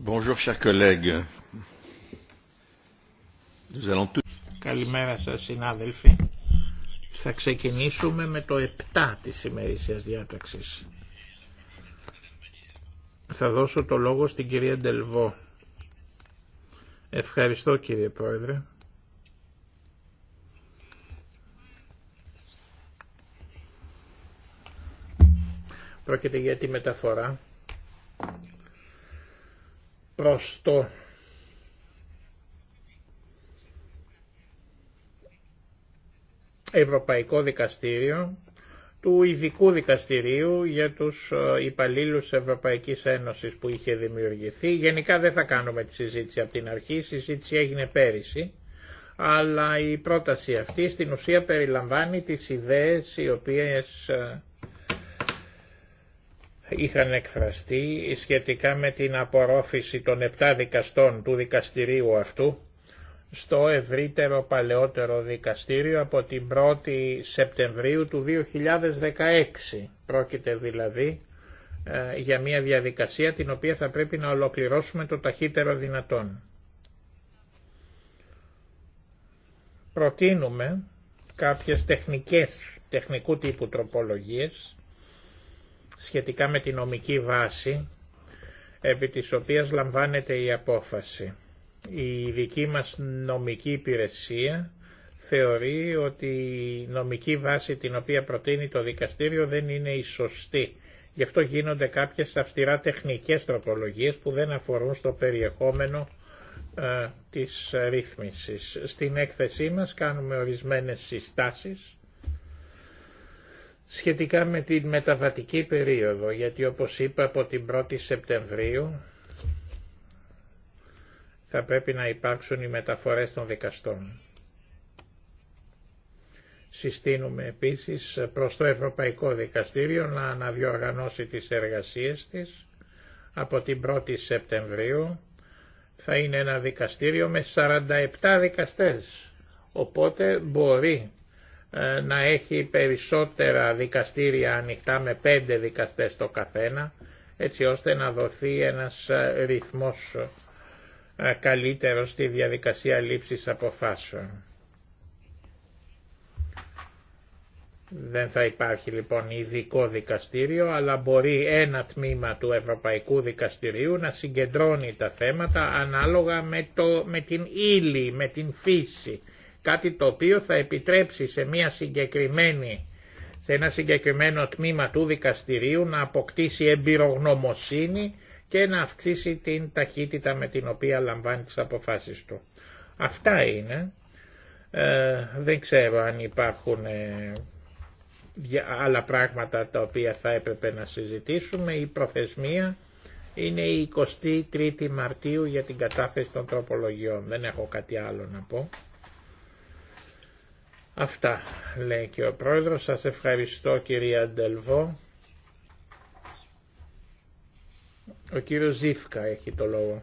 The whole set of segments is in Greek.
Bonjour, chers collègues. Nous Καλημέρα σα, συνάδελφοι. Θα ξεκινήσουμε με το 7 τη ημερήσια διάταξη. Θα δώσω το λόγο στην κυρία Ντελβό. Ευχαριστώ κύριε Πρόεδρε. Πρόκειται για τη μεταφορά προς το Ευρωπαϊκό Δικαστήριο του ειδικού δικαστηρίου για τους ε, υπαλλήλους της Ευρωπαϊκής Ένωσης που είχε δημιουργηθεί. Γενικά δεν θα κάνουμε τη συζήτηση από την αρχή, η συζήτηση έγινε πέρυσι, αλλά η πρόταση αυτή στην ουσία περιλαμβάνει τις ιδέες οι οποίες ε, είχαν εκφραστεί σχετικά με την απορρόφηση των επτά δικαστών του δικαστηρίου αυτού στο ευρύτερο παλαιότερο δικαστήριο από την 1η Σεπτεμβρίου του 2016. Πρόκειται δηλαδή ε, για μια διαδικασία την οποία θα πρέπει να ολοκληρώσουμε το ταχύτερο δυνατόν. Προτείνουμε κάποιες τεχνικές, τεχνικού τύπου τροπολογίες σχετικά με τη νομική βάση επί της οποίας λαμβάνεται η απόφαση. Η δική μας νομική υπηρεσία θεωρεί ότι η νομική βάση την οποία προτείνει το δικαστήριο δεν είναι η σωστή. Γι' αυτό γίνονται κάποιες αυστηρά τεχνικές τροπολογίες που δεν αφορούν στο περιεχόμενο ε, της ρύθμισης. Στην έκθεσή μας κάνουμε ορισμένες συστάσεις σχετικά με την μεταβατική περίοδο, γιατί όπως είπα από την 1η Σεπτεμβρίου θα πρέπει να υπάρξουν οι μεταφορές των δικαστών. Συστήνουμε επίσης προς το Ευρωπαϊκό Δικαστήριο να αναδιοργανώσει τις εργασίες της από την 1η Σεπτεμβρίου. Θα είναι ένα δικαστήριο με 47 δικαστές, οπότε μπορεί ε, να έχει περισσότερα δικαστήρια ανοιχτά με πέντε δικαστές το καθένα, έτσι ώστε να δοθεί ένας ε, ρυθμός ε, καλύτερος στη διαδικασία λήψης αποφάσεων. Δεν θα υπάρχει λοιπόν ειδικό δικαστήριο, αλλά μπορεί ένα τμήμα του Ευρωπαϊκού Δικαστηρίου να συγκεντρώνει τα θέματα ανάλογα με, το, με την ύλη, με την φύση Κάτι το οποίο θα επιτρέψει σε, μια συγκεκριμένη, σε ένα συγκεκριμένο τμήμα του δικαστηρίου να αποκτήσει εμπειρογνωμοσύνη και να αυξήσει την ταχύτητα με την οποία λαμβάνει τις αποφάσεις του. Αυτά είναι. Ε, δεν ξέρω αν υπάρχουν ε, άλλα πράγματα τα οποία θα έπρεπε να συζητήσουμε. Η προθεσμία είναι η 23η Μαρτίου για την κατάθεση των τροπολογιών. Δεν έχω κάτι άλλο να πω. Αυτά λέει και ο πρόεδρος. Σας ευχαριστώ κυρία Ντελβό. Ο κύριος Ζήφκα έχει το λόγο.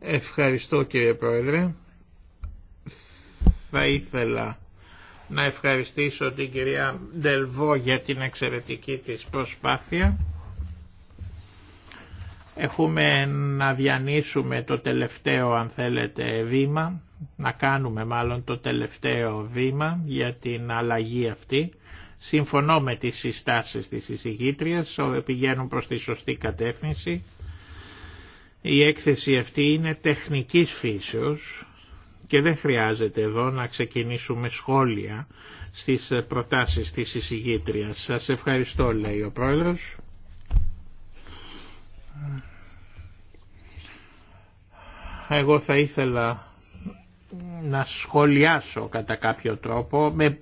Ευχαριστώ κύριε Πρόεδρε. Θα ήθελα να ευχαριστήσω την κυρία Ντελβό για την εξαιρετική της προσπάθεια. Έχουμε να διανύσουμε το τελευταίο αν θέλετε βήμα, να κάνουμε μάλλον το τελευταίο βήμα για την αλλαγή αυτή. Συμφωνώ με τις συστάσεις της εισηγήτριας, πηγαίνουν προς τη σωστή κατεύθυνση. Η έκθεση αυτή είναι τεχνικής φύσεως και δεν χρειάζεται εδώ να ξεκινήσουμε σχόλια στις προτάσεις της εισηγήτριας. Σας ευχαριστώ λέει ο Πρόεδρος. Εγώ θα ήθελα να σχολιάσω κατά κάποιο τρόπο με,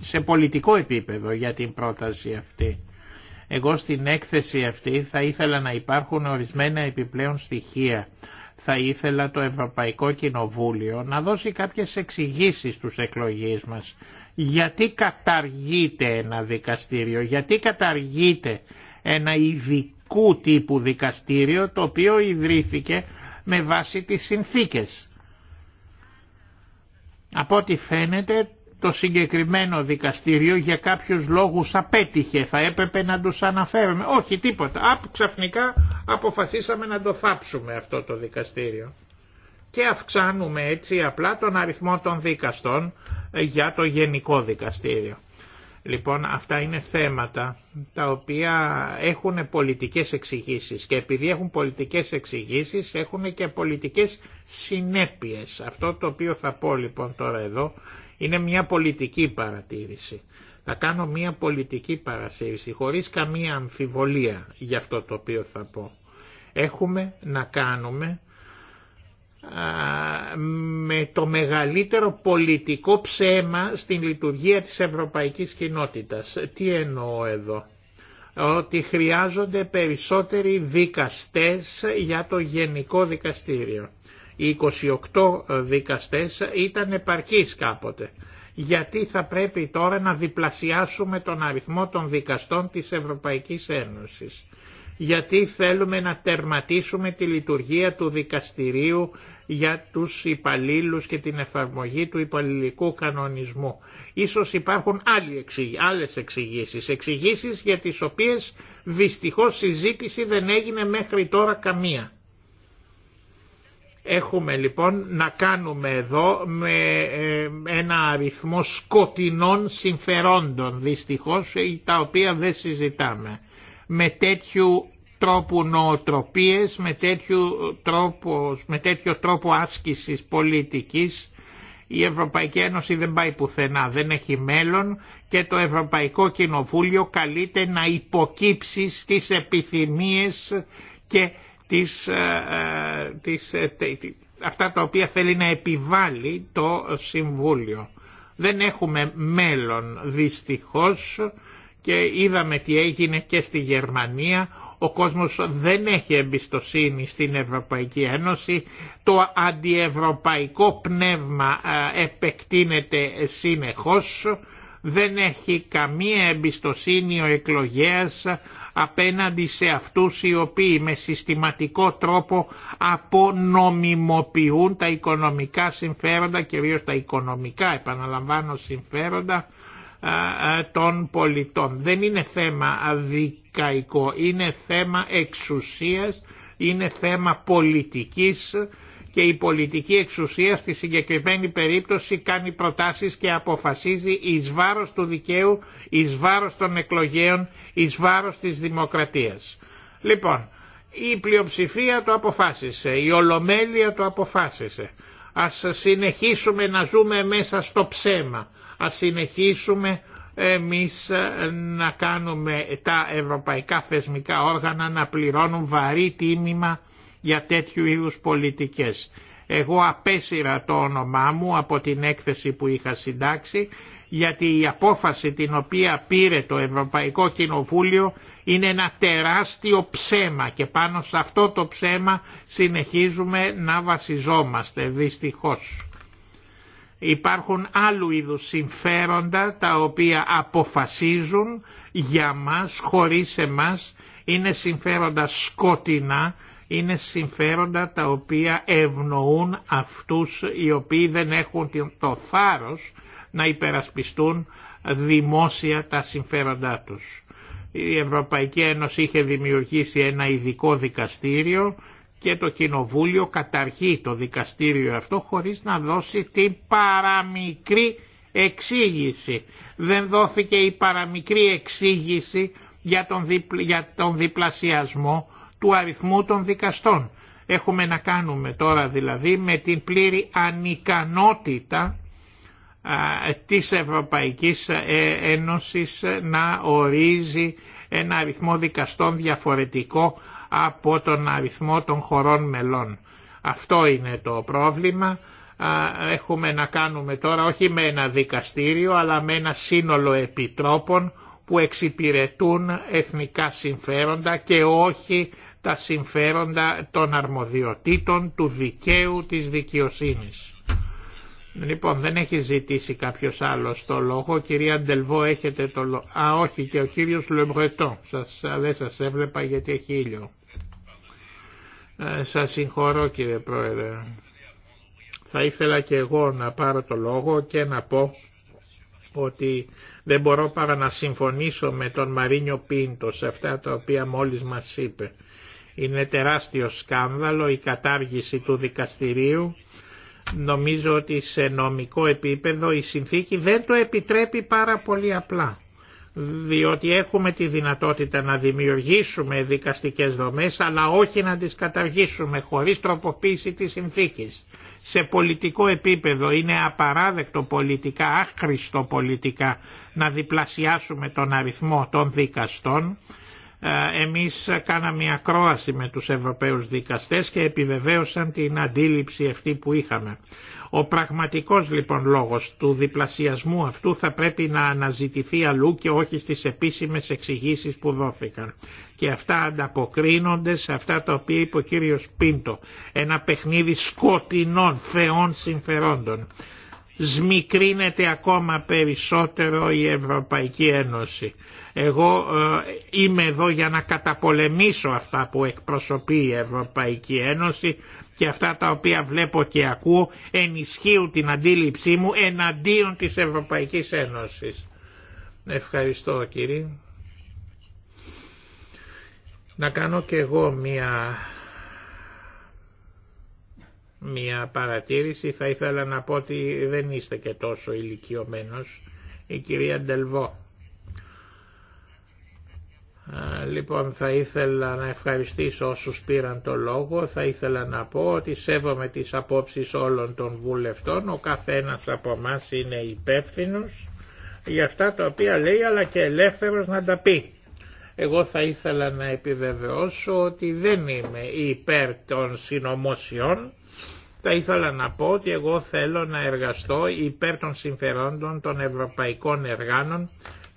σε πολιτικό επίπεδο για την πρόταση αυτή. Εγώ στην έκθεση αυτή θα ήθελα να υπάρχουν ορισμένα επιπλέον στοιχεία. Θα ήθελα το Ευρωπαϊκό Κοινοβούλιο να δώσει κάποιες εξηγήσεις στους εκλογείς μας. Γιατί καταργείται ένα δικαστήριο, γιατί καταργείται ένα ειδικό ειδικού τύπου δικαστήριο το οποίο ιδρύθηκε με βάση τις συνθήκες. Από ό,τι φαίνεται το συγκεκριμένο δικαστήριο για κάποιους λόγους απέτυχε, θα έπρεπε να τους αναφέρουμε. Όχι τίποτα, Α, ξαφνικά αποφασίσαμε να το θάψουμε αυτό το δικαστήριο. Και αυξάνουμε έτσι απλά τον αριθμό των δικαστών ε, για το γενικό δικαστήριο. Λοιπόν, αυτά είναι θέματα τα οποία έχουν πολιτικές εξηγήσει και επειδή έχουν πολιτικές εξηγήσει έχουν και πολιτικές συνέπειες. Αυτό το οποίο θα πω λοιπόν τώρα εδώ είναι μια πολιτική παρατήρηση. Θα κάνω μια πολιτική παρατήρηση χωρίς καμία αμφιβολία για αυτό το οποίο θα πω. Έχουμε να κάνουμε με το μεγαλύτερο πολιτικό ψέμα στην λειτουργία της ευρωπαϊκής κοινότητας. Τι εννοώ εδώ. Ότι χρειάζονται περισσότεροι δικαστές για το Γενικό Δικαστήριο. Οι 28 δικαστές ήταν επαρκείς κάποτε. Γιατί θα πρέπει τώρα να διπλασιάσουμε τον αριθμό των δικαστών της Ευρωπαϊκής Ένωσης γιατί θέλουμε να τερματίσουμε τη λειτουργία του δικαστηρίου για τους υπαλλήλους και την εφαρμογή του υπαλληλικού κανονισμού. Ίσως υπάρχουν άλλοι, άλλες εξηγήσεις, εξηγήσεις για τις οποίες δυστυχώς συζήτηση δεν έγινε μέχρι τώρα καμία. Έχουμε λοιπόν να κάνουμε εδώ με ε, ένα αριθμό σκοτεινών συμφερόντων δυστυχώς τα οποία δεν συζητάμε. Με τέτοιου τρόπου νοοτροπίες, με τέτοιο τρόπο, με τέτοιο τρόπο άσκησης πολιτικής η Ευρωπαϊκή Ένωση δεν πάει πουθενά, δεν έχει μέλλον και το Ευρωπαϊκό Κοινοβούλιο καλείται να υποκύψει στις επιθυμίες και τις, ε, ε, τις, ε, αυτά τα οποία θέλει να επιβάλλει το Συμβούλιο. Δεν έχουμε μέλλον δυστυχώς και είδαμε τι έγινε και στη Γερμανία. Ο κόσμος δεν έχει εμπιστοσύνη στην Ευρωπαϊκή Ένωση. Το αντιευρωπαϊκό πνεύμα επεκτείνεται συνεχώς. Δεν έχει καμία εμπιστοσύνη ο εκλογέας απέναντι σε αυτούς οι οποίοι με συστηματικό τρόπο απονομιμοποιούν τα οικονομικά συμφέροντα, κυρίως τα οικονομικά επαναλαμβάνω συμφέροντα, των πολιτών. Δεν είναι θέμα αδικαϊκό, είναι θέμα εξουσίας, είναι θέμα πολιτικής και η πολιτική εξουσία στη συγκεκριμένη περίπτωση κάνει προτάσεις και αποφασίζει εις βάρος του δικαίου, εις βάρος των εκλογέων, εις βάρος της δημοκρατίας. Λοιπόν, η πλειοψηφία το αποφάσισε, η ολομέλεια το αποφάσισε. Ας συνεχίσουμε να ζούμε μέσα στο ψέμα Ας συνεχίσουμε εμείς ε, να κάνουμε τα ευρωπαϊκά θεσμικά όργανα να πληρώνουν βαρύ τίμημα για τέτοιου είδους πολιτικές. Εγώ απέσυρα το όνομά μου από την έκθεση που είχα συντάξει γιατί η απόφαση την οποία πήρε το Ευρωπαϊκό Κοινοβούλιο είναι ένα τεράστιο ψέμα και πάνω σε αυτό το ψέμα συνεχίζουμε να βασιζόμαστε δυστυχώς. Υπάρχουν άλλου είδους συμφέροντα τα οποία αποφασίζουν για μας, χωρίς εμάς, είναι συμφέροντα σκοτεινά, είναι συμφέροντα τα οποία ευνοούν αυτούς οι οποίοι δεν έχουν το θάρρος να υπερασπιστούν δημόσια τα συμφέροντά τους. Η Ευρωπαϊκή Ένωση είχε δημιουργήσει ένα ειδικό δικαστήριο και το Κοινοβούλιο καταρχεί το δικαστήριο αυτό χωρίς να δώσει την παραμικρή εξήγηση. Δεν δόθηκε η παραμικρή εξήγηση για τον, για τον διπλασιασμό του αριθμού των δικαστών. Έχουμε να κάνουμε τώρα δηλαδή με την πλήρη ανικανότητα α, της Ευρωπαϊκής ε, Ένωσης να ορίζει ένα αριθμό δικαστών διαφορετικό από τον αριθμό των χωρών μελών. Αυτό είναι το πρόβλημα. Έχουμε να κάνουμε τώρα όχι με ένα δικαστήριο αλλά με ένα σύνολο επιτρόπων που εξυπηρετούν εθνικά συμφέροντα και όχι τα συμφέροντα των αρμοδιοτήτων, του δικαίου, της δικαιοσύνης. Λοιπόν, δεν έχει ζητήσει κάποιο άλλο το λόγο. Κυρία Ντελβό, έχετε το λόγο. Α, όχι, και ο κύριο Λεμπρετό. Σας, δεν σα έβλεπα γιατί έχει ήλιο. Ε, σας συγχωρώ κύριε Πρόεδρε. Θα ήθελα και εγώ να πάρω το λόγο και να πω ότι δεν μπορώ παρά να συμφωνήσω με τον Μαρίνιο Πίντο σε αυτά τα οποία μόλις μας είπε. Είναι τεράστιο σκάνδαλο η κατάργηση του δικαστηρίου Νομίζω ότι σε νομικό επίπεδο η συνθήκη δεν το επιτρέπει πάρα πολύ απλά διότι έχουμε τη δυνατότητα να δημιουργήσουμε δικαστικές δομές αλλά όχι να τις καταργήσουμε χωρίς τροποποίηση της συνθήκης. Σε πολιτικό επίπεδο είναι απαράδεκτο πολιτικά, άχρηστο πολιτικά να διπλασιάσουμε τον αριθμό των δικαστών ε, εμείς κάναμε ακρόαση με τους Ευρωπαίους δικαστές και επιβεβαίωσαν την αντίληψη αυτή που είχαμε. Ο πραγματικός λοιπόν λόγος του διπλασιασμού αυτού θα πρέπει να αναζητηθεί αλλού και όχι στις επίσημες εξηγήσει που δόθηκαν. Και αυτά ανταποκρίνονται σε αυτά τα οποία είπε ο κύριος Πίντο. Ένα παιχνίδι σκοτεινών φαιών συμφερόντων. Σμικρίνεται ακόμα περισσότερο η Ευρωπαϊκή Ένωση. Εγώ ε, είμαι εδώ για να καταπολεμήσω αυτά που εκπροσωπεί η Ευρωπαϊκή Ένωση και αυτά τα οποία βλέπω και ακούω ενισχύουν την αντίληψή μου εναντίον της Ευρωπαϊκής Ένωσης. Ευχαριστώ κύριε. Να κάνω και εγώ μία μία παρατήρηση. Θα ήθελα να πω ότι δεν είστε και τόσο ηλικιωμένος. Η κυρία Ντελβό. Λοιπόν, θα ήθελα να ευχαριστήσω όσους πήραν το λόγο. Θα ήθελα να πω ότι σέβομαι τις απόψεις όλων των βουλευτών. Ο καθένας από εμά είναι υπεύθυνο για αυτά τα οποία λέει, αλλά και ελεύθερος να τα πει. Εγώ θα ήθελα να επιβεβαιώσω ότι δεν είμαι υπέρ των συνωμοσιών. Θα ήθελα να πω ότι εγώ θέλω να εργαστώ υπέρ των συμφερόντων των ευρωπαϊκών εργάνων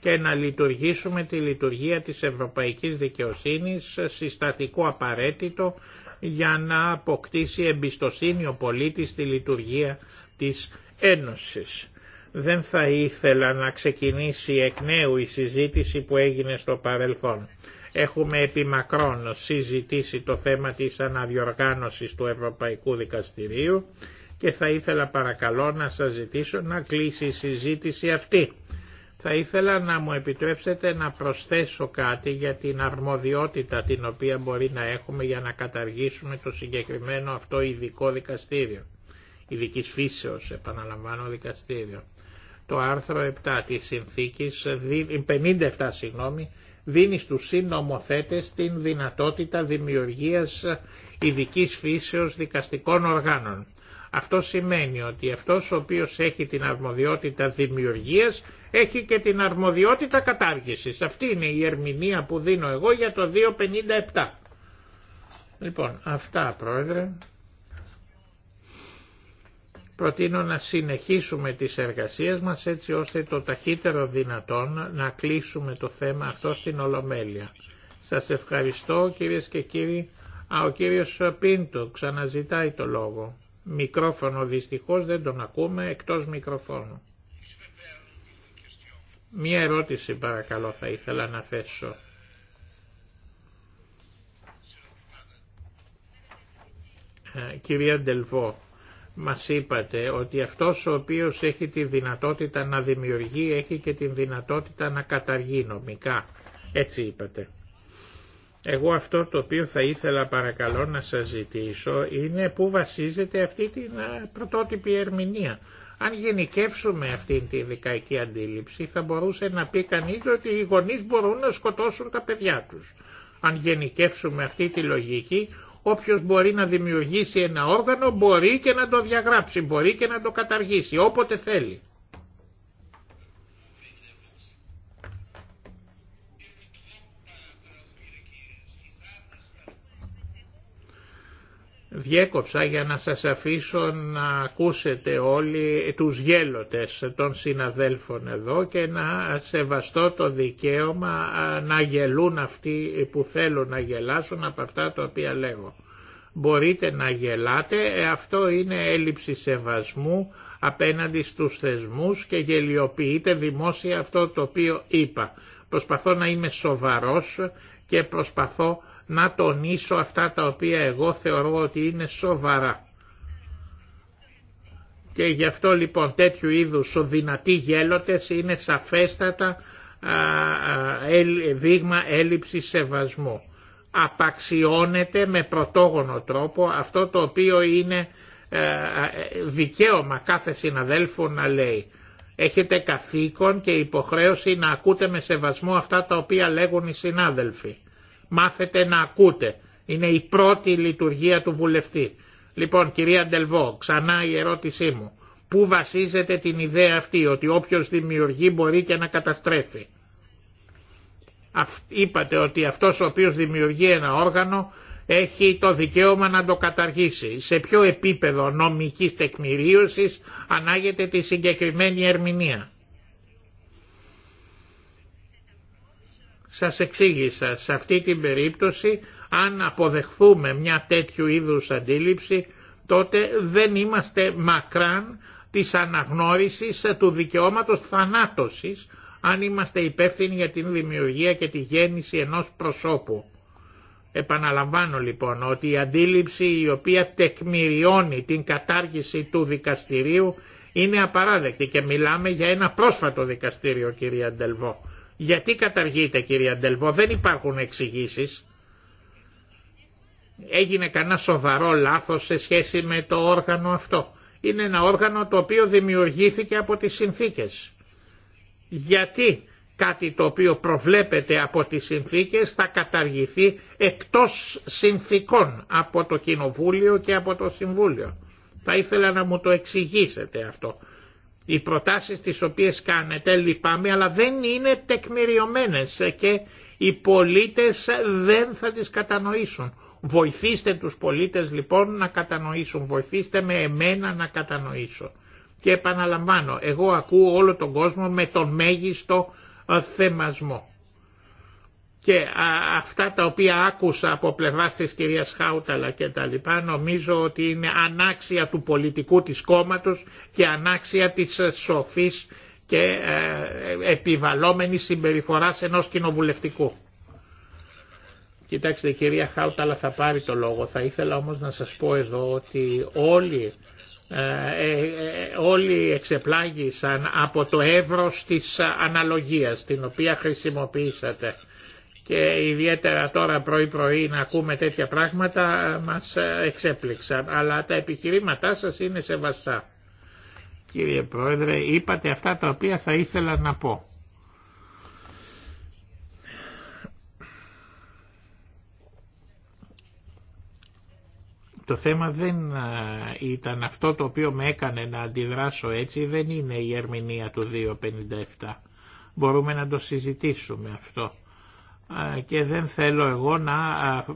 και να λειτουργήσουμε τη λειτουργία της ευρωπαϊκής δικαιοσύνης συστατικό απαραίτητο για να αποκτήσει εμπιστοσύνη ο πολίτης στη λειτουργία της Ένωσης. Δεν θα ήθελα να ξεκινήσει εκ νέου η συζήτηση που έγινε στο παρελθόν. Έχουμε μακρόν συζητήσει το θέμα της αναδιοργάνωσης του Ευρωπαϊκού Δικαστηρίου και θα ήθελα παρακαλώ να σας ζητήσω να κλείσει η συζήτηση αυτή θα ήθελα να μου επιτρέψετε να προσθέσω κάτι για την αρμοδιότητα την οποία μπορεί να έχουμε για να καταργήσουμε το συγκεκριμένο αυτό ειδικό δικαστήριο. Ειδική φύσεως, επαναλαμβάνω, δικαστήριο. Το άρθρο 7 της συνθήκης, 57 ε, συγγνώμη, δίνει στους συνομοθέτες την δυνατότητα δημιουργίας ειδικής φύσεως δικαστικών οργάνων. Αυτό σημαίνει ότι αυτός ο οποίος έχει την αρμοδιότητα δημιουργίας έχει και την αρμοδιότητα κατάργησης. Αυτή είναι η ερμηνεία που δίνω εγώ για το 257. Λοιπόν, αυτά πρόεδρε. Προτείνω να συνεχίσουμε τις εργασίες μας έτσι ώστε το ταχύτερο δυνατόν να κλείσουμε το θέμα αυτό στην Ολομέλεια. Σας ευχαριστώ κυρίες και κύριοι. Α, ο κύριος Πίντο ξαναζητάει το λόγο. Μικρόφωνο δυστυχώς δεν τον ακούμε εκτός μικροφώνου. Μία ερώτηση παρακαλώ θα ήθελα να θέσω. Ε, κυρία Ντελβό, μας είπατε ότι αυτός ο οποίος έχει τη δυνατότητα να δημιουργεί έχει και τη δυνατότητα να καταργεί νομικά. Έτσι είπατε. Εγώ αυτό το οποίο θα ήθελα παρακαλώ να σας ζητήσω είναι πού βασίζεται αυτή την πρωτότυπη ερμηνεία. Αν γενικεύσουμε αυτή τη δικαϊκή αντίληψη θα μπορούσε να πει κανείς ότι οι γονείς μπορούν να σκοτώσουν τα παιδιά τους. Αν γενικεύσουμε αυτή τη λογική όποιος μπορεί να δημιουργήσει ένα όργανο μπορεί και να το διαγράψει, μπορεί και να το καταργήσει όποτε θέλει. Διέκοψα για να σας αφήσω να ακούσετε όλοι τους γέλοτες των συναδέλφων εδώ και να σεβαστώ το δικαίωμα να γελούν αυτοί που θέλουν να γελάσουν από αυτά τα οποία λέγω. Μπορείτε να γελάτε, ε, αυτό είναι έλλειψη σεβασμού απέναντι στους θεσμούς και γελιοποιείτε δημόσια αυτό το οποίο είπα. Προσπαθώ να είμαι σοβαρός και προσπαθώ να τονίσω αυτά τα οποία εγώ θεωρώ ότι είναι σοβαρά. Και γι' αυτό λοιπόν τέτοιου είδους δυνατοί γέλοτες είναι σαφέστατα δείγμα έλλειψης σεβασμού. Απαξιώνεται με πρωτόγονο τρόπο αυτό το οποίο είναι ε, ε, δικαίωμα κάθε συναδέλφου να λέει. Έχετε καθήκον και υποχρέωση να ακούτε με σεβασμό αυτά τα οποία λέγουν οι συνάδελφοι μάθετε να ακούτε. Είναι η πρώτη λειτουργία του βουλευτή. Λοιπόν κυρία Ντελβό, ξανά η ερώτησή μου. Πού βασίζεται την ιδέα αυτή ότι όποιος δημιουργεί μπορεί και να καταστρέφει. Είπατε ότι αυτός ο οποίος δημιουργεί ένα όργανο έχει το δικαίωμα να το καταργήσει. Σε ποιο επίπεδο νομικής τεκμηρίωσης ανάγεται τη συγκεκριμένη ερμηνεία. Σας εξήγησα, σε αυτή την περίπτωση αν αποδεχθούμε μια τέτοιου είδους αντίληψη τότε δεν είμαστε μακράν της αναγνώρισης του δικαιώματος θανάτωσης αν είμαστε υπεύθυνοι για την δημιουργία και τη γέννηση ενός προσώπου. Επαναλαμβάνω λοιπόν ότι η αντίληψη η οποία τεκμηριώνει την κατάργηση του δικαστηρίου είναι απαράδεκτη και μιλάμε για ένα πρόσφατο δικαστήριο κυρία Ντελβό. Γιατί καταργείται κυρία Αντελβό, δεν υπάρχουν εξηγήσει. Έγινε κανένα σοβαρό λάθος σε σχέση με το όργανο αυτό. Είναι ένα όργανο το οποίο δημιουργήθηκε από τις συνθήκες. Γιατί κάτι το οποίο προβλέπεται από τις συνθήκες θα καταργηθεί εκτός συνθήκων από το Κοινοβούλιο και από το Συμβούλιο. Θα ήθελα να μου το εξηγήσετε αυτό. Οι προτάσεις τις οποίες κάνετε λυπάμαι αλλά δεν είναι τεκμηριωμένες και οι πολίτες δεν θα τις κατανοήσουν. Βοηθήστε τους πολίτες λοιπόν να κατανοήσουν, βοηθήστε με εμένα να κατανοήσω. Και επαναλαμβάνω, εγώ ακούω όλο τον κόσμο με τον μέγιστο ε, θεμασμό και αυτά τα οποία άκουσα από πλευράς της κυρίας Χάουταλα και τα λοιπά νομίζω ότι είναι ανάξια του πολιτικού της κόμματος και ανάξια της ε, σοφής και ε, επιβαλόμενης συμπεριφοράς ενός κοινοβουλευτικού. Κοιτάξτε κυρία Χάουταλα θα πάρει το λόγο. Θα ήθελα όμως να σας πω εδώ ότι όλοι ε, όλοι εξεπλάγησαν από το εύρος της αναλογίας την οποία χρησιμοποίησατε και ιδιαίτερα τώρα πρωί πρωί να ακούμε τέτοια πράγματα ε, μας ε, εξέπληξαν. Αλλά τα επιχειρήματά σας είναι σεβαστά. Κύριε Πρόεδρε, είπατε αυτά τα οποία θα ήθελα να πω. Το θέμα δεν ε, ήταν αυτό το οποίο με έκανε να αντιδράσω έτσι, δεν είναι η ερμηνεία του 257. Μπορούμε να το συζητήσουμε αυτό και δεν θέλω εγώ να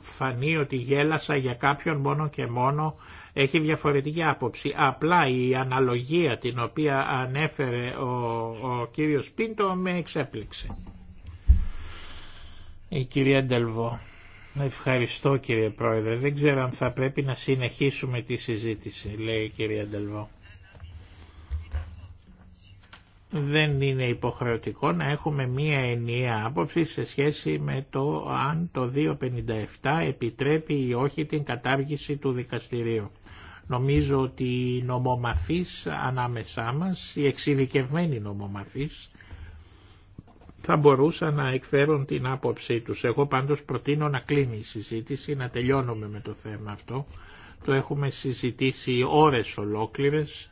φανεί ότι γέλασα για κάποιον μόνο και μόνο έχει διαφορετική άποψη. Απλά η αναλογία την οποία ανέφερε ο, ο κύριος Πίντο με εξέπληξε. Η κυρία Ντελβό. Ευχαριστώ κύριε Πρόεδρε. Δεν ξέρω αν θα πρέπει να συνεχίσουμε τη συζήτηση, λέει η κυρία Ντελβό δεν είναι υποχρεωτικό να έχουμε μία ενιαία άποψη σε σχέση με το αν το 257 επιτρέπει ή όχι την κατάργηση του δικαστηρίου. Νομίζω ότι οι νομομαθείς ανάμεσά μας, οι εξειδικευμένοι νομομαθείς, θα μπορούσαν να εκφέρουν την άποψή τους. Εγώ πάντως προτείνω να κλείνει η συζήτηση, να τελειώνουμε με το θέμα αυτό. Το έχουμε συζητήσει ώρες ολόκληρες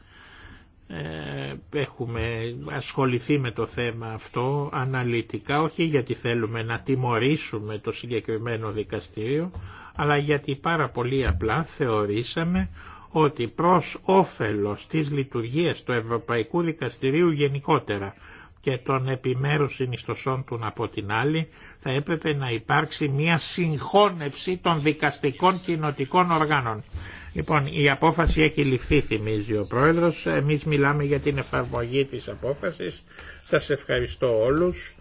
ε, έχουμε ασχοληθεί με το θέμα αυτό αναλυτικά, όχι γιατί θέλουμε να τιμωρήσουμε το συγκεκριμένο δικαστήριο, αλλά γιατί πάρα πολύ απλά θεωρήσαμε ότι προς όφελος της λειτουργίας του Ευρωπαϊκού Δικαστηρίου γενικότερα και των επιμέρους συνιστοσών του από την άλλη, θα έπρεπε να υπάρξει μια συγχώνευση των δικαστικών κοινοτικών οργάνων. Λοιπόν, η απόφαση έχει ληφθεί, θυμίζει ο Πρόεδρος. Εμείς μιλάμε για την εφαρμογή της απόφασης. Σας ευχαριστώ όλους.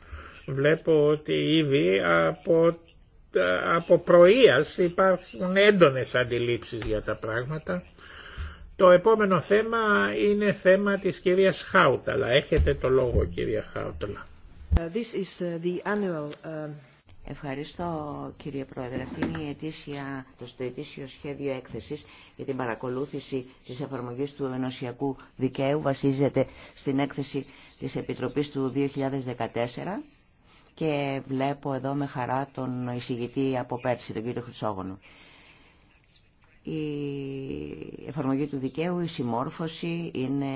Βλέπω ότι ήδη από, από πρωίας υπάρχουν έντονες αντιλήψεις για τα πράγματα. Το επόμενο θέμα είναι θέμα της κυρίας Χάουταλα. Έχετε το λόγο κυρία Χάουταλα. Uh, Ευχαριστώ κύριε Πρόεδρε. Αυτή είναι η αιτήσια, το ετήσιο σχέδιο έκθεσης για την παρακολούθηση της εφαρμογής του ενωσιακού δικαίου. Βασίζεται στην έκθεση της Επιτροπής του 2014 και βλέπω εδώ με χαρά τον εισηγητή από πέρσι, τον κύριο Χρυσόγονο. Η εφαρμογή του δικαίου, η συμμόρφωση είναι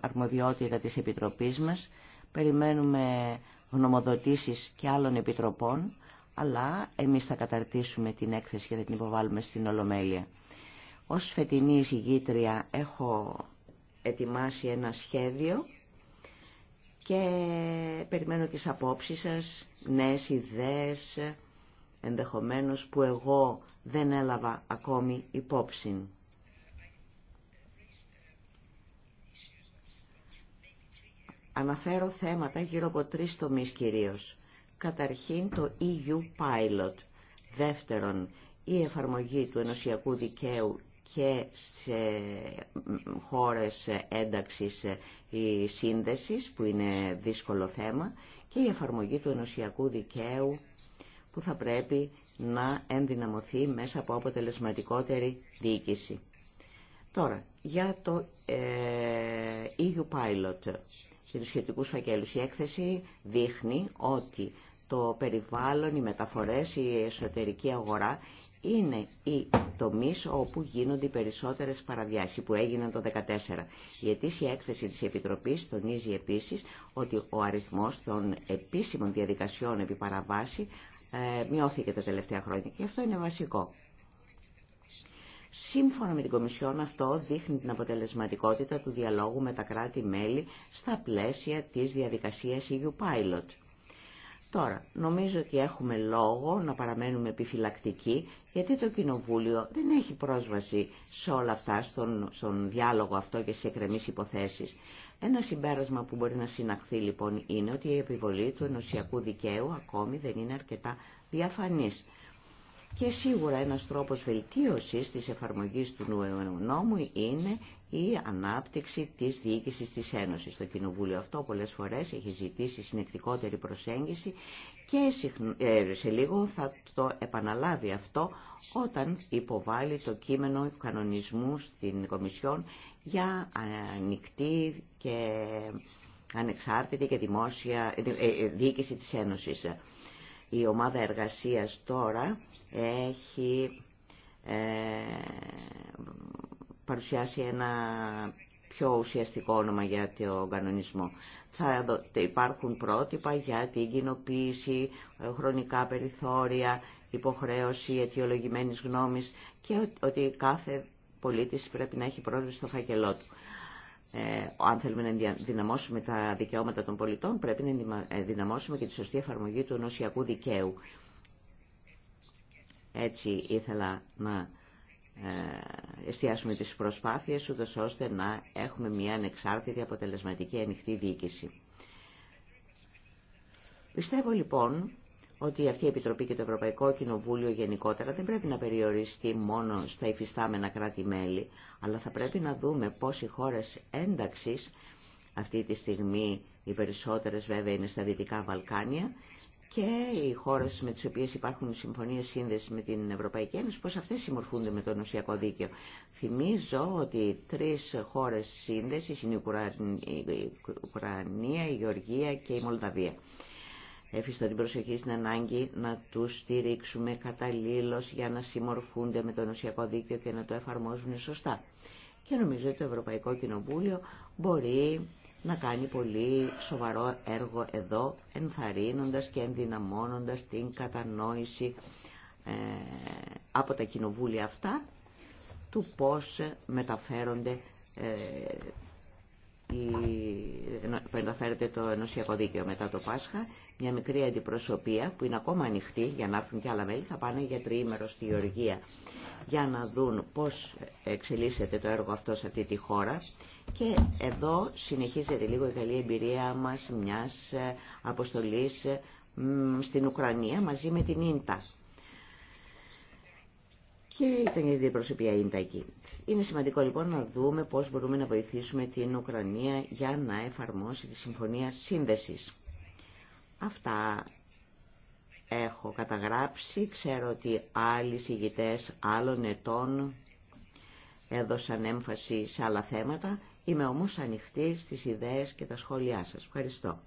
αρμοδιότητα της Επιτροπής μας. Περιμένουμε γνωμοδοτήσεις και άλλων επιτροπών, αλλά εμείς θα καταρτήσουμε την έκθεση και θα την υποβάλουμε στην Ολομέλεια. Ως φετινή εισηγήτρια έχω ετοιμάσει ένα σχέδιο και περιμένω τις απόψεις σας, νέες ιδέες, ενδεχομένως που εγώ δεν έλαβα ακόμη υπόψη. Αναφέρω θέματα γύρω από τρεις τομείς κυρίως. Καταρχήν το EU Pilot. Δεύτερον, η εφαρμογή του ενωσιακού δικαίου και σε χώρες ένταξης ή ε, σύνδεσης, που είναι δύσκολο θέμα, και η εφαρμογή του ενωσιακού δικαίου που θα πρέπει να ενδυναμωθεί μέσα από αποτελεσματικότερη διοίκηση. Τώρα, για το ε, EU Pilot και τους σχετικούς φακέλους, η έκθεση δείχνει ότι το περιβάλλον, οι μεταφορές, η εσωτερική αγορά είναι οι τομεί όπου γίνονται οι περισσότερε παραβιάσει που έγιναν το 2014. Η ετήσια έκθεση τη Επιτροπή τονίζει επίση ότι ο αριθμό των επίσημων διαδικασιών επί παραβάση ε, μειώθηκε τα τελευταία χρόνια. Και αυτό είναι βασικό. Σύμφωνα με την Κομισιόν, αυτό δείχνει την αποτελεσματικότητα του διαλόγου με τα κράτη-μέλη στα πλαίσια της διαδικασίας EU Pilot. Τώρα, νομίζω ότι έχουμε λόγο να παραμένουμε επιφυλακτικοί, γιατί το Κοινοβούλιο δεν έχει πρόσβαση σε όλα αυτά, στον, στον διάλογο αυτό και σε εκκρεμείς υποθέσεις. Ένα συμπέρασμα που μπορεί να συναχθεί λοιπόν είναι ότι η επιβολή του ενωσιακού δικαίου ακόμη δεν είναι αρκετά διαφανής. Και σίγουρα ένας τρόπος βελτίωσης της εφαρμογής του νόμου είναι η ανάπτυξη της διοίκησης της Ένωσης. Το Κοινοβούλιο αυτό πολλές φορές έχει ζητήσει συνεκτικότερη προσέγγιση και ε, σε λίγο θα το επαναλάβει αυτό όταν υποβάλει το κείμενο κανονισμού στην Κομισιόν για ανοιχτή και ανεξάρτητη και δημόσια ε, ε, διοίκηση της Ένωσης. Η ομάδα εργασίας τώρα έχει παρουσιάσει ένα πιο ουσιαστικό όνομα για το κανονισμό. Θα υπάρχουν πρότυπα για την κοινοποίηση, ε, χρονικά περιθώρια, υποχρέωση αιτιολογημένης γνώμης και ότι κάθε πολίτης πρέπει να έχει πρόσβαση στο φακελό του. Ε, αν θέλουμε να δυναμώσουμε τα δικαιώματα των πολιτών, πρέπει να ε, δυναμώσουμε και τη σωστή εφαρμογή του ενωσιακού δικαίου. Έτσι ήθελα να ε, εστιάσουμε τις προσπάθειες ούτως ώστε να έχουμε μια ανεξάρτητη αποτελεσματική ανοιχτή διοίκηση. Πιστεύω λοιπόν ότι αυτή η Επιτροπή και το Ευρωπαϊκό Κοινοβούλιο γενικότερα δεν πρέπει να περιοριστεί μόνο στα υφιστάμενα κράτη-μέλη, αλλά θα πρέπει να δούμε πώς οι χώρες ένταξης, αυτή τη στιγμή οι περισσότερες βέβαια είναι στα Δυτικά Βαλκάνια, και οι χώρες με τις οποίες υπάρχουν συμφωνίες σύνδεση με την Ευρωπαϊκή Ένωση, πώς αυτές συμμορφούνται με το νοσιακό δίκαιο. Θυμίζω ότι τρεις χώρες σύνδεση είναι η Ουκρανία, η Γεωργία και η Μολδαβία. Έφυστο την προσοχή στην ανάγκη να τους στηρίξουμε καταλήλως για να συμμορφούνται με το νοσιακό δίκαιο και να το εφαρμόζουν σωστά. Και νομίζω ότι το Ευρωπαϊκό Κοινοβούλιο μπορεί να κάνει πολύ σοβαρό έργο εδώ, ενθαρρύνοντας και ενδυναμώνοντας την κατανόηση ε, από τα κοινοβούλια αυτά του πώς μεταφέρονται ε, που ενταφέρεται το ενωσιακό δίκαιο μετά το Πάσχα, μια μικρή αντιπροσωπεία που είναι ακόμα ανοιχτή για να έρθουν και άλλα μέλη, θα πάνε για τριήμερο στη Γεωργία για να δουν πώς εξελίσσεται το έργο αυτό σε αυτή τη χώρα και εδώ συνεχίζεται λίγο η καλή εμπειρία μας μιας ε, αποστολής στην Ουκρανία μαζί με την Ίντα. Και ήταν η προσωπία ίντα εκεί. Είναι σημαντικό λοιπόν να δούμε πώς μπορούμε να βοηθήσουμε την Ουκρανία για να εφαρμόσει τη Συμφωνία Σύνδεσης. Αυτά έχω καταγράψει. Ξέρω ότι άλλοι συγητές άλλων ετών έδωσαν έμφαση σε άλλα θέματα. Είμαι όμως ανοιχτή στις ιδέες και τα σχόλιά σας. Ευχαριστώ.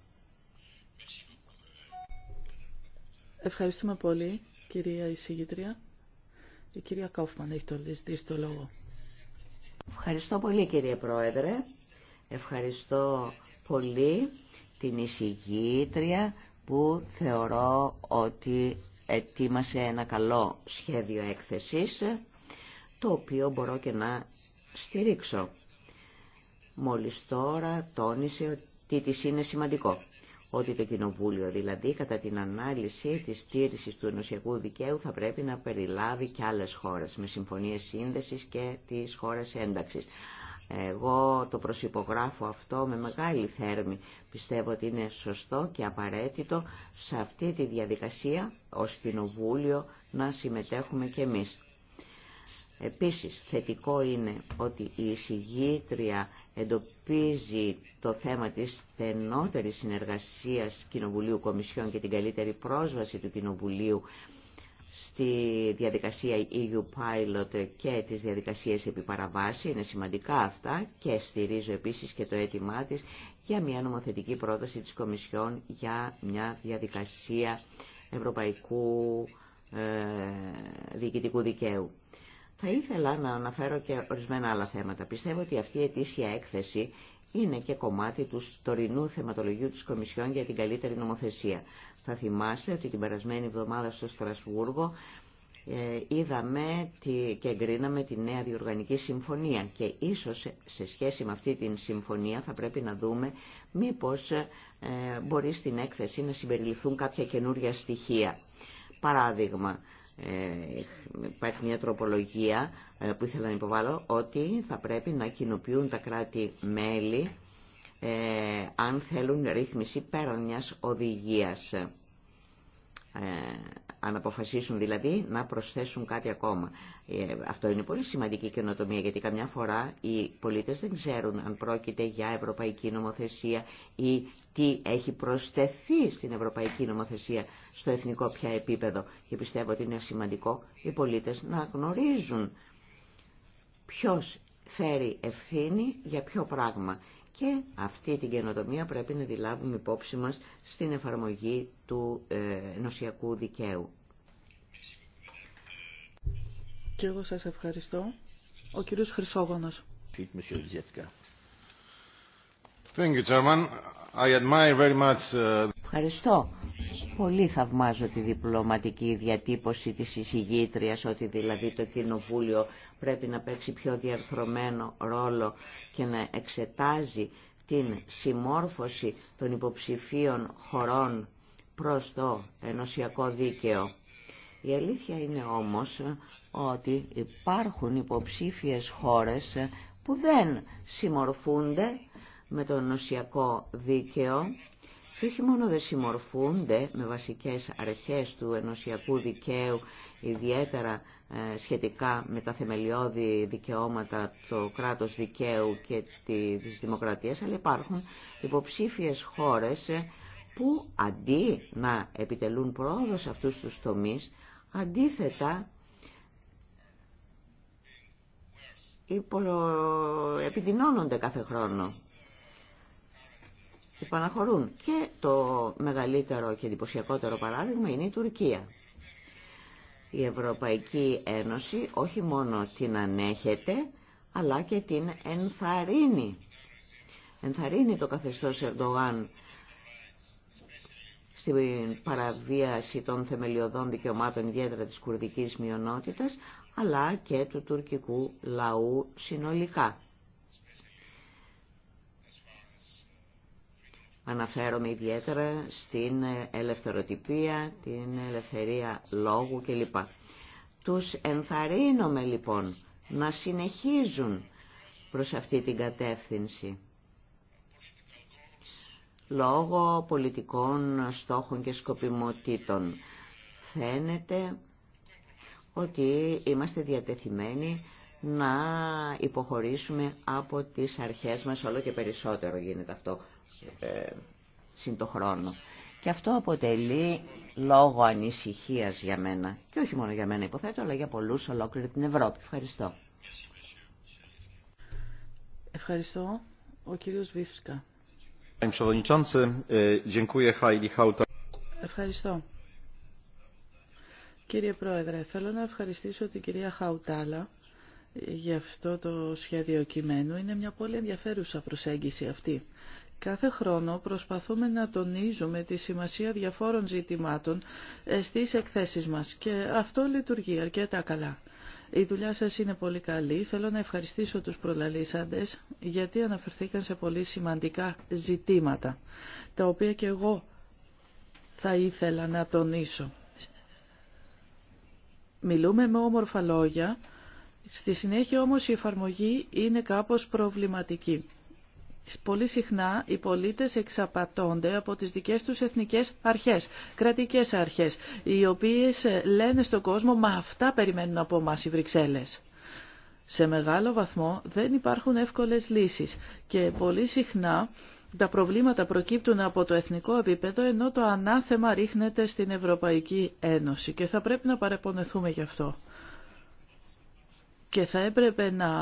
Ευχαριστούμε πολύ, κυρία εισηγήτρια. Η κυρία Κόφμαν έχει το λόγο. Ευχαριστώ πολύ κύριε Πρόεδρε. Ευχαριστώ πολύ την εισηγήτρια που θεωρώ ότι ετοίμασε ένα καλό σχέδιο έκθεσης το οποίο μπορώ και να στηρίξω. Μόλις τώρα τόνισε ότι της είναι σημαντικό ότι το Κοινοβούλιο δηλαδή κατά την ανάλυση της στήρησης του ενωσιακού δικαίου θα πρέπει να περιλάβει και άλλες χώρες με συμφωνίες σύνδεσης και τις χώρες ένταξης. Εγώ το προσυπογράφω αυτό με μεγάλη θέρμη. Πιστεύω ότι είναι σωστό και απαραίτητο σε αυτή τη διαδικασία ως Κοινοβούλιο να συμμετέχουμε και εμείς. Επίσης θετικό είναι ότι η εισηγήτρια εντοπίζει το θέμα της στενότερης συνεργασίας Κοινοβουλίου Κομισιών και την καλύτερη πρόσβαση του Κοινοβουλίου στη διαδικασία EU Pilot και τις διαδικασίες επί παραβάση. Είναι σημαντικά αυτά και στηρίζω επίσης και το αίτημά της για μια νομοθετική πρόταση της Κομισιόν για μια διαδικασία ευρωπαϊκού ε, διοικητικού δικαίου. Θα ήθελα να αναφέρω και ορισμένα άλλα θέματα. Πιστεύω ότι αυτή η ετήσια έκθεση είναι και κομμάτι του τωρινού θεματολογίου της Κομισιόν για την καλύτερη νομοθεσία. Θα θυμάστε ότι την περασμένη εβδομάδα στο Στρασβούργο ε, είδαμε και εγκρίναμε τη νέα διοργανική συμφωνία και ίσως σε σχέση με αυτή την συμφωνία θα πρέπει να δούμε μήπως ε, μπορεί στην έκθεση να συμπεριληφθούν κάποια καινούργια στοιχεία. Παράδειγμα, ε, υπάρχει μια τροπολογία ε, που ήθελα να υποβάλω ότι θα πρέπει να κοινοποιούν τα κράτη-μέλη ε, αν θέλουν ρύθμιση πέραν μιας οδηγίας. Ε, αν αποφασίσουν δηλαδή να προσθέσουν κάτι ακόμα. Ε, αυτό είναι πολύ σημαντική καινοτομία γιατί καμιά φορά οι πολίτες δεν ξέρουν αν πρόκειται για ευρωπαϊκή νομοθεσία ή τι έχει προσθεθεί στην ευρωπαϊκή νομοθεσία στο εθνικό πια επίπεδο. Και πιστεύω ότι είναι σημαντικό οι πολίτες να γνωρίζουν ποιος φέρει ευθύνη για ποιο πράγμα και αυτή την καινοτομία πρέπει να τη λάβουμε υπόψη μας στην εφαρμογή του ε, νοσιακού δικαίου. Και εγώ σας ευχαριστώ. Ο κύριος Χρυσόγωνος. Thank you, Chairman. I admire very uh, Ευχαριστώ. Πολύ θαυμάζω τη διπλωματική διατύπωση της εισηγήτριας, ότι δηλαδή το Κοινοβούλιο πρέπει να παίξει πιο διαρθρωμένο ρόλο και να εξετάζει την συμμόρφωση των υποψηφίων χωρών προς το ενωσιακό δίκαιο. Η αλήθεια είναι όμως ότι υπάρχουν υποψήφιες χώρες που δεν συμμορφούνται με το ενωσιακό δίκαιο και όχι μόνο δεν συμμορφούνται με βασικές αρχές του ενωσιακού δικαίου, ιδιαίτερα ε, σχετικά με τα θεμελιώδη δικαιώματα, το κράτος δικαίου και της δημοκρατίας, αλλά υπάρχουν υποψήφιες χώρες ε, που αντί να επιτελούν πρόοδο σε αυτούς τους τομείς, αντίθετα υπο... επιδεινώνονται κάθε χρόνο. Και το μεγαλύτερο και εντυπωσιακότερο παράδειγμα είναι η Τουρκία. Η Ευρωπαϊκή Ένωση όχι μόνο την ανέχεται, αλλά και την ενθαρρύνει. Ενθαρρύνει το καθεστώς Ερντογάν στην παραβίαση των θεμελιωδών δικαιωμάτων ιδιαίτερα της κουρδικής μειονότητας, αλλά και του τουρκικού λαού συνολικά. Αναφέρομαι ιδιαίτερα στην ελευθεροτυπία, την ελευθερία λόγου κλπ. Τους ενθαρρύνομαι λοιπόν να συνεχίζουν προς αυτή την κατεύθυνση λόγω πολιτικών στόχων και σκοπιμοτήτων. Φαίνεται ότι είμαστε διατεθειμένοι να υποχωρήσουμε από τις αρχές μας όλο και περισσότερο γίνεται αυτό. Ε, συν το χρόνο. Και αυτό αποτελεί λόγο ανησυχίας για μένα. Και όχι μόνο για μένα υποθέτω, αλλά για πολλούς ολόκληρη την Ευρώπη. Ευχαριστώ. Ευχαριστώ. Ο κύριος Βίφσκα. Ε, Ευχαριστώ. Κύριε Πρόεδρε, θέλω να ευχαριστήσω την κυρία Χαουτάλα για αυτό το σχέδιο κειμένου. Είναι μια πολύ ενδιαφέρουσα προσέγγιση αυτή. Κάθε χρόνο προσπαθούμε να τονίζουμε τη σημασία διαφόρων ζητημάτων ε, στις εκθέσεις μας και αυτό λειτουργεί αρκετά καλά. Η δουλειά σας είναι πολύ καλή. Θέλω να ευχαριστήσω τους προλαλήσαντες γιατί αναφερθήκαν σε πολύ σημαντικά ζητήματα, τα οποία και εγώ θα ήθελα να τονίσω. Μιλούμε με όμορφα λόγια, στη συνέχεια όμως η εφαρμογή είναι κάπως προβληματική. Πολύ συχνά οι πολίτες εξαπατώνται από τις δικές τους εθνικές αρχές, κρατικές αρχές, οι οποίες λένε στον κόσμο «Μα αυτά περιμένουν από μας οι Βρυξέλλες». Σε μεγάλο βαθμό δεν υπάρχουν εύκολες λύσεις και πολύ συχνά τα προβλήματα προκύπτουν από το εθνικό επίπεδο ενώ το ανάθεμα ρίχνεται στην Ευρωπαϊκή Ένωση και θα πρέπει να παρεπονεθούμε γι' αυτό. Και θα έπρεπε να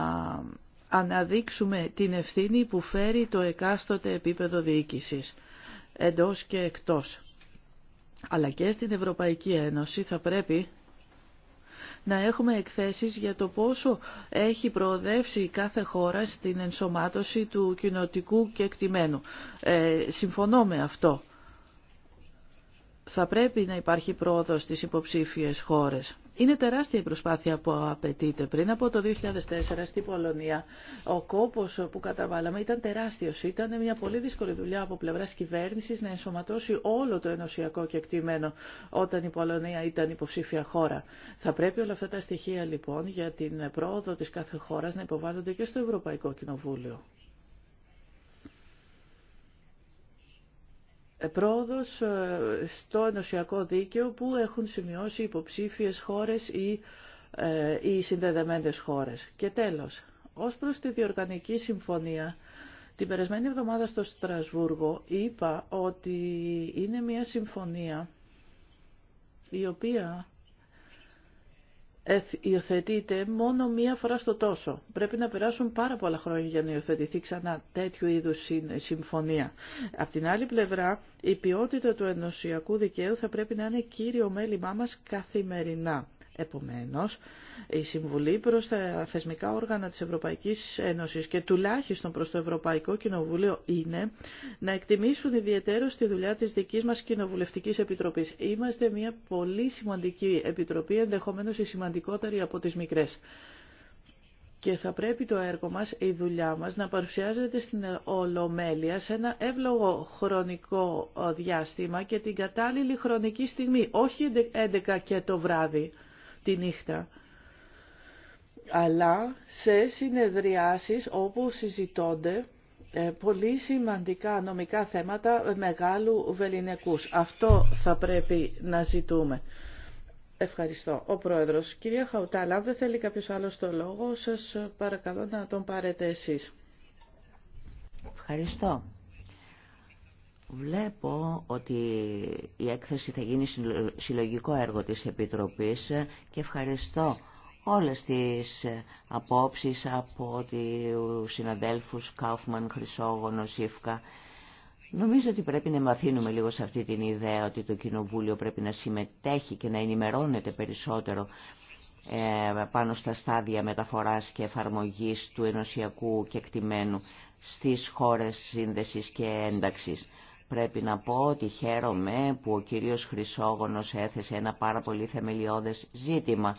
αναδείξουμε την ευθύνη που φέρει το εκάστοτε επίπεδο διοίκησης, εντός και εκτός. Αλλά και στην Ευρωπαϊκή Ένωση θα πρέπει να έχουμε εκθέσεις για το πόσο έχει προοδεύσει κάθε χώρα στην ενσωμάτωση του κοινοτικού και εκτιμένου. Ε, συμφωνώ με αυτό. Θα πρέπει να υπάρχει πρόοδος στις υποψήφιες χώρες. Είναι τεράστια η προσπάθεια που απαιτείται. Πριν από το 2004 στην Πολωνία, ο κόπος που καταβάλαμε ήταν τεράστιος. Ήταν μια πολύ δύσκολη δουλειά από πλευράς κυβέρνηση να ενσωματώσει όλο το ενωσιακό κεκτημένο όταν η Πολωνία ήταν υποψήφια χώρα. Θα πρέπει όλα αυτά τα στοιχεία λοιπόν για την πρόοδο τη κάθε χώρα να υποβάλλονται και στο Ευρωπαϊκό Κοινοβούλιο. πρόοδος ε, στο ενωσιακό δίκαιο που έχουν σημειώσει υποψήφιες χώρες ή ε, οι συνδεδεμένες χώρες. Και τέλος, ως προς τη διοργανική συμφωνία, την περασμένη εβδομάδα στο Στρασβούργο είπα ότι είναι μια συμφωνία η οποία υιοθετείται μόνο μία φορά στο τόσο. Πρέπει να περάσουν πάρα πολλά χρόνια για να υιοθετηθεί ξανά τέτοιου είδους συμφωνία. Απ' την άλλη πλευρά, η ποιότητα του ενωσιακού δικαίου θα πρέπει να είναι κύριο μέλημά μας καθημερινά. Επομένως, η Συμβουλή προς τα θεσμικά όργανα της Ευρωπαϊκής Ένωσης και τουλάχιστον προς το Ευρωπαϊκό Κοινοβούλιο είναι να εκτιμήσουν ιδιαίτερο τη δουλειά της δικής μας Κοινοβουλευτικής Επιτροπής. Είμαστε μια πολύ σημαντική επιτροπή, ενδεχομένως η σημαντικότερη από τις μικρές. Και θα πρέπει το έργο μας, η δουλειά μας, να παρουσιάζεται στην Ολομέλεια σε ένα εύλογο χρονικό ε, διάστημα και την κατάλληλη χρονική στιγμή, όχι 11 και το βράδυ τη νύχτα αλλά σε συνεδριάσεις όπου συζητώνται ε, πολύ σημαντικά νομικά θέματα μεγάλου βεληνικούς. Αυτό θα πρέπει να ζητούμε. Ευχαριστώ. Ο Πρόεδρος. Κυρία Χαουτάλα, αν δεν θέλει κάποιος άλλος το λόγο, σας παρακαλώ να τον πάρετε εσείς. Ευχαριστώ. Βλέπω ότι η έκθεση θα γίνει συλλογικό έργο της Επιτροπής και ευχαριστώ όλες τις απόψεις από τους συναδέλφους Κάουφμαν, Χρυσόγονο, Σίφκα. Νομίζω ότι πρέπει να μαθαίνουμε λίγο σε αυτή την ιδέα ότι το Κοινοβούλιο πρέπει να συμμετέχει και να ενημερώνεται περισσότερο ε, πάνω στα στάδια μεταφοράς και εφαρμογής του ενωσιακού κεκτημένου στις χώρες σύνδεσης και ένταξης. Πρέπει να πω ότι χαίρομαι που ο κύριος Χρυσόγονος έθεσε ένα πάρα πολύ θεμελιώδες ζήτημα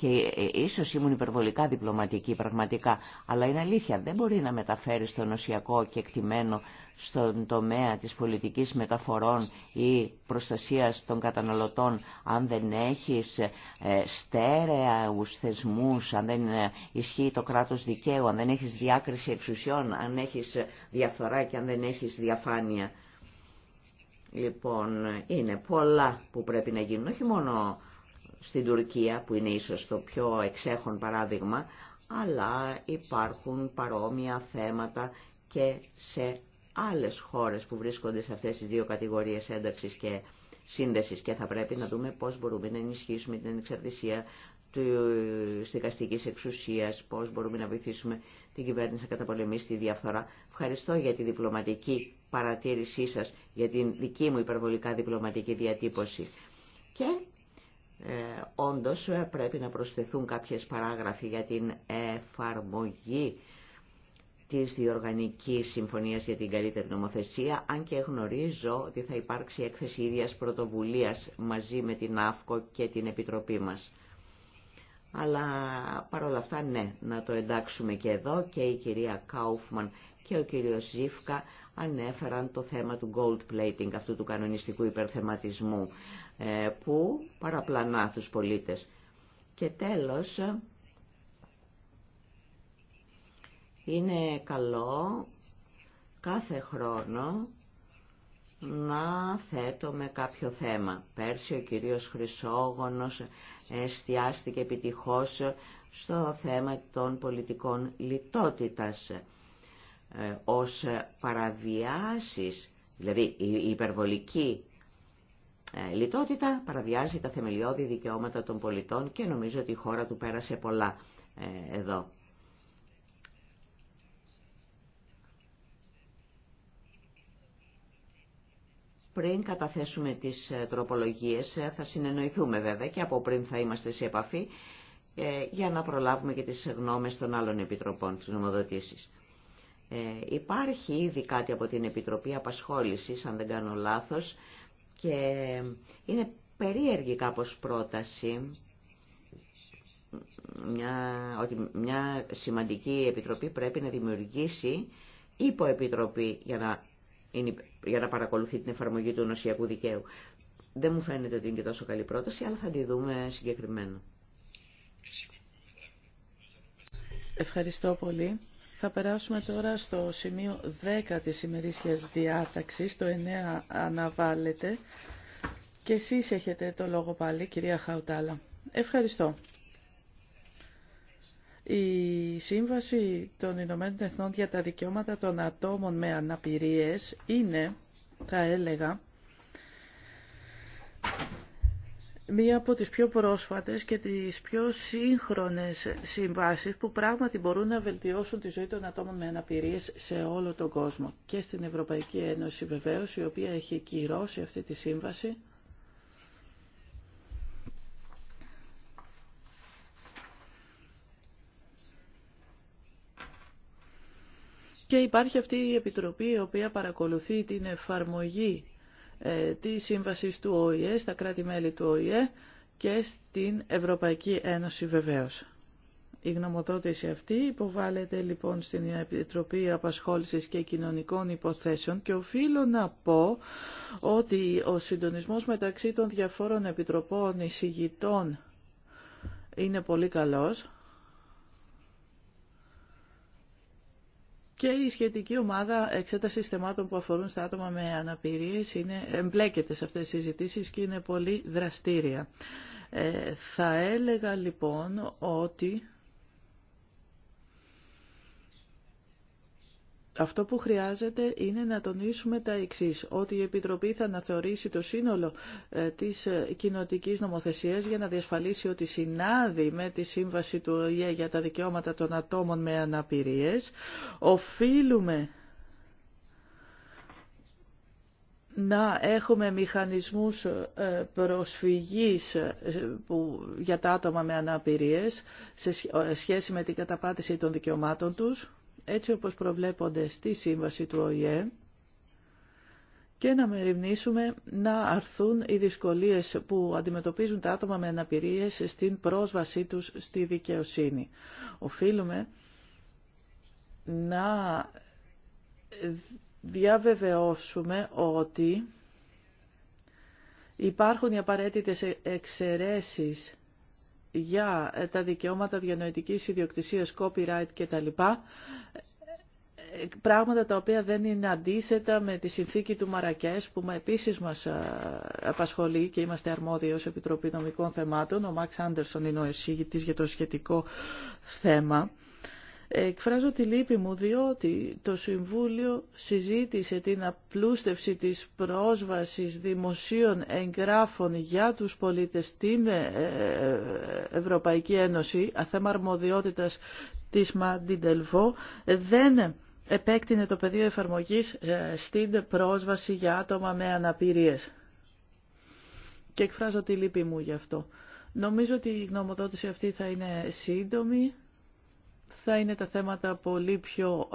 και ε, ε, ίσως ήμουν υπερβολικά διπλωματική πραγματικά, αλλά είναι αλήθεια, δεν μπορεί να μεταφέρει στο νοσιακό και εκτιμένο στον τομέα της πολιτικής μεταφορών ή προστασίας των καταναλωτών αν δεν έχεις ε, στέρεα θεσμούς, αν δεν ισχύει το κράτος δικαίου, αν δεν έχεις διάκριση εξουσιών, αν έχεις διαφθορά και αν δεν έχεις διαφάνεια. Λοιπόν, είναι πολλά που πρέπει να γίνουν, όχι μόνο στην Τουρκία που είναι ίσως το πιο εξέχον παράδειγμα αλλά υπάρχουν παρόμοια θέματα και σε άλλες χώρες που βρίσκονται σε αυτές τις δύο κατηγορίες ένταξης και σύνδεσης και θα πρέπει να δούμε πώς μπορούμε να ενισχύσουμε την εξαρτησία της δικαστικής εξουσίας, πώς μπορούμε να βοηθήσουμε την κυβέρνηση να καταπολεμήσει τη διαφθορά. Ευχαριστώ για τη διπλωματική παρατήρησή σας, για την δική μου υπερβολικά διπλωματική διατύπωση. Και ε, όντως ε, πρέπει να προσθεθούν κάποιες παράγραφοι για την εφαρμογή της Διοργανικής Συμφωνίας για την Καλύτερη Νομοθεσία, αν και γνωρίζω ότι θα υπάρξει έκθεση ίδιας πρωτοβουλίας μαζί με την ΑΦΚΟ και την Επιτροπή μας. Αλλά παρόλα αυτά ναι, να το εντάξουμε και εδώ και η κυρία Κάουφμαν και ο κύριος Ζήφκα ανέφεραν το θέμα του gold plating, αυτού του κανονιστικού υπερθεματισμού, ε, που παραπλανά τους πολίτες. Και τέλος, είναι καλό κάθε χρόνο να θέτω με κάποιο θέμα. Πέρσι ο κύριος Χρυσόγονος εστιάστηκε επιτυχώς στο θέμα των πολιτικών λιτότητας. Ε, ως παραβιάσεις, δηλαδή η υπερβολική ε, λιτότητα παραβιάζει τα θεμελιώδη δικαιώματα των πολιτών και νομίζω ότι η χώρα του πέρασε πολλά ε, εδώ. Πριν καταθέσουμε τις τροπολογίες θα συνεννοηθούμε βέβαια και από πριν θα είμαστε σε επαφή για να προλάβουμε και τις γνώμες των άλλων επιτροπών, της νομοδοτήσεις. Ε, υπάρχει ήδη κάτι από την Επιτροπή Απασχόλησης, αν δεν κάνω λάθος, και είναι περίεργη κάπως πρόταση μια, ότι μια σημαντική επιτροπή πρέπει να δημιουργήσει υποεπιτροπή για να, είναι, για να παρακολουθεί την εφαρμογή του νοσιακού δικαίου. Δεν μου φαίνεται ότι είναι και τόσο καλή πρόταση, αλλά θα τη δούμε συγκεκριμένα. Ευχαριστώ πολύ. Θα περάσουμε τώρα στο σημείο 10 της ημερήσιας διάταξης, το 9 αναβάλλεται. Και εσείς έχετε το λόγο πάλι, κυρία Χαουτάλα. Ευχαριστώ. Η Σύμβαση των Ηνωμένων Εθνών για τα Δικαιώματα των Ατόμων με Αναπηρίες είναι, θα έλεγα, μία από τις πιο πρόσφατες και τις πιο σύγχρονες συμβάσεις που πράγματι μπορούν να βελτιώσουν τη ζωή των ατόμων με αναπηρίες σε όλο τον κόσμο και στην Ευρωπαϊκή Ένωση βεβαίως η οποία έχει κυρώσει αυτή τη σύμβαση Και υπάρχει αυτή η Επιτροπή η οποία παρακολουθεί την εφαρμογή ε, τη σύμβαση του ΟΗΕ, στα κράτη-μέλη του ΟΗΕ και στην Ευρωπαϊκή Ένωση βεβαίως. Η γνωμοδότηση αυτή υποβάλλεται λοιπόν στην Επιτροπή Απασχόλησης και Κοινωνικών Υποθέσεων και οφείλω να πω ότι ο συντονισμός μεταξύ των διαφόρων επιτροπών εισηγητών είναι πολύ καλός. και η σχετική ομάδα εξέταση θεμάτων που αφορούν στα άτομα με αναπηρίες είναι, εμπλέκεται σε αυτές τις συζητήσεις και είναι πολύ δραστήρια. Ε, θα έλεγα λοιπόν ότι Αυτό που χρειάζεται είναι να τονίσουμε τα εξή, ότι η Επιτροπή θα αναθεωρήσει το σύνολο ε, της ε, κοινοτικής νομοθεσίας για να διασφαλίσει ότι συνάδει με τη Σύμβαση του ΟΗΕ για τα δικαιώματα των ατόμων με αναπηρίες. Οφείλουμε να έχουμε μηχανισμούς ε, προσφυγής που, για τα άτομα με αναπηρίες σε σχέση με την καταπάτηση των δικαιωμάτων τους έτσι όπως προβλέπονται στη σύμβαση του ΟΗΕ και να μεριμνήσουμε να αρθούν οι δυσκολίες που αντιμετωπίζουν τα άτομα με αναπηρίες στην πρόσβασή τους στη δικαιοσύνη. Οφείλουμε να διαβεβαιώσουμε ότι υπάρχουν οι απαραίτητες εξαιρέσεις για ε, τα δικαιώματα διανοητικής ιδιοκτησίας, copyright κτλ. Ε, πράγματα τα οποία δεν είναι αντίθετα με τη συνθήκη του Μαρακές που επίσης μας ε, απασχολεί και είμαστε αρμόδιοι ως Επιτροπή Νομικών Θεμάτων. Ο Μαξ Άντερσον είναι ο εισηγητής για το σχετικό θέμα. Εκφράζω τη λύπη μου διότι το Συμβούλιο συζήτησε την απλούστευση της πρόσβασης δημοσίων εγγράφων για τους πολίτες στην ε, ε, Ευρωπαϊκή Ένωση, αθέμα αρμοδιότητας της Μαντιντελβό, δεν επέκτηνε το πεδίο εφαρμογής ε, στην πρόσβαση για άτομα με αναπηρίες. Και εκφράζω τη λύπη μου γι' αυτό. Νομίζω ότι η γνωμοδότηση αυτή θα είναι σύντομη θα είναι τα θέματα πολύ πιο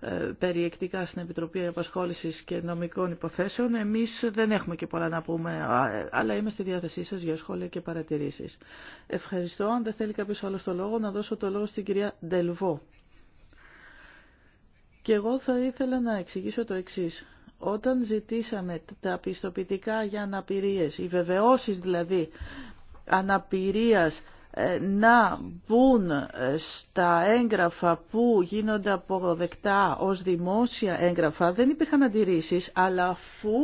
ε, ε, περιεκτικά στην Επιτροπή Απασχόλησης και Νομικών Υποθέσεων. Εμείς δεν έχουμε και πολλά να πούμε, ε, αλλά είμαι στη διάθεσή σας για σχόλια και παρατηρήσεις. Ευχαριστώ. Αν δεν θέλει κάποιος άλλο το λόγο, να δώσω το λόγο στην κυρία Ντελβό. Και εγώ θα ήθελα να εξηγήσω το εξής. Όταν ζητήσαμε τα πιστοποιητικά για αναπηρίες, οι βεβαιώσεις δηλαδή αναπηρίας ε, να μπουν ε, στα έγγραφα που γίνονται αποδεκτά ως δημόσια έγγραφα δεν υπήρχαν αντιρρήσεις, αλλά αφού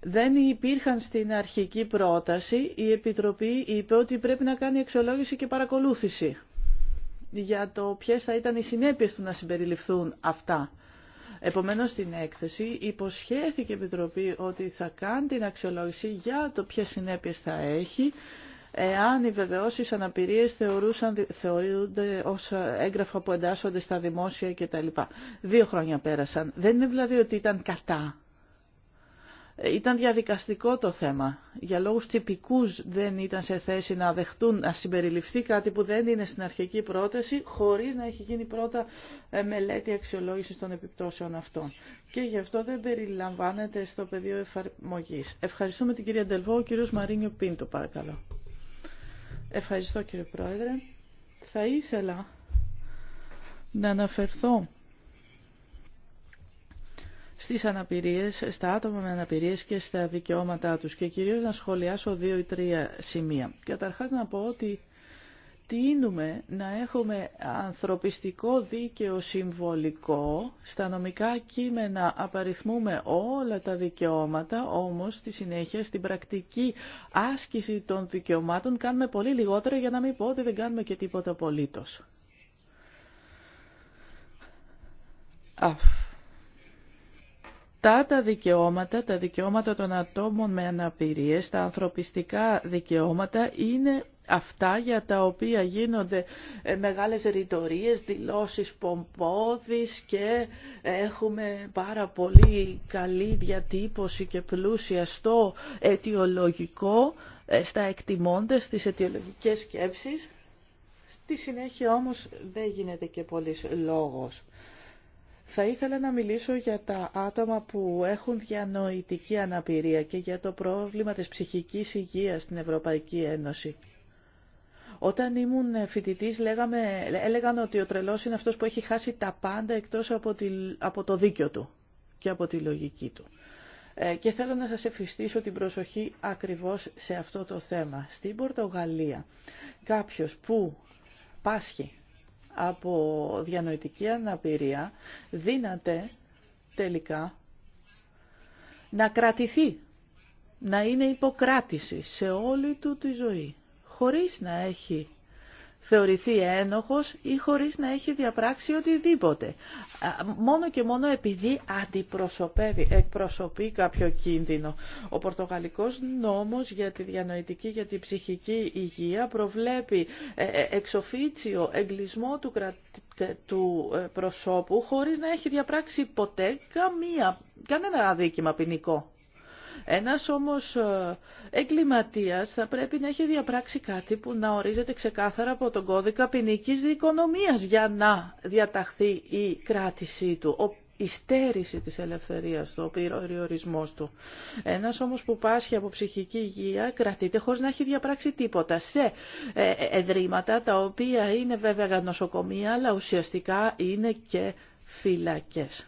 δεν υπήρχαν στην αρχική πρόταση, η Επιτροπή είπε ότι πρέπει να κάνει αξιολόγηση και παρακολούθηση για το ποιες θα ήταν οι συνέπειες του να συμπεριληφθούν αυτά. Επομένως στην έκθεση υποσχέθηκε η Επιτροπή ότι θα κάνει την αξιολόγηση για το ποιες συνέπειες θα έχει εάν οι βεβαιώσεις αναπηρίες θεωρούσαν, θεωρούνται ως έγγραφα που εντάσσονται στα δημόσια κτλ. Δύο χρόνια πέρασαν. Δεν είναι δηλαδή ότι ήταν κατά. Ε, ήταν διαδικαστικό το θέμα. Για λόγους τυπικούς δεν ήταν σε θέση να δεχτούν, να συμπεριληφθεί κάτι που δεν είναι στην αρχική πρόταση, χωρίς να έχει γίνει πρώτα ε, μελέτη αξιολόγηση των επιπτώσεων αυτών. Και γι' αυτό δεν περιλαμβάνεται στο πεδίο εφαρμογής. Ευχαριστούμε την κυρία Ντελβό, ο κύριος Μαρίνιο Πίντο, παρακαλώ. Ευχαριστώ κύριε Πρόεδρε. Θα ήθελα να αναφερθώ στις αναπηρίες, στα άτομα με αναπηρίες και στα δικαιώματά τους και κυρίως να σχολιάσω δύο ή τρία σημεία. Καταρχάς να πω ότι τίνουμε να έχουμε ανθρωπιστικό δίκαιο συμβολικό. Στα νομικά κείμενα απαριθμούμε όλα τα δικαιώματα, όμως στη συνέχεια στην πρακτική άσκηση των δικαιωμάτων κάνουμε πολύ λιγότερο για να μην πω ότι δεν κάνουμε και τίποτα απολύτως. τα δικαιώματα, τα δικαιώματα των ατόμων με αναπηρίες, τα ανθρωπιστικά δικαιώματα είναι αυτά για τα οποία γίνονται ε, μεγάλες ρητορίες, δηλώσεις πομπόδης και ε, έχουμε πάρα πολύ καλή διατύπωση και πλούσια στο αιτιολογικό, ε, στα εκτιμόντες στις αιτιολογικές σκέψεις. Στη συνέχεια όμως δεν γίνεται και πολλής λόγος. Θα ήθελα να μιλήσω για τα άτομα που έχουν διανοητική αναπηρία και για το πρόβλημα της ψυχικής υγείας στην Ευρωπαϊκή Ένωση. Όταν ήμουν φοιτητή, έλεγαν ότι ο τρελός είναι αυτός που έχει χάσει τα πάντα εκτός από, το δίκιο του και από τη λογική του. Ε, και θέλω να σας ευχηστήσω την προσοχή ακριβώς σε αυτό το θέμα. Στην Πορτογαλία κάποιος που πάσχει από διανοητική αναπηρία δύναται τελικά να κρατηθεί, να είναι υποκράτηση σε όλη του τη ζωή χωρίς να έχει θεωρηθεί ένοχος ή χωρίς να έχει διαπράξει οτιδήποτε. Μόνο και μόνο επειδή αντιπροσωπεύει, εκπροσωπεί κάποιο κίνδυνο. Ο Πορτογαλικός νόμος για τη διανοητική, για τη ψυχική υγεία προβλέπει ε, ε, εξοφίτσιο εγκλισμό του, του ε, προσώπου χωρίς να έχει διαπράξει ποτέ καμία, κανένα αδίκημα ποινικό. Ένας όμως ε, εγκληματίας θα πρέπει να έχει διαπράξει κάτι που να ορίζεται ξεκάθαρα από τον κώδικα ποινική δικονομίας για να διαταχθεί η κράτησή του η στέρηση της ελευθερίας του, ο περιορισμός του. Ένας όμως που πάσχει από ψυχική υγεία κρατείται χωρίς να έχει διαπράξει τίποτα σε ε, εδρήματα τα οποία είναι βέβαια νοσοκομεία αλλά ουσιαστικά είναι και φυλακές.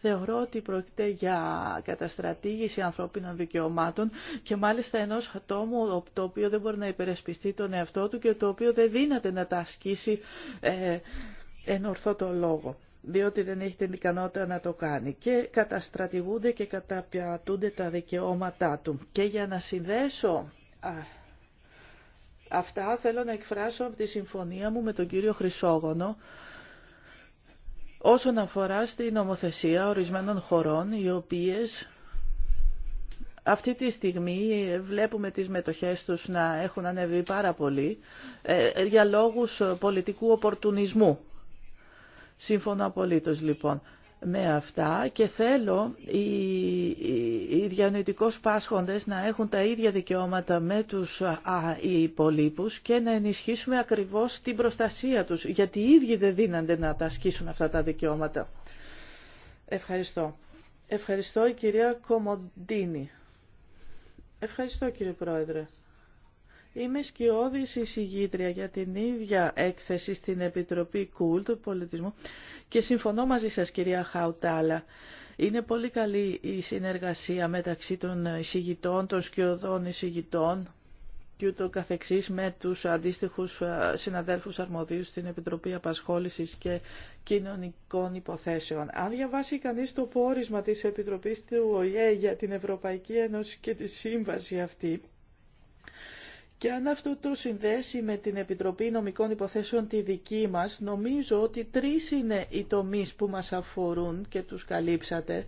Θεωρώ ότι πρόκειται για καταστρατήγηση ανθρώπινων δικαιωμάτων και μάλιστα ενός ατόμου το οποίο δεν μπορεί να υπερασπιστεί τον εαυτό του και το οποίο δεν δύναται να τα ασκήσει ε, εν ορθό το λόγο διότι δεν έχει την ικανότητα να το κάνει και καταστρατηγούνται και καταπιατούνται τα δικαιώματά του. Και για να συνδέσω αυτά θέλω να εκφράσω από τη συμφωνία μου με τον κύριο Χρυσόγονο όσον αφορά στη νομοθεσία ορισμένων χωρών οι οποίες αυτή τη στιγμή βλέπουμε τις μετοχές τους να έχουν ανέβει πάρα πολύ ε, για λόγους πολιτικού οπορτουνισμού. Σύμφωνα απολύτως λοιπόν με αυτά και θέλω οι, οι, οι πάσχοντες να έχουν τα ίδια δικαιώματα με τους α, οι υπολείπους και να ενισχύσουμε ακριβώς την προστασία τους, γιατί οι ίδιοι δεν δίνανται να τα ασκήσουν αυτά τα δικαιώματα. Ευχαριστώ. Ευχαριστώ η κυρία Κομοντίνη. Ευχαριστώ κύριε Πρόεδρε. Είμαι σκιώδη εισηγήτρια για την ίδια έκθεση στην Επιτροπή Κουλ του Πολιτισμού και συμφωνώ μαζί σας κυρία Χαουτάλα. Είναι πολύ καλή η συνεργασία μεταξύ των εισηγητών, των σκιωδών εισηγητών και ούτω καθεξής με τους αντίστοιχους ε, συναδέλφους αρμοδίους στην Επιτροπή Απασχόλησης και Κοινωνικών Υποθέσεων. Αν διαβάσει κανείς το πόρισμα της Επιτροπής του ΟΙΕ για την Ευρωπαϊκή Ένωση και τη σύμβαση αυτή, και αν αυτό το συνδέσει με την Επιτροπή Νομικών Υποθέσεων τη δική μας, νομίζω ότι τρεις είναι οι τομείς που μας αφορούν και τους καλύψατε.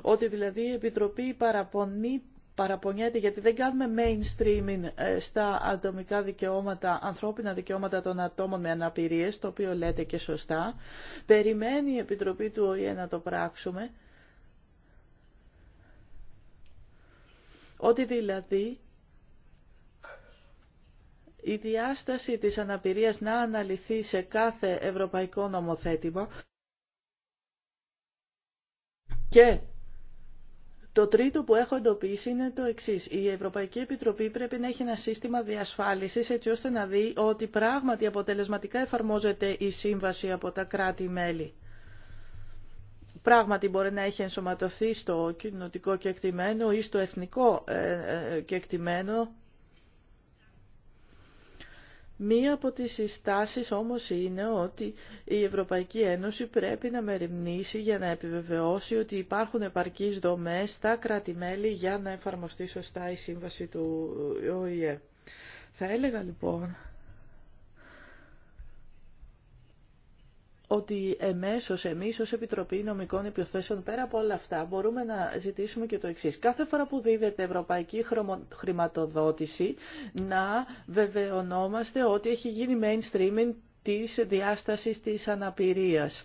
Ότι δηλαδή η Επιτροπή παραπονεί παραπονιέται γιατί δεν κάνουμε mainstreaming ε, στα ατομικά δικαιώματα, ανθρώπινα δικαιώματα των ατόμων με αναπηρίες, το οποίο λέτε και σωστά. Περιμένει η Επιτροπή του ΟΗΕ να το πράξουμε. Ότι δηλαδή η διάσταση της αναπηρίας να αναλυθεί σε κάθε ευρωπαϊκό νομοθέτημα και το τρίτο που έχω εντοπίσει είναι το εξή. Η Ευρωπαϊκή Επιτροπή πρέπει να έχει ένα σύστημα διασφάλιση έτσι ώστε να δει ότι πράγματι αποτελεσματικά εφαρμόζεται η σύμβαση από τα κράτη-μέλη. Πράγματι μπορεί να έχει ενσωματωθεί στο κοινοτικό κεκτημένο ή στο εθνικό ε, ε, ε, κεκτημένο Μία από τις συστάσεις όμως είναι ότι η Ευρωπαϊκή Ένωση πρέπει να μεριμνήσει για να επιβεβαιώσει ότι υπάρχουν επαρκείς δομές στα κράτη-μέλη για να εφαρμοστεί σωστά η σύμβαση του ΟΗΕ. Θα έλεγα λοιπόν ότι εμέσως εμείς ως Επιτροπή Νομικών Υποθέσεων πέρα από όλα αυτά μπορούμε να ζητήσουμε και το εξής. Κάθε φορά που δίδεται ευρωπαϊκή χρηματοδότηση να βεβαιωνόμαστε ότι έχει γίνει mainstreaming της διάστασης της αναπηρίας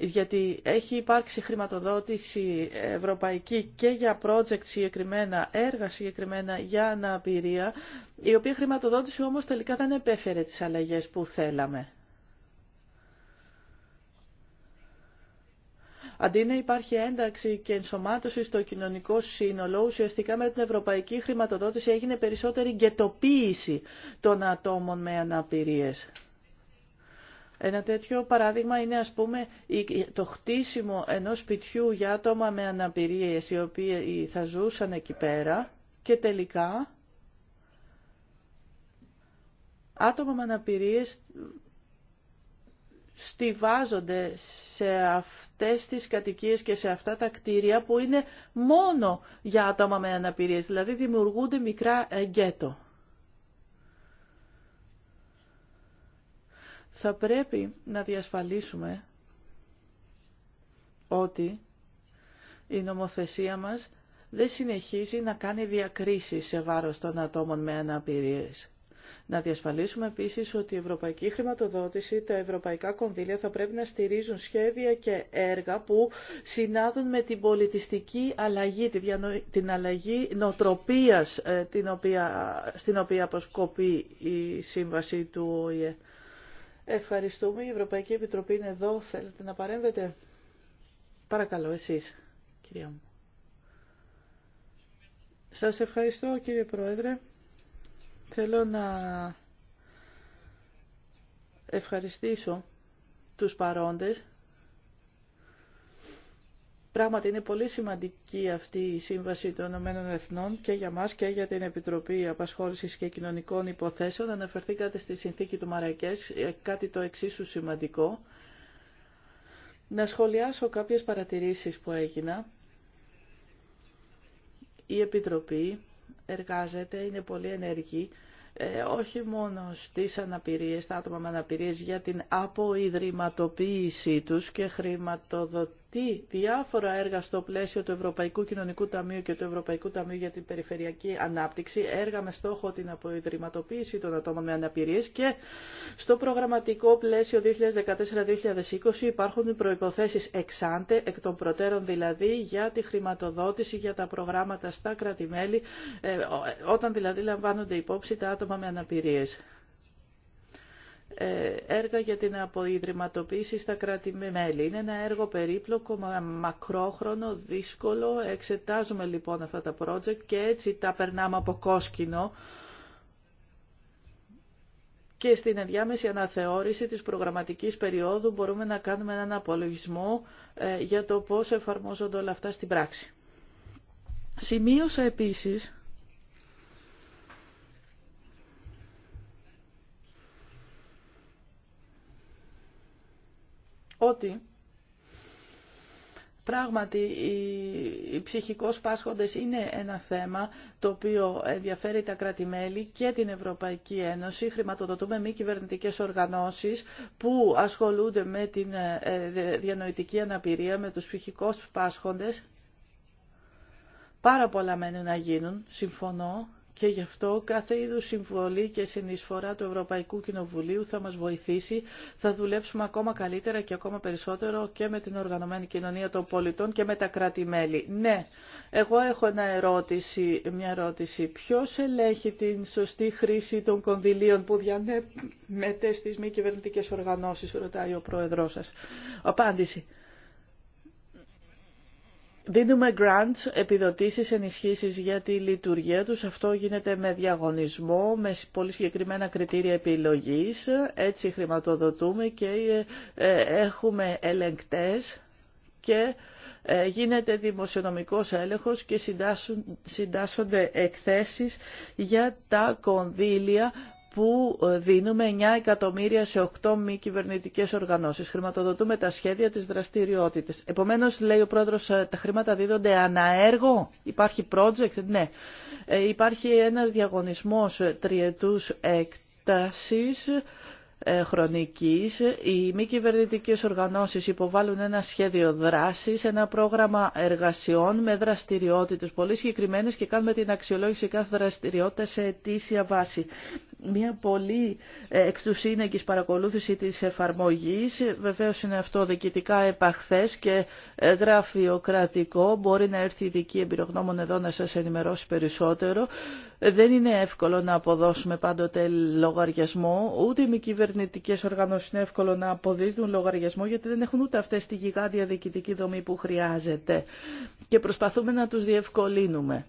γιατί έχει υπάρξει χρηματοδότηση ευρωπαϊκή και για project συγκεκριμένα, έργα συγκεκριμένα για αναπηρία, η οποία χρηματοδότηση όμως τελικά δεν επέφερε τις αλλαγές που θέλαμε. Αντί να υπάρχει ένταξη και ενσωμάτωση στο κοινωνικό σύνολο, ουσιαστικά με την ευρωπαϊκή χρηματοδότηση έγινε περισσότερη γετοποίηση των ατόμων με αναπηρίες. Ένα τέτοιο παράδειγμα είναι ας πούμε το χτίσιμο ενός σπιτιού για άτομα με αναπηρίες οι οποίοι θα ζούσαν εκεί πέρα και τελικά άτομα με αναπηρίες στηβάζονται σε αυτές τις κατοικίες και σε αυτά τα κτίρια που είναι μόνο για άτομα με αναπηρίες, δηλαδή δημιουργούνται μικρά γκέτο. Θα πρέπει να διασφαλίσουμε ότι η νομοθεσία μας δεν συνεχίζει να κάνει διακρίσεις σε βάρος των ατόμων με αναπηρίες. Να διασφαλίσουμε επίσης ότι η ευρωπαϊκή χρηματοδότηση, τα ευρωπαϊκά κονδύλια θα πρέπει να στηρίζουν σχέδια και έργα που συνάδουν με την πολιτιστική αλλαγή, την αλλαγή νοτροπίας ε, την οποία, στην οποία αποσκοπεί η σύμβαση του ΟΗΕ. Ευχαριστούμε. Η Ευρωπαϊκή Επιτροπή είναι εδώ. Θέλετε να παρέμβετε. Παρακαλώ, εσείς, κυρία μου. Σας ευχαριστώ, κύριε Πρόεδρε. Θέλω να ευχαριστήσω τους παρόντες. Πράγματι είναι πολύ σημαντική αυτή η Σύμβαση των Ηνωμένων Εθνών και για μας και για την Επιτροπή Απασχόλησης και Κοινωνικών Υποθέσεων. Αναφερθήκατε στη συνθήκη του Μαρακές, ε, κάτι το εξίσου σημαντικό. Να σχολιάσω κάποιες παρατηρήσεις που έγινα. Η Επιτροπή εργάζεται, είναι πολύ ενεργή, ε, όχι μόνο στις αναπηρίες, τα άτομα με αναπηρίες για την αποϊδρυματοποίησή τους και χρηματοδοτή τι διάφορα έργα στο πλαίσιο του Ευρωπαϊκού Κοινωνικού Ταμείου και του Ευρωπαϊκού Ταμείου για την Περιφερειακή Ανάπτυξη, έργα με στόχο την αποϊδρυματοποίηση των ατόμων με αναπηρίες και στο προγραμματικό πλαίσιο 2014-2020 υπάρχουν οι προϋποθέσεις εξάντε, εκ των προτέρων δηλαδή, για τη χρηματοδότηση για τα προγράμματα στα κράτη-μέλη, ε, όταν δηλαδή λαμβάνονται υπόψη τα άτομα με αναπηρίες. Ε, έργα για την αποϊδρυματοποίηση στα κράτη-μέλη. Είναι ένα έργο περίπλοκο, μακρόχρονο, δύσκολο. Εξετάζουμε λοιπόν αυτά τα project και έτσι τα περνάμε από κόσκινο και στην ενδιάμεση αναθεώρηση της προγραμματικής περίοδου μπορούμε να κάνουμε έναν απολογισμό ε, για το πώς εφαρμόζονται όλα αυτά στην πράξη. Σημείωσα επίσης ότι Πράγματι, οι ψυχικώς πάσχοντες είναι ένα θέμα το οποίο ενδιαφέρει τα κράτη-μέλη και την Ευρωπαϊκή Ένωση. Χρηματοδοτούμε μη κυβερνητικές οργανώσεις που ασχολούνται με την ε, διανοητική αναπηρία, με τους ψυχικώς πάσχοντες. Πάρα πολλά μένουν να γίνουν, συμφωνώ και γι' αυτό κάθε είδους συμβολή και συνεισφορά του Ευρωπαϊκού Κοινοβουλίου θα μας βοηθήσει. Θα δουλέψουμε ακόμα καλύτερα και ακόμα περισσότερο και με την Οργανωμένη Κοινωνία των Πολιτών και με τα κράτη-μέλη. Ναι, εγώ έχω ερώτηση, μια ερώτηση. Ποιος ελέγχει την σωστή χρήση των κονδυλίων που διανέμεται στις μη κυβερνητικές οργανώσεις, ρωτάει ο Πρόεδρός σας. Απάντηση. Δίνουμε grants, επιδοτήσεις, ενισχύσεις για τη λειτουργία τους. Αυτό γίνεται με διαγωνισμό, με πολύ συγκεκριμένα κριτήρια επιλογής. Έτσι χρηματοδοτούμε και ε, ε, έχουμε ελεγκτές και ε, γίνεται δημοσιονομικός έλεγχος και συντάσσονται εκθέσεις για τα κονδύλια που ε, δίνουμε 9 εκατομμύρια σε 8 μη κυβερνητικέ οργανώσεις. Χρηματοδοτούμε τα σχέδια της δραστηριότητας. Επομένως, λέει ο πρόεδρος, ε, τα χρήματα δίδονται αναέργο. Υπάρχει project, ναι. Ε, υπάρχει ένας διαγωνισμός τριετούς έκτασης χρονικής. Οι μη κυβερνητικέ οργανώσεις υποβάλλουν ένα σχέδιο δράσης, ένα πρόγραμμα εργασιών με δραστηριότητες πολύ συγκεκριμένες και κάνουμε την αξιολόγηση κάθε δραστηριότητα σε αιτήσια βάση μια πολύ εκ παρακολούθηση της εφαρμογής. Βεβαίως είναι αυτό δικητικά επαχθές και ε, γραφειοκρατικό. Μπορεί να έρθει η δική εμπειρογνώμων εδώ να σας ενημερώσει περισσότερο. Δεν είναι εύκολο να αποδώσουμε πάντοτε λογαριασμό. Ούτε οι μη κυβερνητικέ οργανώσει είναι εύκολο να αποδίδουν λογαριασμό γιατί δεν έχουν ούτε αυτέ τη γιγάντια διοικητική δομή που χρειάζεται. Και προσπαθούμε να του διευκολύνουμε.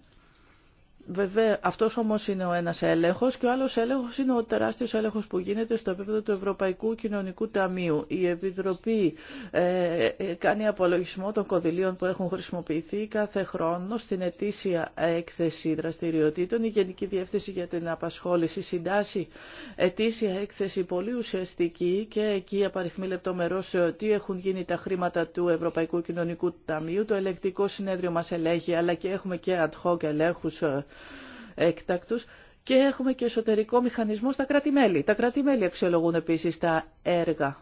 Βέβαια, αυτό όμω είναι ο ένα έλεγχο και ο άλλο έλεγχο είναι ο τεράστιο έλεγχο που γίνεται στο επίπεδο του Ευρωπαϊκού Κοινωνικού Ταμείου. Η Επιτροπή ε, ε, κάνει απολογισμό των κονδυλίων που έχουν χρησιμοποιηθεί κάθε χρόνο στην ετήσια έκθεση δραστηριοτήτων. Η Γενική Διεύθυνση για την Απασχόληση συντάσσει ετήσια έκθεση πολύ ουσιαστική και εκεί απαριθμεί λεπτομερώ τι έχουν γίνει τα χρήματα του Ευρωπαϊκού Κοινωνικού Ταμείου. Το ελεκτικό συνέδριο μα ελέγχει, αλλά και έχουμε και ad hoc ελέγχου ε, έκτακτους και έχουμε και εσωτερικό μηχανισμό στα κράτη-μέλη. Τα κράτη-μέλη αξιολογούν επίσης τα έργα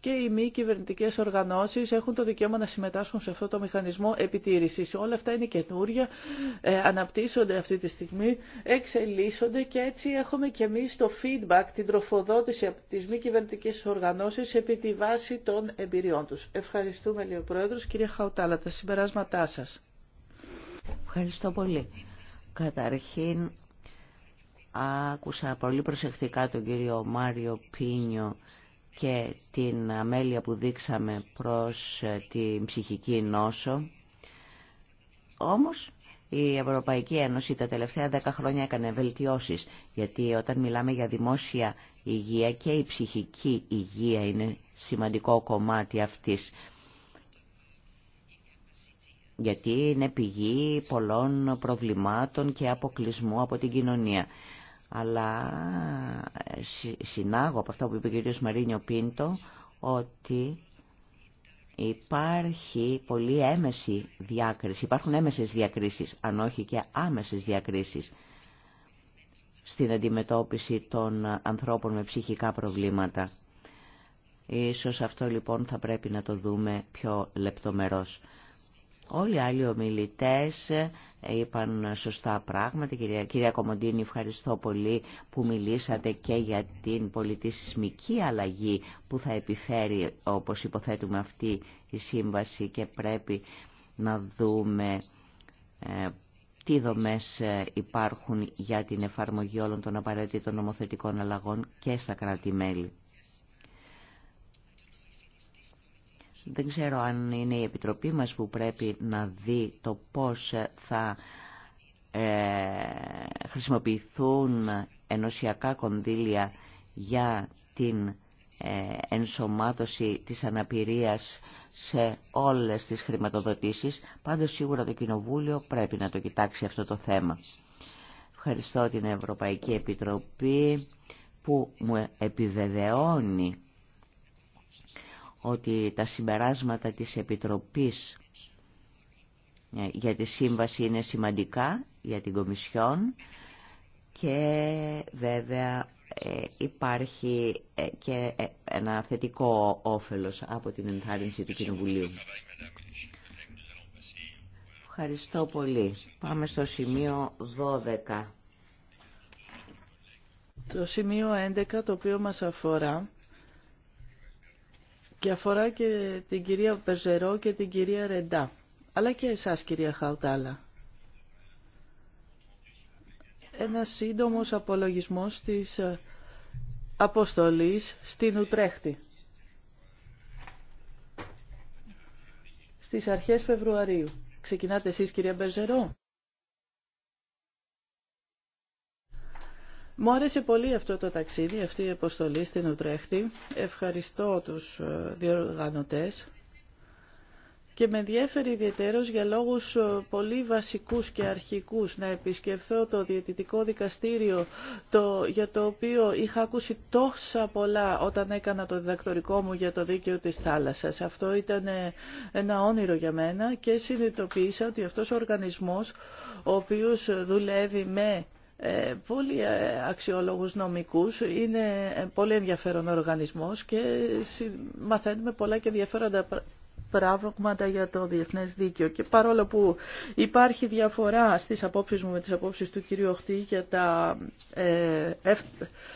και οι μη κυβερνητικέ οργανώσει έχουν το δικαίωμα να συμμετάσχουν σε αυτό το μηχανισμό επιτήρηση. Όλα αυτά είναι καινούρια, ε, αναπτύσσονται αυτή τη στιγμή, εξελίσσονται και έτσι έχουμε και εμεί το feedback, την τροφοδότηση από τι μη κυβερνητικέ οργανώσει επί τη βάση των εμπειριών του. Ευχαριστούμε, λέει Κυρία Χαουτάλα, τα συμπεράσματά σα. Ευχαριστώ πολύ. Καταρχήν, άκουσα πολύ προσεκτικά τον κύριο Μάριο Πίνιο και την αμέλεια που δείξαμε προς ε, την ψυχική νόσο. Όμως, η Ευρωπαϊκή Ένωση τα τελευταία δέκα χρόνια έκανε βελτιώσεις, γιατί όταν μιλάμε για δημόσια υγεία και η ψυχική υγεία είναι σημαντικό κομμάτι αυτής γιατί είναι πηγή πολλών προβλημάτων και αποκλεισμού από την κοινωνία. Αλλά ε, συνάγω από αυτό που είπε ο κ. Μαρίνιο Πίντο ότι υπάρχει πολύ έμεση διάκριση, υπάρχουν έμεσες διακρίσεις, αν όχι και άμεσες διακρίσεις στην αντιμετώπιση των ανθρώπων με ψυχικά προβλήματα. Ίσως αυτό λοιπόν θα πρέπει να το δούμε πιο λεπτομερώς. Όλοι οι άλλοι ομιλητές ε, είπαν σωστά πράγματα. Κυρία, κυρία Κομοντίνη, ευχαριστώ πολύ που μιλήσατε και για την πολιτισμική αλλαγή που θα επιφέρει, όπως υποθέτουμε αυτή η σύμβαση και πρέπει να δούμε ε, τι δομές ε, υπάρχουν για την εφαρμογή όλων των απαραίτητων νομοθετικών αλλαγών και στα κράτη-μέλη. Δεν ξέρω αν είναι η Επιτροπή μας που πρέπει να δει το πώς θα ε, χρησιμοποιηθούν ενωσιακά κονδύλια για την ε, ενσωμάτωση της αναπηρίας σε όλες τις χρηματοδοτήσεις. Πάντως σίγουρα το Κοινοβούλιο πρέπει να το κοιτάξει αυτό το θέμα. Ευχαριστώ την Ευρωπαϊκή Επιτροπή που μου επιβεβαιώνει ότι τα συμπεράσματα της Επιτροπής ε, για τη Σύμβαση είναι σημαντικά για την Κομισιόν και βέβαια ε, υπάρχει ε, και ένα θετικό όφελος από την ενθάρρυνση του Κοινοβουλίου. Ευχαριστώ πολύ. Πάμε στο σημείο 12. Το σημείο 11 το οποίο μας αφορά και αφορά και την κυρία Περζερό και την κυρία Ρεντά, αλλά και εσάς κυρία Χαουτάλα. Ένα σύντομος απολογισμός της ε, αποστολής στην Ουτρέχτη. Στις αρχές Φεβρουαρίου. Ξεκινάτε εσείς κυρία Μπερζερό. Μου άρεσε πολύ αυτό το ταξίδι, αυτή η αποστολή στην Ουτρέχτη. Ευχαριστώ τους ε, διοργανωτές και με ενδιαφέρει ιδιαίτερος για λόγους ε, πολύ βασικούς και αρχικούς να επισκεφθώ το Διαιτητικό Δικαστήριο το, για το οποίο είχα ακούσει τόσα πολλά όταν έκανα το διδακτορικό μου για το δίκαιο της θάλασσας. Αυτό ήταν ε, ένα όνειρο για μένα και συνειδητοποίησα ότι αυτός ο οργανισμός ο οποίος δουλεύει με ε, πολύ ε, αξιόλογους νομικούς, είναι ε, πολύ ενδιαφέρον οργανισμός και μαθαίνουμε πολλά και ενδιαφέροντα πράγματα για το διεθνές δίκαιο. Και παρόλο που υπάρχει διαφορά στις απόψεις μου με τις απόψεις του κυρίου Οχτή για τα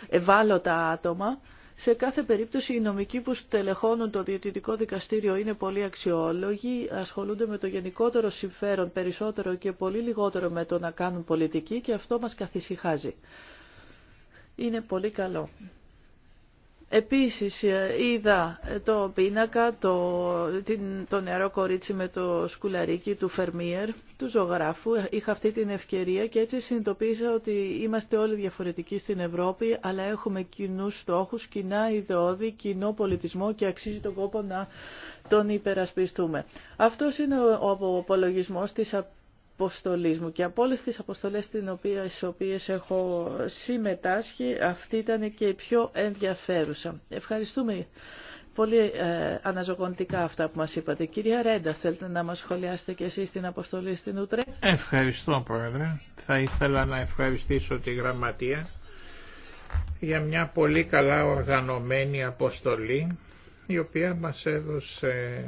ευάλωτα άτομα, σε κάθε περίπτωση οι νομικοί που στελεχώνουν το Διαιτητικό Δικαστήριο είναι πολύ αξιόλογοι, ασχολούνται με το γενικότερο συμφέρον περισσότερο και πολύ λιγότερο με το να κάνουν πολιτική και αυτό μας καθησυχάζει. Είναι πολύ καλό. Επίσης είδα το πίνακα, το, την, το νεαρό κορίτσι με το σκουλαρίκι του Φερμίερ, του ζωγράφου. Είχα αυτή την ευκαιρία και έτσι συνειδητοποίησα ότι είμαστε όλοι διαφορετικοί στην Ευρώπη, αλλά έχουμε κοινούς στόχους, κοινά ιδεώδη, κοινό πολιτισμό και αξίζει τον κόπο να τον υπερασπιστούμε. Αυτός είναι ο απολογισμός της μου και από όλε τι αποστολέ στις οποίε έχω συμμετάσχει αυτή ήταν και η πιο ενδιαφέρουσα. Ευχαριστούμε πολύ ε, αναζωογονητικά αυτά που μα είπατε. Κυρία Ρέντα, θέλετε να μα σχολιάσετε και εσεί την αποστολή στην Ουτρέ. Ευχαριστώ Πρόεδρε. Θα ήθελα να ευχαριστήσω τη Γραμματεία για μια πολύ καλά οργανωμένη αποστολή η οποία μας έδωσε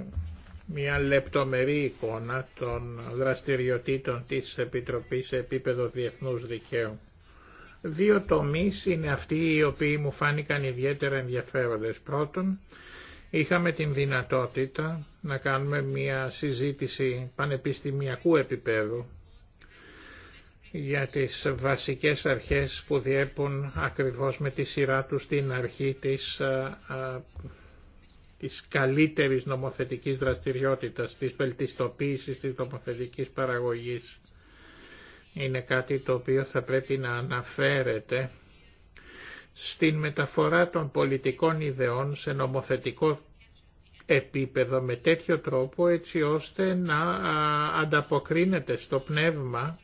μια λεπτομερή εικόνα των δραστηριοτήτων της Επιτροπής σε επίπεδο διεθνούς δικαίου. Δύο τομείς είναι αυτοί οι οποίοι μου φάνηκαν ιδιαίτερα ενδιαφέροντες. Πρώτον, είχαμε την δυνατότητα να κάνουμε μια συζήτηση πανεπιστημιακού επίπεδου για τις βασικές αρχές που διέπουν ακριβώς με τη σειρά τους την αρχή της της καλύτερης νομοθετικής δραστηριότητας, της βελτιστοποίησης της νομοθετικής παραγωγής. Είναι κάτι το οποίο θα πρέπει να αναφέρεται στην μεταφορά των πολιτικών ιδεών σε νομοθετικό επίπεδο με τέτοιο τρόπο έτσι ώστε να ανταποκρίνεται στο πνεύμα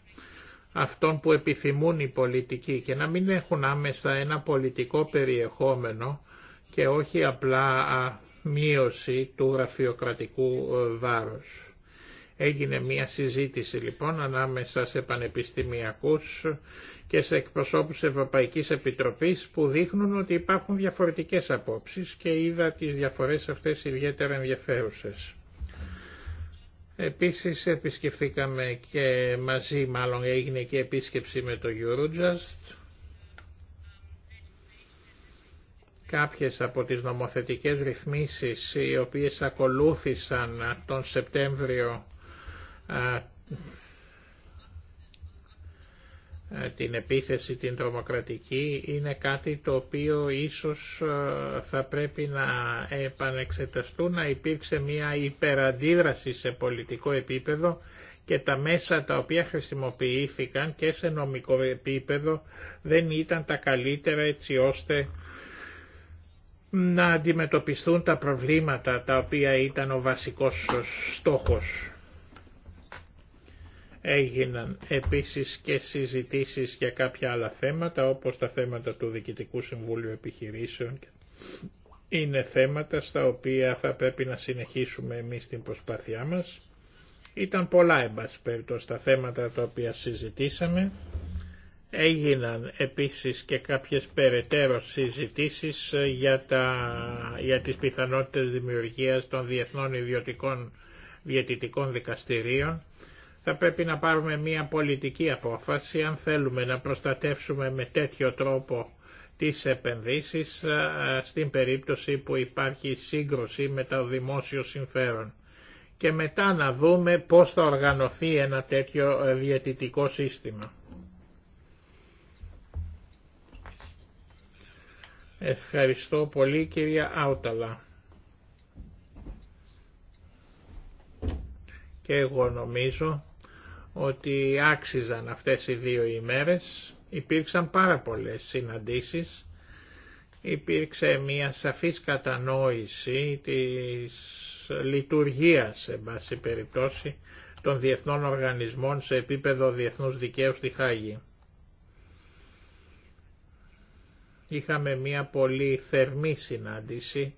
αυτών που επιθυμούν οι πολιτικοί και να μην έχουν άμεσα ένα πολιτικό περιεχόμενο και όχι απλά μείωση του γραφειοκρατικού ε, βάρους. Έγινε μια συζήτηση λοιπόν ανάμεσα σε πανεπιστημιακούς και σε εκπροσώπους Ευρωπαϊκής Επιτροπής που δείχνουν ότι υπάρχουν διαφορετικές απόψεις και είδα τις διαφορές αυτές ιδιαίτερα ενδιαφέρουσες. Επίσης επισκεφθήκαμε και μαζί μάλλον έγινε και επίσκεψη με το Eurojust Κάποιες από τις νομοθετικές ρυθμίσεις οι οποίες ακολούθησαν τον Σεπτέμβριο την επίθεση την τρομοκρατική είναι κάτι το οποίο ίσως θα πρέπει να επανεξεταστούν να υπήρξε μια υπεραντίδραση σε πολιτικό επίπεδο και τα μέσα τα οποία χρησιμοποιήθηκαν και σε νομικό επίπεδο δεν ήταν τα καλύτερα έτσι ώστε να αντιμετωπιστούν τα προβλήματα τα οποία ήταν ο βασικός στόχος. Έγιναν επίσης και συζητήσεις για κάποια άλλα θέματα όπως τα θέματα του Διοικητικού Συμβούλου Επιχειρήσεων είναι θέματα στα οποία θα πρέπει να συνεχίσουμε εμείς την προσπάθειά μας. Ήταν πολλά εμπασπέρτος τα θέματα τα οποία συζητήσαμε. Έγιναν επίσης και κάποιες περαιτέρω συζητήσεις ε, για, τα, για τις πιθανότητες δημιουργίας των διεθνών ιδιωτικών διαιτητικών δικαστηρίων. Θα πρέπει να πάρουμε μια πολιτική απόφαση αν θέλουμε να προστατεύσουμε με τέτοιο τρόπο τις επενδύσεις ε, στην περίπτωση που υπάρχει σύγκρουση με τα δημόσιο συμφέρον και μετά να δούμε πώς θα οργανωθεί ένα τέτοιο ε, διαιτητικό σύστημα. Ευχαριστώ πολύ κυρία Άουταλα. Και εγώ νομίζω ότι άξιζαν αυτές οι δύο ημέρες. Υπήρξαν πάρα πολλές συναντήσεις. Υπήρξε μια σαφής κατανόηση της λειτουργίας, σε βάση περιπτώσει, των διεθνών οργανισμών σε επίπεδο διεθνούς δικαίου στη Χάγη. Είχαμε μια πολύ θερμή συνάντηση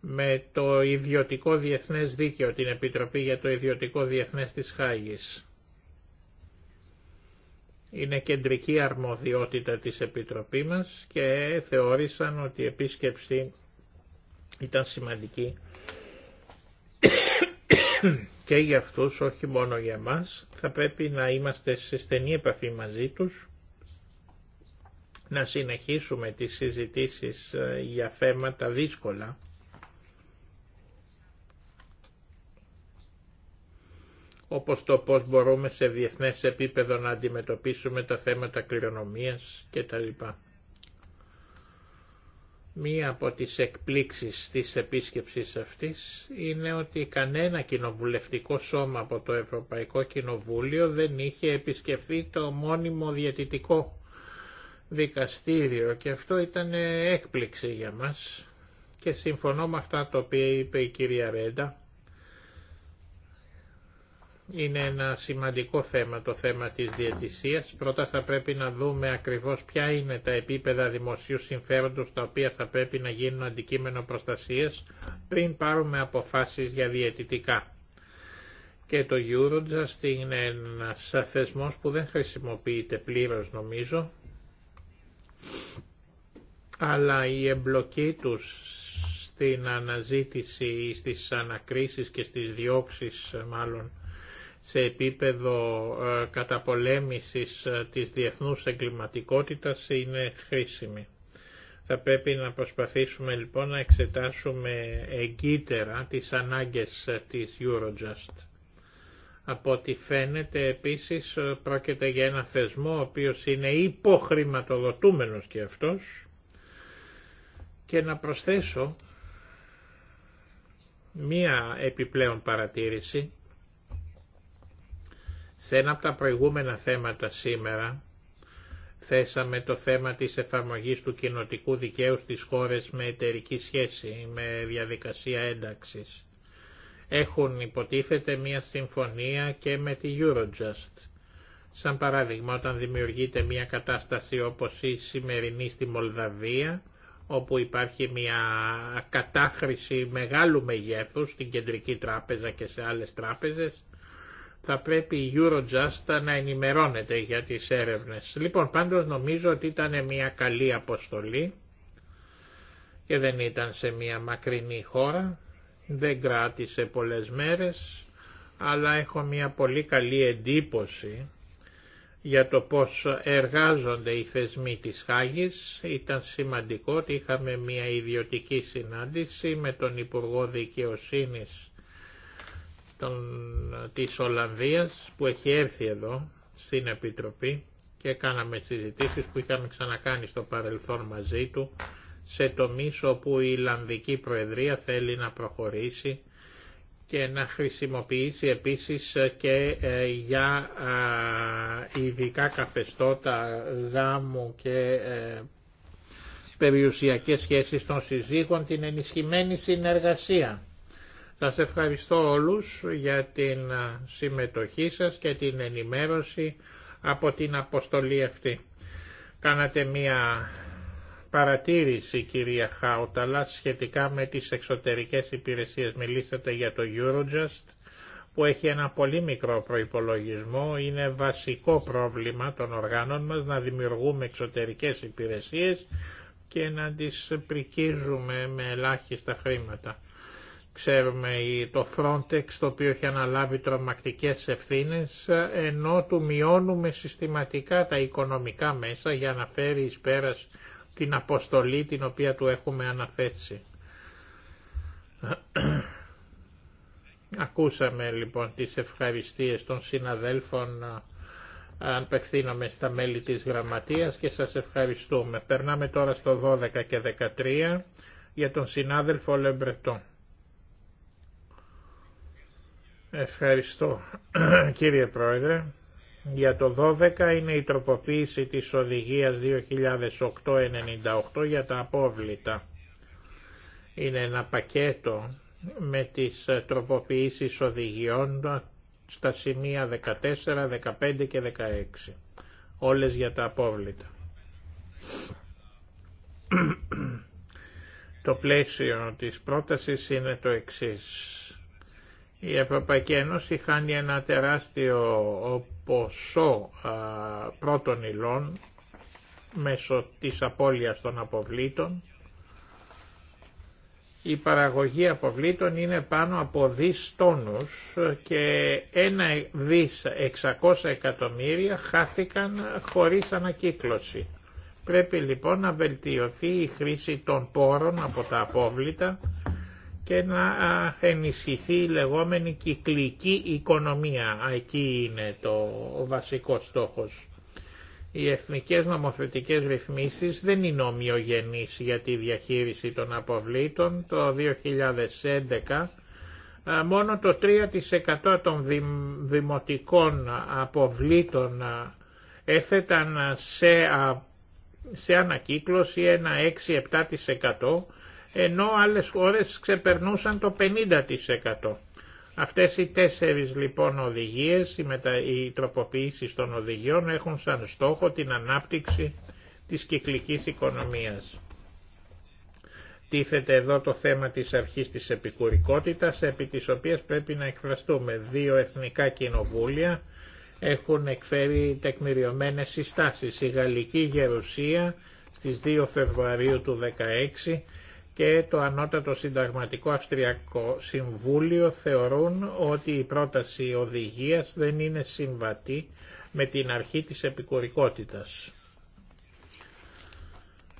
με το Ιδιωτικό Διεθνές Δίκαιο, την Επιτροπή για το Ιδιωτικό Διεθνές της Χάγης. Είναι κεντρική αρμοδιότητα της Επιτροπή μας και θεώρησαν ότι η επίσκεψη ήταν σημαντική και για αυτούς, όχι μόνο για μας. Θα πρέπει να είμαστε σε στενή επαφή μαζί τους να συνεχίσουμε τις συζητήσεις ε, για θέματα δύσκολα. όπως το πώς μπορούμε σε διεθνές επίπεδο να αντιμετωπίσουμε τα θέματα κληρονομίας κτλ. Μία από τις εκπλήξεις της επίσκεψης αυτής είναι ότι κανένα κοινοβουλευτικό σώμα από το Ευρωπαϊκό Κοινοβούλιο δεν είχε επισκεφθεί το μόνιμο διαιτητικό δικαστήριο και αυτό ήταν έκπληξη για μας και συμφωνώ με αυτά τα οποία είπε η κυρία Ρέντα. Είναι ένα σημαντικό θέμα το θέμα της διαιτησίας. Πρώτα θα πρέπει να δούμε ακριβώς ποια είναι τα επίπεδα δημοσίου συμφέροντος τα οποία θα πρέπει να γίνουν αντικείμενο προστασίας πριν πάρουμε αποφάσεις για διαιτητικά. Και το Eurojust είναι ένας θεσμός που δεν χρησιμοποιείται πλήρως νομίζω αλλά η εμπλοκή τους στην αναζήτηση ή στις ανακρίσεις και στις διώξεις μάλλον σε επίπεδο ε, καταπολέμησης ε, της διεθνούς εγκληματικότητας είναι χρήσιμη. Θα πρέπει να προσπαθήσουμε λοιπόν να εξετάσουμε εγκύτερα τις ανάγκες ε, της Eurojust. Από ό,τι φαίνεται επίσης πρόκειται για ένα θεσμό ο οποίος είναι υποχρηματοδοτούμενος και αυτός και να προσθέσω μία επιπλέον παρατήρηση σε ένα από τα προηγούμενα θέματα σήμερα θέσαμε το θέμα της εφαρμογής του κοινοτικού δικαίου στις χώρες με εταιρική σχέση, με διαδικασία ένταξης έχουν υποτίθεται μια συμφωνία και με τη Eurojust. Σαν παράδειγμα όταν δημιουργείται μια κατάσταση όπως η σημερινή στη Μολδαβία όπου υπάρχει μια κατάχρηση μεγάλου μεγέθους στην κεντρική τράπεζα και σε άλλες τράπεζες θα πρέπει η Eurojust να ενημερώνεται για τις έρευνες. Λοιπόν, πάντως νομίζω ότι ήταν μια καλή αποστολή και δεν ήταν σε μια μακρινή χώρα δεν κράτησε πολλές μέρες, αλλά έχω μια πολύ καλή εντύπωση για το πώς εργάζονται οι θεσμοί της Χάγης. Ήταν σημαντικό ότι είχαμε μια ιδιωτική συνάντηση με τον Υπουργό Δικαιοσύνης της Ολλανδίας που έχει έρθει εδώ στην Επιτροπή και κάναμε συζητήσεις που είχαμε ξανακάνει στο παρελθόν μαζί του σε τομείς όπου η Ιλλανδική Προεδρία θέλει να προχωρήσει και να χρησιμοποιήσει επίσης και ε, για ειδικά καθεστώτα γάμου και ε, περιουσιακές σχέσεις των συζύγων την ενισχυμένη συνεργασία. Σας ευχαριστώ όλους για την συμμετοχή σας και την ενημέρωση από την αποστολή αυτή. Κάνατε μία παρατήρηση κυρία Χάουταλα σχετικά με τις εξωτερικές υπηρεσίες. Μιλήσατε για το Eurojust που έχει ένα πολύ μικρό προϋπολογισμό. Είναι βασικό πρόβλημα των οργάνων μας να δημιουργούμε εξωτερικές υπηρεσίες και να τις πρικίζουμε με ελάχιστα χρήματα. Ξέρουμε το Frontex το οποίο έχει αναλάβει τρομακτικές ευθύνες ενώ του μειώνουμε συστηματικά τα οικονομικά μέσα για να φέρει εις πέρας την αποστολή την οποία του έχουμε αναθέσει. Ακούσαμε λοιπόν τις ευχαριστίες των συναδέλφων ε, αν πεθύνομαι στα μέλη της γραμματείας και σας ευχαριστούμε. Περνάμε τώρα στο 12 και 13 για τον συνάδελφο Λεμπρετό. Ευχαριστώ κύριε Πρόεδρε. Για το 12 είναι η τροποποίηση της οδηγίας 2008-98 για τα απόβλητα. Είναι ένα πακέτο με τις τροποποιήσεις οδηγιών στα σημεία 14, 15 και 16. Όλες για τα απόβλητα. Το πλαίσιο της πρότασης είναι το εξής η Ευρωπαϊκή Ένωση χάνει ένα τεράστιο ποσό πρώτων υλών μέσω της απώλειας των αποβλήτων. Η παραγωγή αποβλήτων είναι πάνω από δις τόνους και ένα δις 600 εκατομμύρια χάθηκαν χωρίς ανακύκλωση. Πρέπει λοιπόν να βελτιωθεί η χρήση των πόρων από τα απόβλητα και να ενισχυθεί η λεγόμενη κυκλική οικονομία. Εκεί είναι το βασικό στόχος. Οι εθνικές νομοθετικές ρυθμίσεις δεν είναι ομοιογενείς για τη διαχείριση των αποβλήτων. Το 2011 μόνο το 3% των δημοτικών αποβλήτων έθεταν σε, σε ανακύκλωση ένα 6-7% ενώ άλλες χώρες ξεπερνούσαν το 50%. Αυτές οι τέσσερις λοιπόν οδηγίες, οι, μετα... οι τροποποιήσεις των οδηγιών έχουν σαν στόχο την ανάπτυξη της κυκλικής οικονομίας. Τίθεται εδώ το θέμα της αρχής της επικουρικότητας, επί της οποίας πρέπει να εκφραστούμε. Δύο εθνικά κοινοβούλια έχουν εκφέρει τεκμηριωμένες συστάσεις. Η Γαλλική Γερουσία στις 2 Φεβρουαρίου του 2016 και το Ανώτατο Συνταγματικό Αυστριακό Συμβούλιο θεωρούν ότι η πρόταση οδηγίας δεν είναι συμβατή με την αρχή της επικουρικότητας.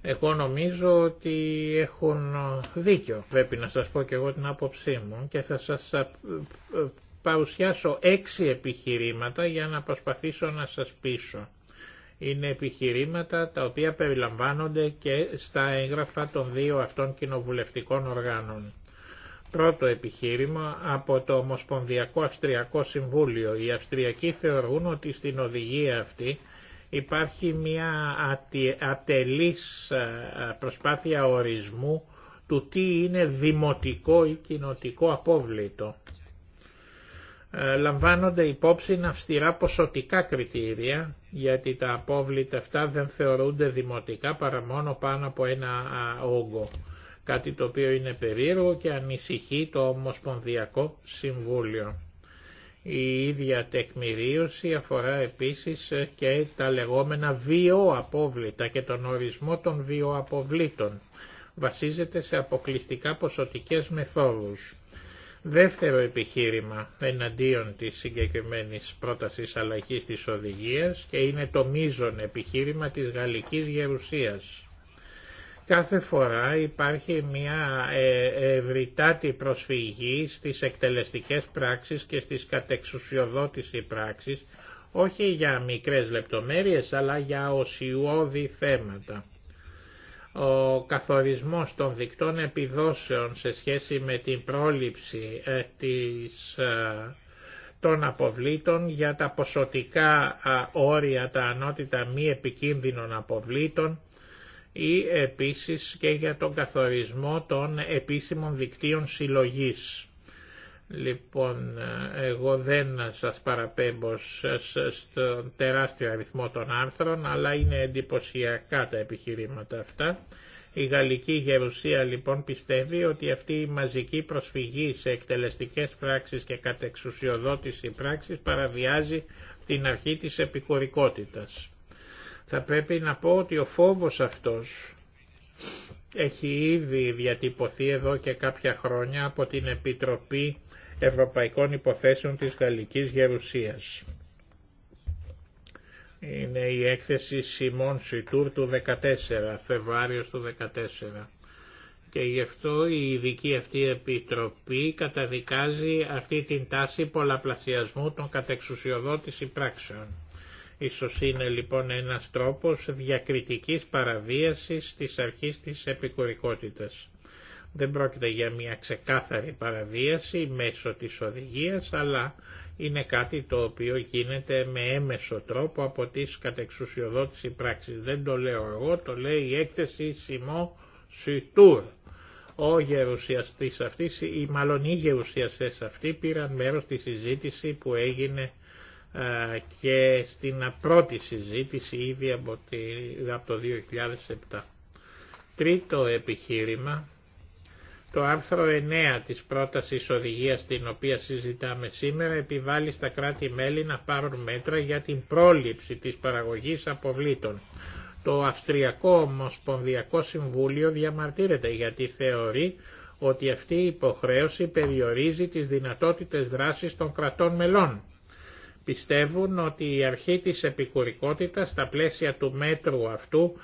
Εγώ νομίζω ότι έχουν δίκιο, πρέπει να σας πω και εγώ την άποψή μου και θα σας ε, παρουσιάσω έξι επιχειρήματα για να προσπαθήσω να σας πείσω είναι επιχειρήματα τα οποία περιλαμβάνονται και στα έγγραφα των δύο αυτών κοινοβουλευτικών οργάνων. Πρώτο επιχείρημα από το Ομοσπονδιακό Αυστριακό Συμβούλιο. Οι Αυστριακοί θεωρούν ότι στην οδηγία αυτή υπάρχει μια ατελής ε, προσπάθεια ορισμού του τι είναι δημοτικό ή κοινοτικό απόβλητο. Ε, λαμβάνονται υπόψη αυστηρά ποσοτικά κριτήρια, γιατί τα απόβλητα αυτά δεν θεωρούνται δημοτικά παρά μόνο πάνω από ένα όγκο. Κάτι το οποίο είναι περίεργο και ανησυχεί το Ομοσπονδιακό Συμβούλιο. Η ίδια τεκμηρίωση αφορά επίσης ε, και τα λεγόμενα βιοαπόβλητα και τον ορισμό των βιοαπόβλητων. Βασίζεται σε αποκλειστικά ποσοτικές μεθόδους Δεύτερο επιχείρημα εναντίον της συγκεκριμένης πρότασης αλλαγής της οδηγίας και είναι το μείζον επιχείρημα της γαλλικής γερουσίας. Κάθε φορά υπάρχει μια ε, ευρυτάτη προσφυγή στις εκτελεστικές πράξεις και στις κατεξουσιοδότηση πράξεις, όχι για μικρές λεπτομέρειες αλλά για οσιώδη θέματα ο καθορισμός των δικτών επιδόσεων σε σχέση με την πρόληψη ε, της, ε, των αποβλήτων για τα ποσοτικά ε, όρια, τα ανώτητα μη επικίνδυνων αποβλήτων ή επίσης και για τον καθορισμό των επίσημων δικτύων συλλογής. Λοιπόν, ε, εγώ δεν σας παραπέμπω στον τεράστιο αριθμό των άρθρων, αλλά είναι εντυπωσιακά τα επιχειρήματα αυτά. Η Γαλλική Γερουσία λοιπόν πιστεύει ότι αυτή η μαζική προσφυγή σε εκτελεστικές πράξεις και κατεξουσιοδότηση πράξης παραβιάζει την αρχή της επικουρικότητας. Θα πρέπει να πω ότι ο φόβος αυτός έχει ήδη διατυπωθεί εδώ και κάποια χρόνια από την Επιτροπή Ευρωπαϊκών Υποθέσεων της Γαλλικής Γερουσίας. Είναι η έκθεση Σιμών Σιτούρ του 14, Φεβρουάριο του 14. Και γι' αυτό η ειδική αυτή επιτροπή καταδικάζει αυτή την τάση πολλαπλασιασμού των κατεξουσιοδότηση πράξεων. Ίσως είναι λοιπόν ένας τρόπος διακριτικής παραβίασης της αρχής της επικουρικότητας. Δεν πρόκειται για μια ξεκάθαρη παραβίαση μέσω της οδηγίας, αλλά είναι κάτι το οποίο γίνεται με έμεσο τρόπο από τις κατεξουσιοδότηση πράξεις. Δεν το λέω εγώ, το λέει η έκθεση Σιμό Σιτούρ. Ο γερουσιαστής αυτής, ή μάλλον οι γερουσιαστές αυτοί πήραν μέρος στη συζήτηση που έγινε και στην πρώτη συζήτηση ήδη από το 2007. Τρίτο επιχείρημα το άρθρο 9 της πρότασης οδηγίας την οποία συζητάμε σήμερα επιβάλλει στα κράτη-μέλη να πάρουν μέτρα για την πρόληψη της παραγωγής αποβλήτων. Το Αυστριακό Ομοσπονδιακό Συμβούλιο διαμαρτύρεται γιατί θεωρεί ότι αυτή η υποχρέωση περιορίζει τις δυνατότητες δράσης των κρατών μελών πιστεύουν ότι η αρχή της επικουρικότητας στα πλαίσια του μέτρου αυτού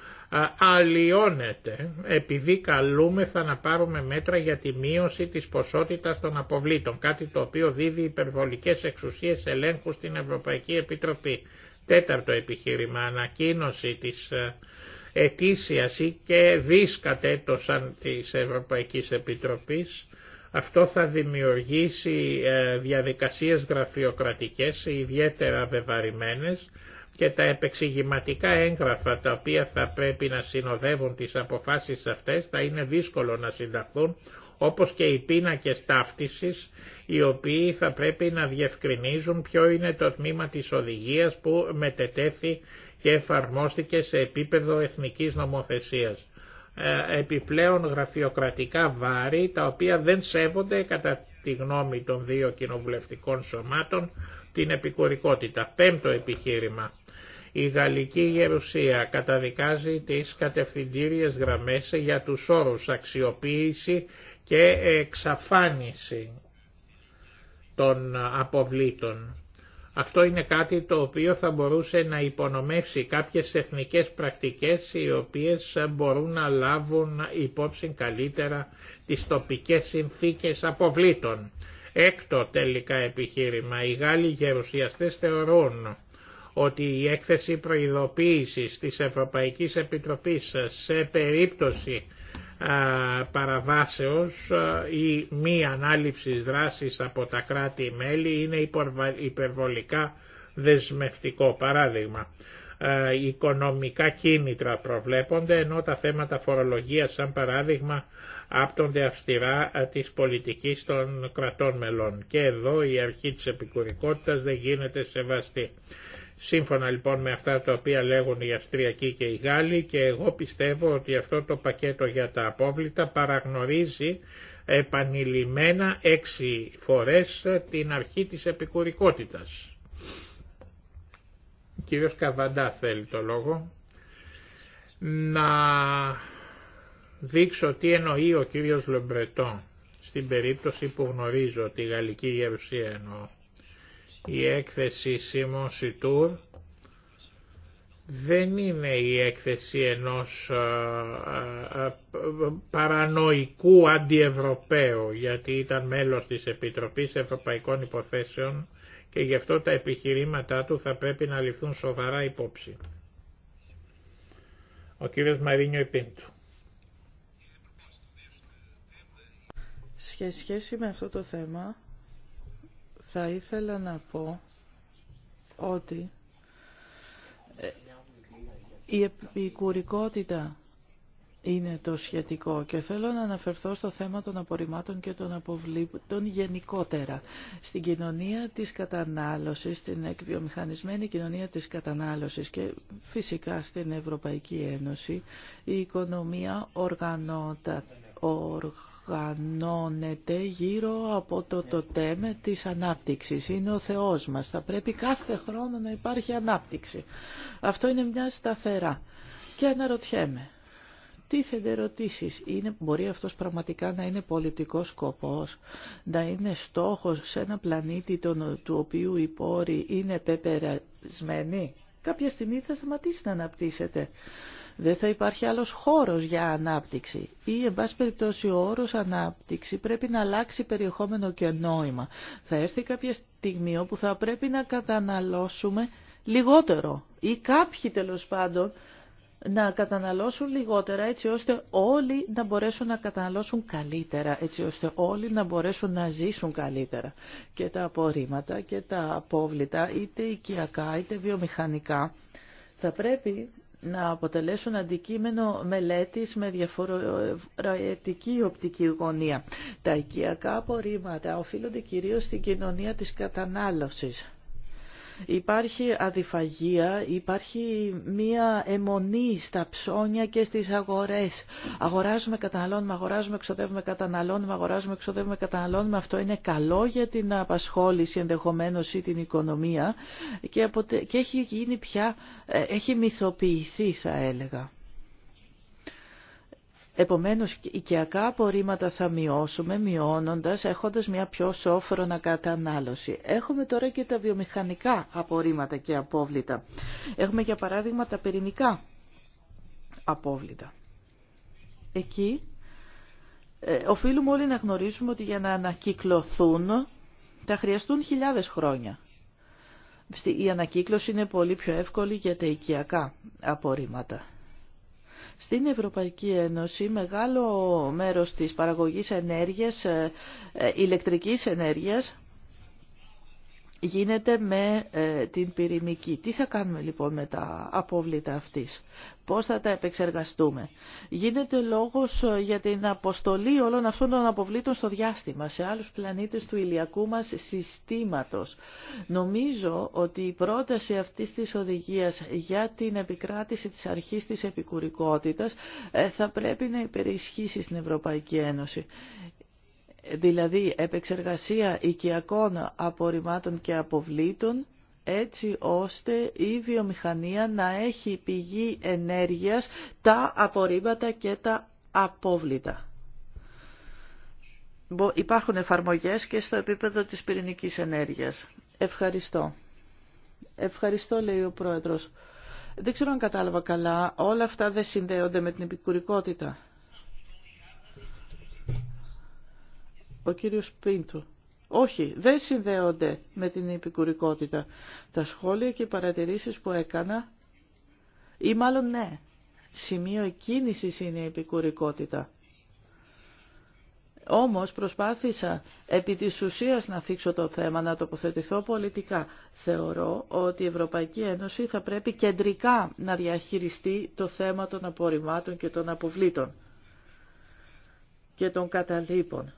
αλλοιώνεται επειδή καλούμεθα να πάρουμε μέτρα για τη μείωση της ποσότητας των αποβλήτων, κάτι το οποίο δίδει υπερβολικές εξουσίες ελέγχου στην Ευρωπαϊκή Επιτροπή. Τέταρτο επιχείρημα, ανακοίνωση της ε, ετήσιας και σαν της Ευρωπαϊκής Επιτροπής αυτό θα δημιουργήσει ε, διαδικασίες γραφειοκρατικές ιδιαίτερα βεβαρημένες και τα επεξηγηματικά έγγραφα τα οποία θα πρέπει να συνοδεύουν τις αποφάσεις αυτές θα είναι δύσκολο να συνταχθούν όπως και οι πίνακες ταύτισης οι οποίοι θα πρέπει να διευκρινίζουν ποιο είναι το τμήμα της οδηγίας που μετετέθη και εφαρμόστηκε σε επίπεδο εθνικής νομοθεσίας. Ε, επιπλέον γραφειοκρατικά βάρη τα οποία δεν σέβονται κατά τη γνώμη των δύο κοινοβουλευτικών σωμάτων την επικουρικότητα. Πέμπτο επιχείρημα. Η Γαλλική Γερουσία καταδικάζει τις κατευθυντήριες γραμμές για τους όρους αξιοποίηση και εξαφάνιση των αποβλήτων. Αυτό είναι κάτι το οποίο θα μπορούσε να υπονομεύσει κάποιες εθνικές πρακτικές οι οποίες μπορούν να λάβουν υπόψη καλύτερα τις τοπικές συνθήκες αποβλήτων. Έκτο τελικά επιχείρημα, οι Γάλλοι γερουσιαστές θεωρούν ότι η έκθεση προειδοποίησης της Ευρωπαϊκής Επιτροπής σε περίπτωση ε, παραβάσεως ε, ή μη ανάληψης δράσης από τα κράτη-μέλη είναι υπερβολικά δεσμευτικό. Παράδειγμα, ε, οικονομικά κίνητρα προβλέπονται ενώ τα θέματα φορολογίας σαν παράδειγμα άπτονται αυστηρά της πολιτικής των κρατών μελών. Και εδώ η μη ανάληψη δρασης απο τα κρατη μελη ειναι υπερβολικα δεσμευτικο παραδειγμα οικονομικα κινητρα προβλεπονται ενω τα θεματα φορολογιας σαν παραδειγμα απτονται αυστηρα της επικουρικότητας δεν γίνεται σεβαστή. Σύμφωνα λοιπόν με αυτά τα οποία λέγουν οι Αυστριακοί και οι Γάλλοι και εγώ πιστεύω ότι αυτό το πακέτο για τα απόβλητα παραγνωρίζει επανειλημμένα έξι φορές την αρχή της επικουρικότητας. κύριος Καβαντά θέλει το λόγο. Να δείξω τι εννοεί ο κύριος Λεμπρετό στην περίπτωση που γνωρίζω τη γαλλική γερουσία εννοώ. Η έκθεση Σίμων Σιτούρ δεν είναι η έκθεση ενός παρανοϊκού αντιευρωπαίου, γιατί ήταν μέλος της Επιτροπής Ευρωπαϊκών Υποθέσεων και γι' αυτό τα επιχειρήματά του θα πρέπει να ληφθούν σοβαρά υπόψη. Ο κύριος Μαρίνιο Επίντου. Σε σχέση με αυτό το θέμα, θα ήθελα να πω ότι ε, η επικουρικότητα είναι το σχετικό και θέλω να αναφερθώ στο θέμα των απορριμμάτων και των αποβλήτων γενικότερα. Στην κοινωνία της κατανάλωσης, στην εκβιομηχανισμένη κοινωνία της κατανάλωσης και φυσικά στην Ευρωπαϊκή Ένωση, η οικονομία οργανώτα, οργανώνεται γύρω από το τοτέμε της ανάπτυξης. Είναι ο Θεός μας. Θα πρέπει κάθε χρόνο να υπάρχει ανάπτυξη. Αυτό είναι μια σταθερά. Και αναρωτιέμαι, τι ερωτήσεις. Είναι, μπορεί αυτός πραγματικά να είναι πολιτικός σκοπός, να είναι στόχος σε ένα πλανήτη τον, του οποίου οι πόροι είναι πεπερασμένοι. Κάποια στιγμή θα σταματήσει να αναπτύσσεται δεν θα υπάρχει άλλος χώρος για ανάπτυξη ή εν περιπτώσει ο όρος ανάπτυξη πρέπει να αλλάξει περιεχόμενο και νόημα. Θα έρθει κάποια στιγμή όπου θα πρέπει να καταναλώσουμε λιγότερο ή κάποιοι τέλος πάντων να καταναλώσουν λιγότερα έτσι ώστε όλοι να μπορέσουν να καταναλώσουν καλύτερα, έτσι ώστε όλοι να μπορέσουν να ζήσουν καλύτερα. Και τα απορρίμματα και τα απόβλητα, είτε οικιακά είτε βιομηχανικά, θα πρέπει να αποτελέσουν αντικείμενο μελέτης με διαφορετική οπτική γωνία. Τα οικιακά απορρίμματα οφείλονται κυρίως στην κοινωνία της κατανάλωσης. Υπάρχει αδιφαγία, υπάρχει μία αιμονή στα ψώνια και στις αγορές. Αγοράζουμε, καταναλώνουμε, αγοράζουμε, εξοδεύουμε, καταναλώνουμε, αγοράζουμε, εξοδεύουμε, καταναλώνουμε. Αυτό είναι καλό για την απασχόληση ενδεχομένως ή την οικονομία και, και έχει γίνει πια, ε, έχει μυθοποιηθεί θα έλεγα. Επομένως, οικιακά απορρίμματα θα μειώσουμε, μειώνοντας, έχοντας μια πιο σόφρονα κατανάλωση. Έχουμε τώρα και τα βιομηχανικά απορρίμματα και απόβλητα. Έχουμε, για παράδειγμα, τα πυρηνικά απόβλητα. Εκεί ε, οφείλουμε όλοι να γνωρίζουμε ότι για να ανακυκλωθούν θα χρειαστούν χιλιάδες χρόνια. Η ανακύκλωση είναι πολύ πιο εύκολη για τα οικιακά απορρίμματα. Στην Ευρωπαϊκή Ένωση μεγάλο μέρος της παραγωγής ενέργειας, ε, ε, ηλεκτρικής ενέργειας γίνεται με ε, την πυρηνική. Τι θα κάνουμε λοιπόν με τα απόβλητα αυτής. Πώς θα τα επεξεργαστούμε. Γίνεται λόγος ε, για την αποστολή όλων αυτών των αποβλήτων στο διάστημα, σε άλλους πλανήτες του ηλιακού μας συστήματος. Νομίζω ότι η πρόταση αυτής της οδηγίας για την επικράτηση της αρχής της επικουρικότητας ε, θα πρέπει να υπερισχύσει στην Ευρωπαϊκή Ένωση δηλαδή επεξεργασία οικιακών απορριμμάτων και αποβλήτων, έτσι ώστε η βιομηχανία να έχει πηγή ενέργειας τα απορρίμματα και τα απόβλητα. Υπάρχουν εφαρμογές και στο επίπεδο της πυρηνικής ενέργειας. Ευχαριστώ. Ευχαριστώ, λέει ο Πρόεδρος. Δεν ξέρω αν κατάλαβα καλά, όλα αυτά δεν συνδέονται με την επικουρικότητα. Ο κύριος Πίντο. Όχι, δεν συνδέονται με την επικουρικότητα. Τα σχόλια και οι παρατηρήσεις που έκανα, ή μάλλον ναι, σημείο εκκίνησης είναι η επικουρικότητα. Όμως προσπάθησα επί της ουσίας να θίξω το θέμα, να τοποθετηθώ πολιτικά. Θεωρώ ότι η Ευρωπαϊκή Ένωση θα πρέπει κεντρικά να διαχειριστεί το θέμα των απορριμμάτων και των αποβλήτων και των καταλήπων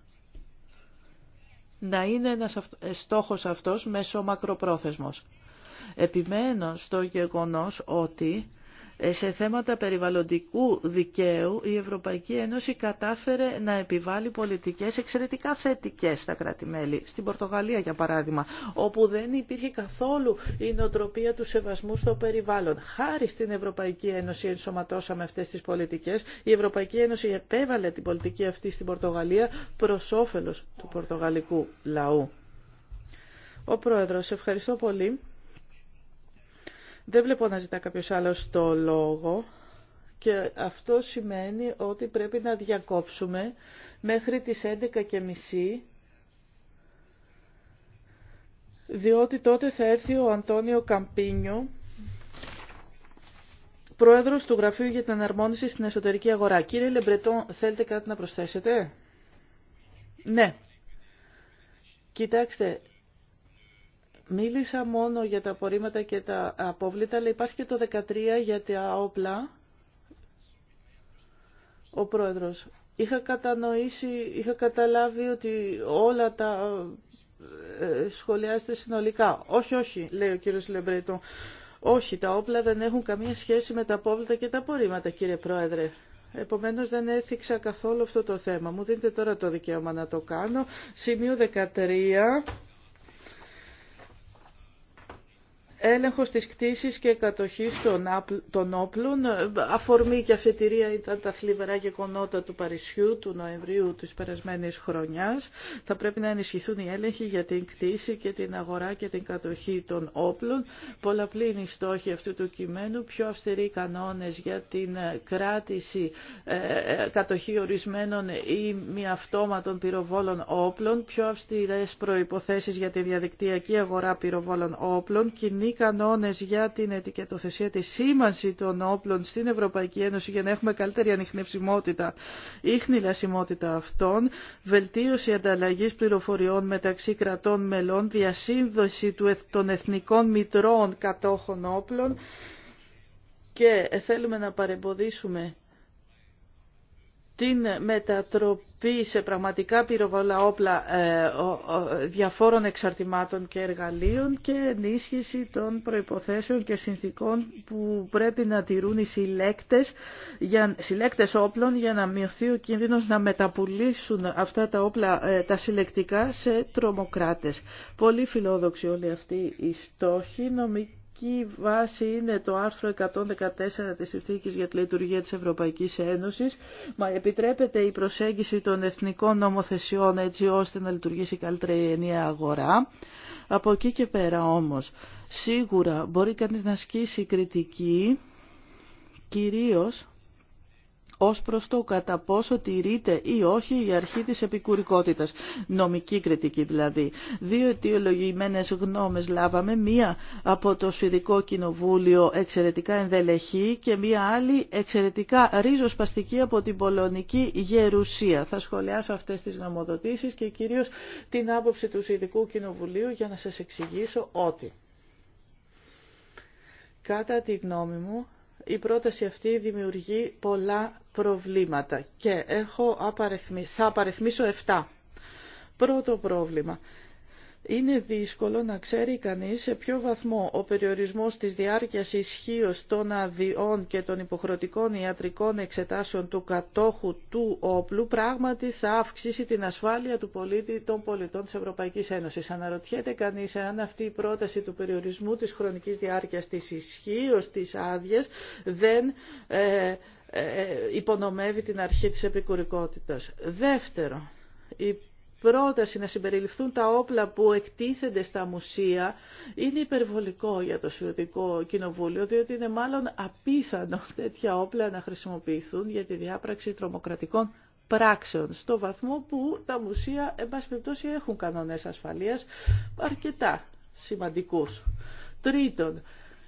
να είναι ένας ε, στόχος αυτός μέσω μακροπρόθεσμος. Επιμένω στο γεγονός ότι ε, σε θέματα περιβαλλοντικού δικαίου η Ευρωπαϊκή Ένωση κατάφερε να επιβάλλει πολιτικές εξαιρετικά θετικές στα κράτη-μέλη. Στην Πορτογαλία για παράδειγμα, όπου δεν υπήρχε καθόλου η νοοτροπία του σεβασμού στο περιβάλλον. Χάρη στην Ευρωπαϊκή Ένωση ενσωματώσαμε αυτές τις πολιτικές. Η Ευρωπαϊκή Ένωση επέβαλε την πολιτική αυτή στην Πορτογαλία προς όφελος του πορτογαλικού λαού. Ο Πρόεδρος, ευχαριστώ πολύ. Δεν βλέπω να ζητά κάποιος άλλος το λόγο και αυτό σημαίνει ότι πρέπει να διακόψουμε μέχρι τις 11.30 διότι τότε θα έρθει ο Αντώνιο Καμπίνιο, πρόεδρος του Γραφείου για την Αναρμόνιση στην Εσωτερική Αγορά. Κύριε Λεμπρετό, θέλετε κάτι να προσθέσετε? Ναι. Κοιτάξτε, Μίλησα μόνο για τα απορρίμματα και τα απόβλητα, αλλά υπάρχει και το 13 για τα όπλα. Ο πρόεδρος. Είχα κατανοήσει, είχα καταλάβει ότι όλα τα ε, σχολιάζεται συνολικά. Όχι, όχι, λέει ο κύριος Λεμπρέτον. Όχι, τα όπλα δεν έχουν καμία σχέση με τα απόβλητα και τα απορρίμματα, κύριε Πρόεδρε. Επομένως δεν έθιξα καθόλου αυτό το θέμα. Μου δίνετε τώρα το δικαίωμα να το κάνω. Σημείο 13 έλεγχος της κτήσης και κατοχής των όπλων. Ε, αφορμή και αφετηρία ήταν τα θλιβερά γεγονότα του Παρισιού του Νοεμβρίου της περασμένης χρονιάς. Θα πρέπει να ενισχυθούν οι έλεγχοι για την κτήση και την αγορά και την κατοχή των όπλων. Πολλαπλή είναι η στόχη αυτού του κειμένου. Πιο αυστηροί κανόνες για την ε, κράτηση, ε, κατοχή ορισμένων ή μη αυτόματων πυροβόλων όπλων. Πιο αυστηρές προϋποθέσεις για τη διαδικτυακή αγορά πυροβόλων όπλων. Κοινή οι κανόνες για την ετικετοθεσία, τη σήμανση των όπλων στην Ευρωπαϊκή Ένωση για να έχουμε καλύτερη ανιχνευσιμότητα ή χνηλασιμότητα αυτών, βελτίωση ανταλλαγής πληροφοριών μεταξύ κρατών μελών, διασύνδεση των εθνικών μητρώων κατόχων όπλων και θέλουμε να παρεμποδίσουμε την μετατροπή σε πραγματικά πυροβολά όπλα ε, διαφόρων εξαρτημάτων και εργαλείων και ενίσχυση των προϋποθέσεων και συνθήκων που πρέπει να τηρούν οι συλλέκτες, για, συλλέκτες όπλων για να μειωθεί ο κίνδυνος να μεταπουλήσουν αυτά τα όπλα ε, τα συλλεκτικά σε τρομοκράτες. Πολύ φιλόδοξη όλη αυτή η στόχη βασική βάση είναι το άρθρο 114 της Συνθήκης για τη Λειτουργία της Ευρωπαϊκής Ένωσης. Μα επιτρέπεται η προσέγγιση των εθνικών νομοθεσιών έτσι ώστε να λειτουργήσει καλύτερα η ενιαία αγορά. Από εκεί και πέρα όμως, σίγουρα μπορεί κανείς να ασκήσει κριτική, κυρίως ως προς το κατά πόσο τηρείται ή όχι η αρχή της επικουρικότητας. Νομική κριτική δηλαδή. Δύο αιτιολογημένες γνώμες λάβαμε, μία από το Σουηδικό Κοινοβούλιο εξαιρετικά ενδελεχή και μία άλλη εξαιρετικά ρίζοσπαστική από την Πολωνική Γερουσία. Θα σχολιάσω αυτές τις γνωμοδοτήσεις και κυρίως την άποψη του Σουηδικού Κοινοβουλίου για να σας εξηγήσω ότι κατά τη γνώμη μου η πρόταση αυτή δημιουργεί πολλά προβλήματα και έχω θα απαριθμίσω 7. Πρώτο πρόβλημα είναι δύσκολο να ξέρει κανείς σε ποιο βαθμό ο περιορισμός της διάρκειας ισχύω των αδειών και των υποχρεωτικών ιατρικών εξετάσεων του κατόχου του όπλου πράγματι θα αυξήσει την ασφάλεια του πολίτη των πολιτών της Ευρωπαϊκής Ένωσης. Αναρωτιέται κανείς αν αυτή η πρόταση του περιορισμού της χρονικής διάρκειας της ισχύω της άδεια δεν ε, ε, ε, υπονομεύει την αρχή της επικουρικότητας. Δεύτερο, πρόταση να συμπεριληφθούν τα όπλα που εκτίθενται στα μουσεία είναι υπερβολικό για το Σουηδικό Κοινοβούλιο, διότι είναι μάλλον απίθανο τέτοια όπλα να χρησιμοποιηθούν για τη διάπραξη τρομοκρατικών πράξεων, στο βαθμό που τα μουσεία, εν περιπτώσει, έχουν κανόνες ασφαλείας αρκετά σημαντικούς. Τρίτον,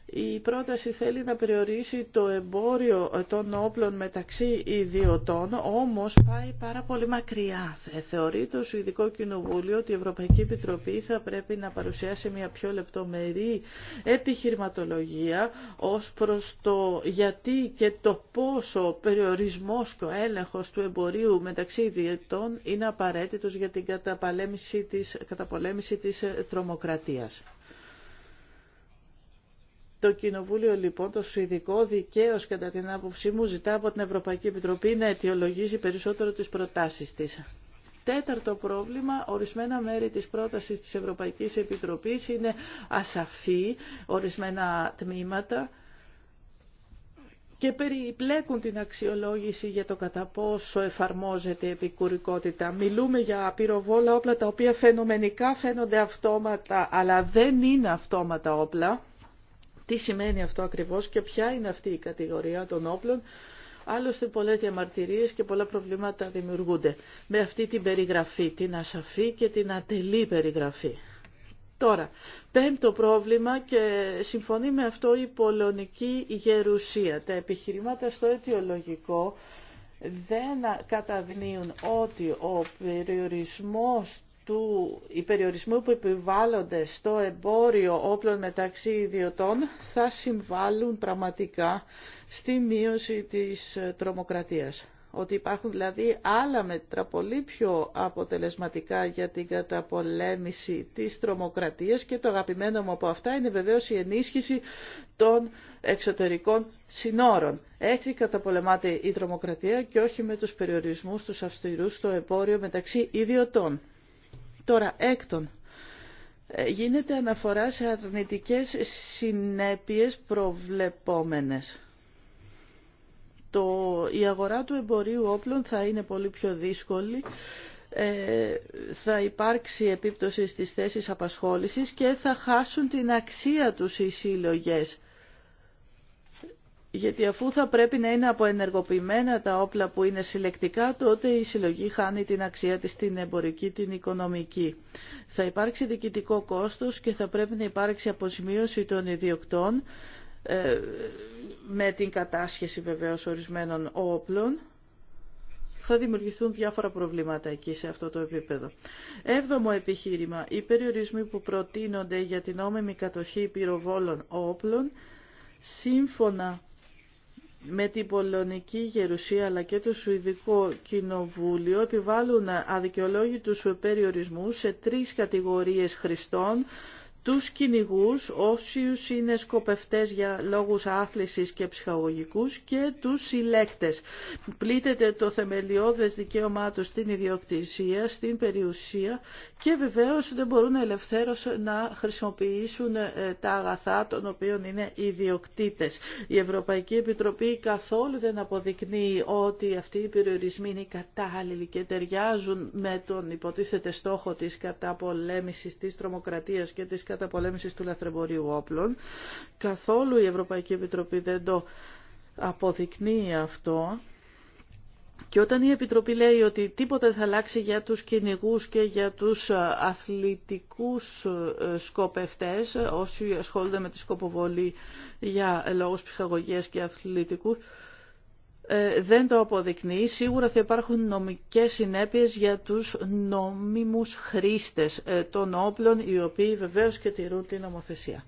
η πρόταση θέλει να περιορίσει το εμπόριο των όπλων μεταξύ ιδιωτών, όμως πάει πάρα πολύ μακριά. Ε, θεωρεί το Σουηδικό Κοινοβούλιο ότι η Ευρωπαϊκή Επιτροπή θα πρέπει να παρουσιάσει μια πιο λεπτομερή επιχειρηματολογία ως προς το γιατί και το πόσο περιορισμός και ο έλεγχος του εμπορίου μεταξύ ιδιωτών είναι απαραίτητος για την καταπολέμηση της, καταπολέμηση της τρομοκρατίας. Το Κοινοβούλιο λοιπόν, το Σουηδικό δικαίω κατά την άποψή μου ζητά από την Ευρωπαϊκή Επιτροπή να αιτιολογήσει περισσότερο τις προτάσεις της. Τέταρτο πρόβλημα, ορισμένα μέρη της πρότασης της Ευρωπαϊκής Επιτροπής είναι ασαφή, ορισμένα τμήματα και περιπλέκουν την αξιολόγηση για το κατά πόσο εφαρμόζεται η επικουρικότητα. Μιλούμε για πυροβόλα όπλα τα οποία φαινομενικά φαίνονται αυτόματα, αλλά δεν είναι αυτόματα όπλα. Τι σημαίνει αυτό ακριβώς και ποια είναι αυτή η κατηγορία των όπλων. Άλλωστε πολλές διαμαρτυρίες και πολλά προβλήματα δημιουργούνται με αυτή την περιγραφή, την ασαφή και την ατελή περιγραφή. Τώρα, πέμπτο πρόβλημα και συμφωνεί με αυτό η πολωνική γερουσία. Τα επιχειρήματα στο αιτιολογικό δεν καταδνύουν ότι ο περιορισμός του υπεριορισμού που επιβάλλονται στο εμπόριο όπλων μεταξύ ιδιωτών θα συμβάλλουν πραγματικά στη μείωση της τρομοκρατίας. Ότι υπάρχουν δηλαδή άλλα μέτρα πολύ πιο αποτελεσματικά για την καταπολέμηση της τρομοκρατίας και το αγαπημένο μου από αυτά είναι βεβαίως η ενίσχυση των εξωτερικών συνόρων. Έτσι καταπολεμάται η τρομοκρατία και όχι με τους περιορισμούς τους αυστηρούς στο εμπόριο μεταξύ ιδιωτών. Τώρα, έκτον, ε, γίνεται αναφορά σε αρνητικές συνέπειες προβλεπόμενες. Το, η αγορά του εμπορίου όπλων θα είναι πολύ πιο δύσκολη, ε, θα υπάρξει επίπτωση στις θέσεις απασχόλησης και θα χάσουν την αξία τους οι συλλογές. Γιατί αφού θα πρέπει να είναι αποενεργοποιημένα τα όπλα που είναι συλλεκτικά, τότε η συλλογή χάνει την αξία της την εμπορική, την οικονομική. Θα υπάρξει διοικητικό κόστος και θα πρέπει να υπάρξει αποσμίωση των ιδιοκτών, ε, με την κατάσχεση βεβαίως ορισμένων όπλων. Θα δημιουργηθούν διάφορα προβλήματα εκεί σε αυτό το επίπεδο. Έβδομο επιχείρημα. Οι περιορισμοί που προτείνονται για την όμιμη κατοχή πυροβόλων όπλων σύμφωνα με την Πολωνική Γερουσία αλλά και το Σουηδικό Κοινοβούλιο επιβάλλουν αδικαιολόγητους περιορισμούς σε τρεις κατηγορίες χρηστών τους κυνηγού, όσοι είναι σκοπευτές για λόγους άθλησης και ψυχαγωγικούς και τους συλλέκτες. Πλήτεται το θεμελιώδες δικαίωμά τους στην ιδιοκτησία, στην περιουσία και βεβαίως δεν μπορούν ελευθέρως να χρησιμοποιήσουν ε, τα αγαθά των οποίων είναι ιδιοκτήτες. Η Ευρωπαϊκή Επιτροπή καθόλου δεν αποδεικνύει ότι αυτοί οι περιορισμοί είναι κατάλληλοι και ταιριάζουν με τον υποτίθεται στόχο της καταπολέμησης της τρομοκρατίας και της πολέμηση του λαθρεμπορίου όπλων. Καθόλου η Ευρωπαϊκή Επιτροπή δεν το αποδεικνύει αυτό. Και όταν η Επιτροπή λέει ότι τίποτα δεν θα αλλάξει για τους κυνηγού και για τους ε, αθλητικούς ε, σκοπευτές, όσοι ασχολούνται με τη σκοποβολή για λόγους ψυχαγωγίας και αθλητικού. Ε, δεν το αποδεικνύει. Σίγουρα θα υπάρχουν νομικές συνέπειες για τους νόμιμους χρήστες ε, των όπλων, οι οποίοι βεβαίως και τηρούν την νομοθεσία.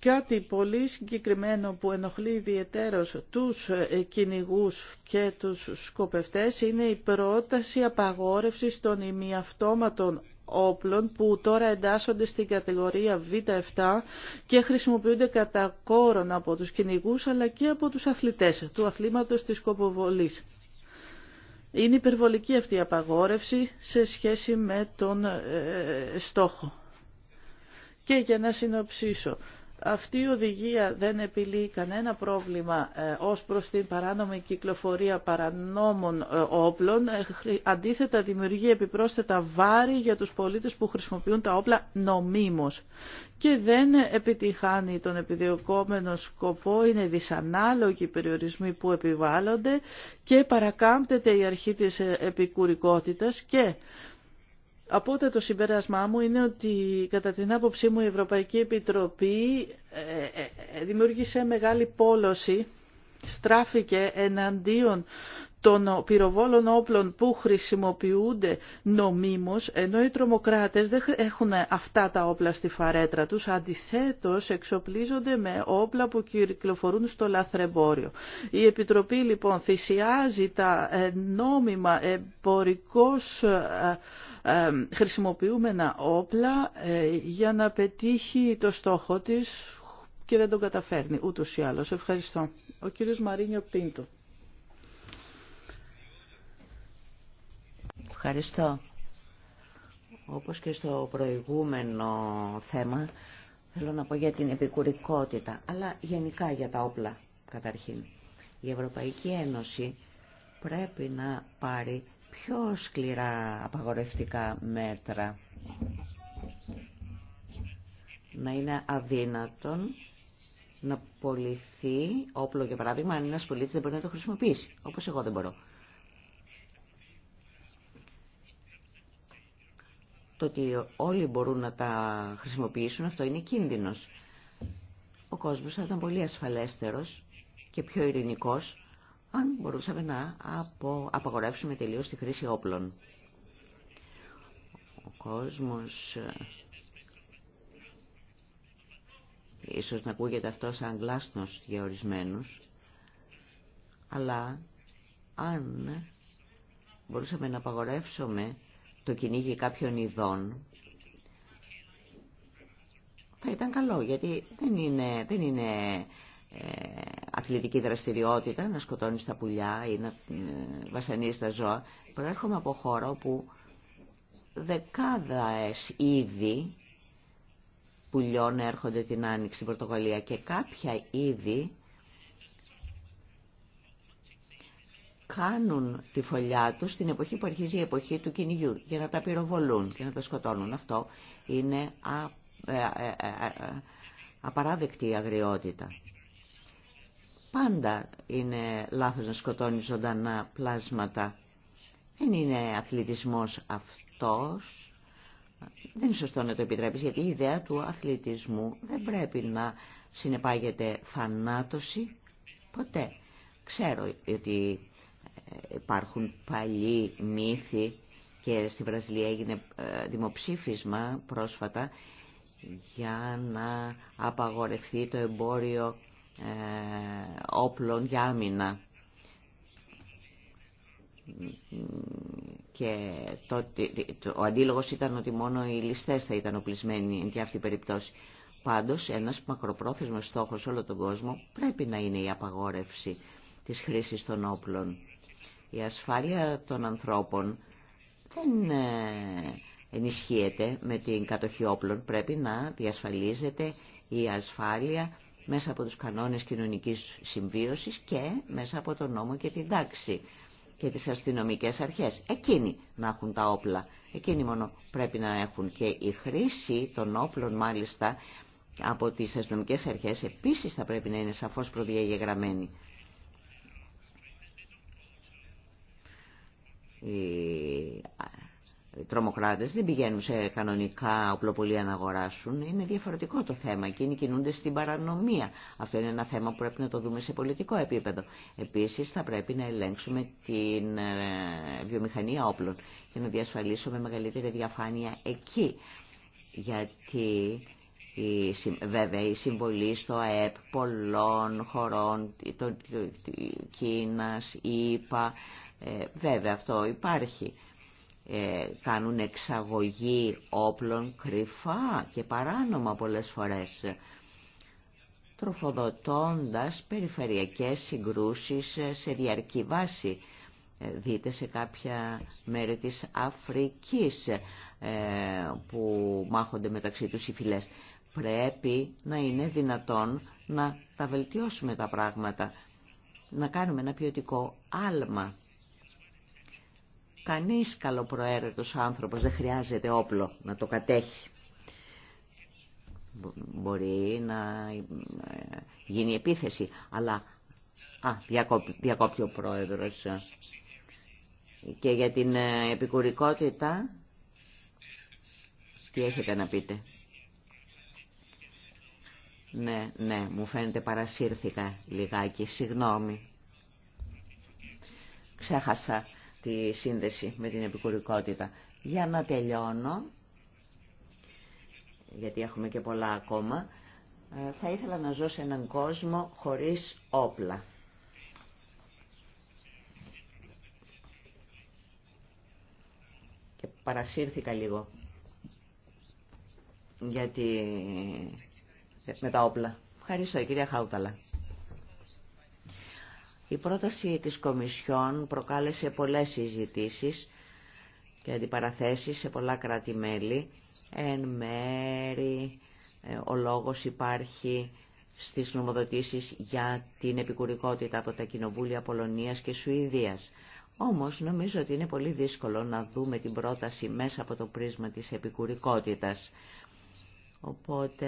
Κάτι πολύ συγκεκριμένο που ενοχλεί ιδιαιτέρως τους ε, κυνηγούς και τους σκοπευτές είναι η πρόταση απαγόρευσης των ημιαυτόματων όπλων που τώρα εντάσσονται στην κατηγορία Β7 και χρησιμοποιούνται κατά κόρον από τους κυνηγού αλλά και από τους αθλητές του αθλήματος της κοποβολής. Είναι υπερβολική αυτή η απαγόρευση σε σχέση με τον ε, ε, στόχο. Και για να συνοψίσω, αυτή η οδηγία δεν επιλύει κανένα πρόβλημα ε, ως προς την παράνομη κυκλοφορία παρανόμων ε, όπλων. Ε, αντίθετα, δημιουργεί επιπρόσθετα βάρη για τους πολίτες που χρησιμοποιούν τα όπλα νομίμως. Και δεν επιτυχάνει τον επιδιωκόμενο σκοπό, είναι δυσανάλογοι οι περιορισμοί που επιβάλλονται και παρακάμπτεται η αρχή της επικουρικότητας και Οπότε το συμπέρασμά μου είναι ότι κατά την άποψή μου η Ευρωπαϊκή Επιτροπή ε, ε, ε, δημιούργησε μεγάλη πόλωση στράφηκε εναντίον των πυροβόλων όπλων που χρησιμοποιούνται νομίμως, ενώ οι τρομοκράτες δεν έχουν αυτά τα όπλα στη φαρέτρα τους, αντιθέτως εξοπλίζονται με όπλα που κυκλοφορούν στο λαθρεμπόριο. Η Επιτροπή λοιπόν θυσιάζει τα ε, νόμιμα εμπορικώς ε, ε, χρησιμοποιούμενα όπλα για να πετύχει το στόχο της και δεν τον καταφέρνει ούτως ή άλλως. Ευχαριστώ. Ο κύριος Μαρίνιο Πίντο. Ευχαριστώ. Όπως και στο προηγούμενο θέμα, θέλω να πω για την επικουρικότητα, αλλά γενικά για τα όπλα, καταρχήν. Η Ευρωπαϊκή Ένωση πρέπει να πάρει πιο σκληρά απαγορευτικά μέτρα. Να είναι αδύνατον να πολιθεί όπλο, για παράδειγμα, αν ένα πολίτη δεν μπορεί να το χρησιμοποιήσει, όπως εγώ δεν μπορώ. Το ότι όλοι μπορούν να τα χρησιμοποιήσουν αυτό είναι κίνδυνος. Ο κόσμος θα ήταν πολύ ασφαλέστερος και πιο ειρηνικός αν μπορούσαμε να απο... απαγορεύσουμε τελείως τη χρήση όπλων. Ο κόσμος... Ε, ίσως να ακούγεται αυτό σαν γλάστος για ορισμένους, αλλά αν μπορούσαμε να απαγορεύσουμε το κυνήγι κάποιων ειδών θα ήταν καλό γιατί δεν είναι, δεν είναι ε, αθλητική δραστηριότητα να σκοτώνεις τα πουλιά ή να ε, βασανίζεις τα ζώα. Προέρχομαι από χωρο που δεκάδες είδη πουλιών έρχονται την Άνοιξη στην Πορτογαλία και κάποια είδη κάνουν τη φωλιά τους την εποχή που αρχίζει η εποχή του κυνηγιού για να τα πυροβολούν και να τα σκοτώνουν. Αυτό είναι α, ε, ε, ε, απαράδεκτη αγριότητα. Πάντα είναι λάθος να σκοτώνει ζωντανά πλάσματα. Δεν είναι αθλητισμός αυτός. Δεν είναι σωστό να το επιτρέπεις, γιατί η ιδέα του αθλητισμού δεν πρέπει να συνεπάγεται θανάτωση ποτέ. Ξέρω ότι υπάρχουν παλιοί μύθοι και στη Βραζιλία έγινε ε, δημοψήφισμα πρόσφατα για να απαγορευτεί το εμπόριο ε, όπλων για άμυνα. Και το, ο αντίλογος ήταν ότι μόνο οι ληστές θα ήταν οπλισμένοι για αυτή την περίπτωση. Πάντως, ένας μακροπρόθεσμος στόχος όλο τον κόσμο πρέπει να είναι η απαγόρευση της χρήσης των όπλων. Η ασφάλεια των ανθρώπων δεν ε, ενισχύεται με την κατοχή όπλων. Πρέπει να διασφαλίζεται η ασφάλεια μέσα από τους κανόνες κοινωνικής συμβίωσης και μέσα από τον νόμο και την τάξη και τις αστυνομικές αρχές. Εκείνοι να έχουν τα όπλα. Εκείνοι μόνο πρέπει να έχουν και η χρήση των όπλων μάλιστα από τις αστυνομικές αρχές επίσης θα πρέπει να είναι σαφώς προδιαγεγραμμένη. οι τρομοκράτε δεν πηγαίνουν σε κανονικά οπλοπολία να αγοράσουν. Είναι διαφορετικό το θέμα. Εκείνοι κινούνται στην παρανομία. Αυτό είναι ένα θέμα που πρέπει να το δούμε σε πολιτικό επίπεδο. Επίσης θα πρέπει να ελέγξουμε την ε, βιομηχανία όπλων και να διασφαλίσουμε μεγαλύτερη διαφάνεια εκεί. Γιατί βέβαια η συμβολή στο ΑΕΠ πολλών χωρών, το, Κίνας, ΙΠΑ, ε, βέβαια αυτό υπάρχει. Ε, κάνουν εξαγωγή όπλων κρυφά και παράνομα πολλές φορές τροφοδοτώντας περιφερειακές συγκρούσεις σε διαρκή βάση. Ε, δείτε σε κάποια μέρη της Αφρικής ε, που μάχονται μεταξύ τους οι φυλές. Πρέπει να είναι δυνατόν να τα βελτιώσουμε τα πράγματα, να κάνουμε ένα ποιοτικό άλμα. Κανείς καλοπροαίρετος άνθρωπος δεν χρειάζεται όπλο να το κατέχει. Μπορεί να ε, γίνει επίθεση, αλλά α, διακόπτει ο πρόεδρος. Και για την ε, επικουρικότητα, τι έχετε να πείτε. Ναι, ναι, μου φαίνεται παρασύρθηκα λιγάκι, συγγνώμη. Ξέχασα τη σύνδεση με την επικουρικότητα. Για να τελειώνω, γιατί έχουμε και πολλά ακόμα, ε, θα ήθελα να ζω σε έναν κόσμο χωρίς όπλα. Και παρασύρθηκα λίγο, γιατί ε, με τα όπλα. Ευχαριστώ, κυρία Χάουταλα. Η πρόταση της Κομισιόν προκάλεσε πολλές συζητήσεις και αντιπαραθέσεις σε πολλά κράτη-μέλη. Εν μέρη ε, ο λόγος υπάρχει στις νομοδοτήσεις για την επικουρικότητα από τα κοινοβούλια Πολωνίας και Σουηδίας. Όμως νομίζω ότι είναι πολύ δύσκολο να δούμε την πρόταση μέσα από το πρίσμα της επικουρικότητας. Οπότε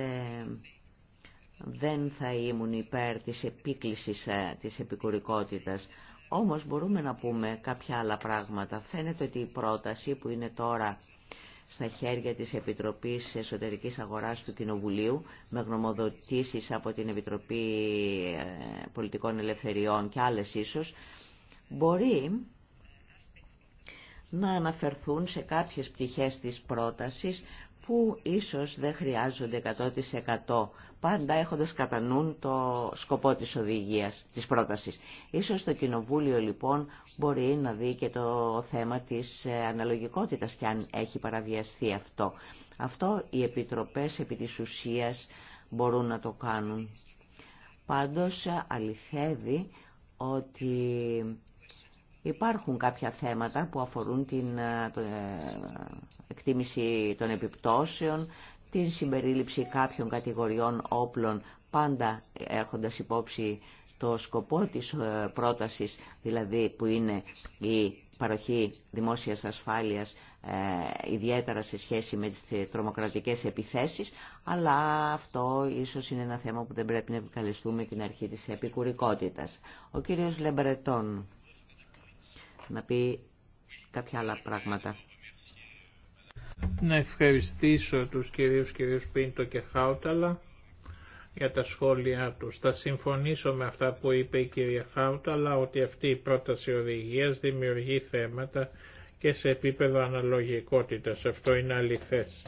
δεν θα ήμουν υπέρ της επίκλησης ε, της επικουρικότητας. Όμως μπορούμε να πούμε κάποια άλλα πράγματα. Φαίνεται ότι η πρόταση που είναι τώρα στα χέρια της Επιτροπής Εσωτερικής Αγοράς του Κοινοβουλίου με γνωμοδοτήσεις από την Επιτροπή ε, Πολιτικών Ελευθεριών και άλλες ίσως μπορεί να αναφερθούν σε κάποιες πτυχές της πρότασης που ίσως δεν χρειάζονται 100% πάντα έχοντας κατά το σκοπό της οδηγίας, της πρότασης. Ίσως το Κοινοβούλιο λοιπόν μπορεί να δει και το θέμα της ε, αναλογικότητας και αν έχει παραβιαστεί αυτό. Αυτό οι επιτροπές επί της ουσίας μπορούν να το κάνουν. Πάντως ε, αληθεύει ότι υπάρχουν κάποια θέματα που αφορούν την ε, εκτίμηση των επιπτώσεων, την συμπερίληψη κάποιων κατηγοριών όπλων πάντα έχοντας υπόψη το σκοπό της ε, πρότασης, δηλαδή που είναι η παροχή δημόσιας ασφάλειας ε, ιδιαίτερα σε σχέση με τις ε, τρομοκρατικές επιθέσεις, αλλά αυτό ίσως είναι ένα θέμα που δεν πρέπει να επικαλεστούμε την αρχή της επικουρικότητας. Ο κύριος Λεμπρετών να πει κάποια άλλα πράγματα. Να ευχαριστήσω τους κυρίους κυρίους Πίντο και Χάουταλα για τα σχόλια τους. Θα συμφωνήσω με αυτά που είπε η κυρία Χάουταλα ότι αυτή η πρόταση οδηγίας δημιουργεί θέματα και σε επίπεδο αναλογικότητας. Αυτό είναι αληθές.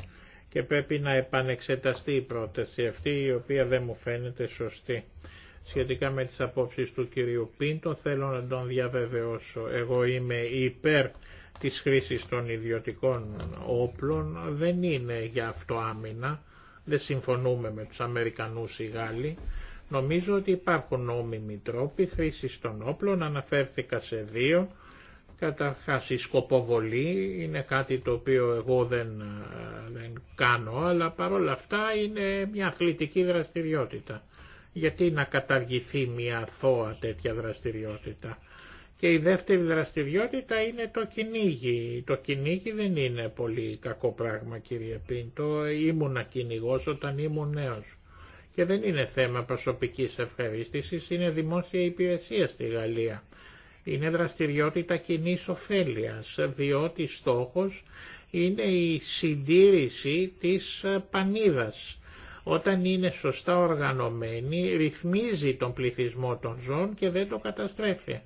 Και πρέπει να επανεξεταστεί η πρόταση αυτή η οποία δεν μου φαίνεται σωστή. Σχετικά με τις απόψεις του κυρίου Πίντο θέλω να τον διαβεβαιώσω. Εγώ είμαι υπέρ της χρήσης των ιδιωτικών όπλων δεν είναι για αυτό άμυνα. Δεν συμφωνούμε με τους Αμερικανούς ή Γάλλοι. Νομίζω ότι υπάρχουν νόμιμοι τρόποι χρήσης των όπλων. Αναφέρθηκα σε δύο. Καταρχάς η σκοποβολή είναι καταρχα η σκοποβολη ειναι κατι το οποίο εγώ δεν, ε, δεν κάνω, αλλά παρόλα αυτά είναι μια αθλητική δραστηριότητα. Γιατί να καταργηθεί μια αθώα τέτοια δραστηριότητα. Και η δεύτερη δραστηριότητα είναι το κυνήγι. Το κυνήγι δεν είναι πολύ κακό πράγμα κύριε Πίντο. Ήμουνα κυνηγό όταν ήμουν νέος. Και δεν είναι θέμα προσωπικής ευχαρίστησης, είναι δημόσια υπηρεσία στη Γαλλία. Είναι δραστηριότητα κοινή ωφέλεια, διότι στόχος είναι η συντήρηση της πανίδας. Όταν είναι σωστά οργανωμένη, ρυθμίζει τον πληθυσμό των ζώων και δεν το καταστρέφει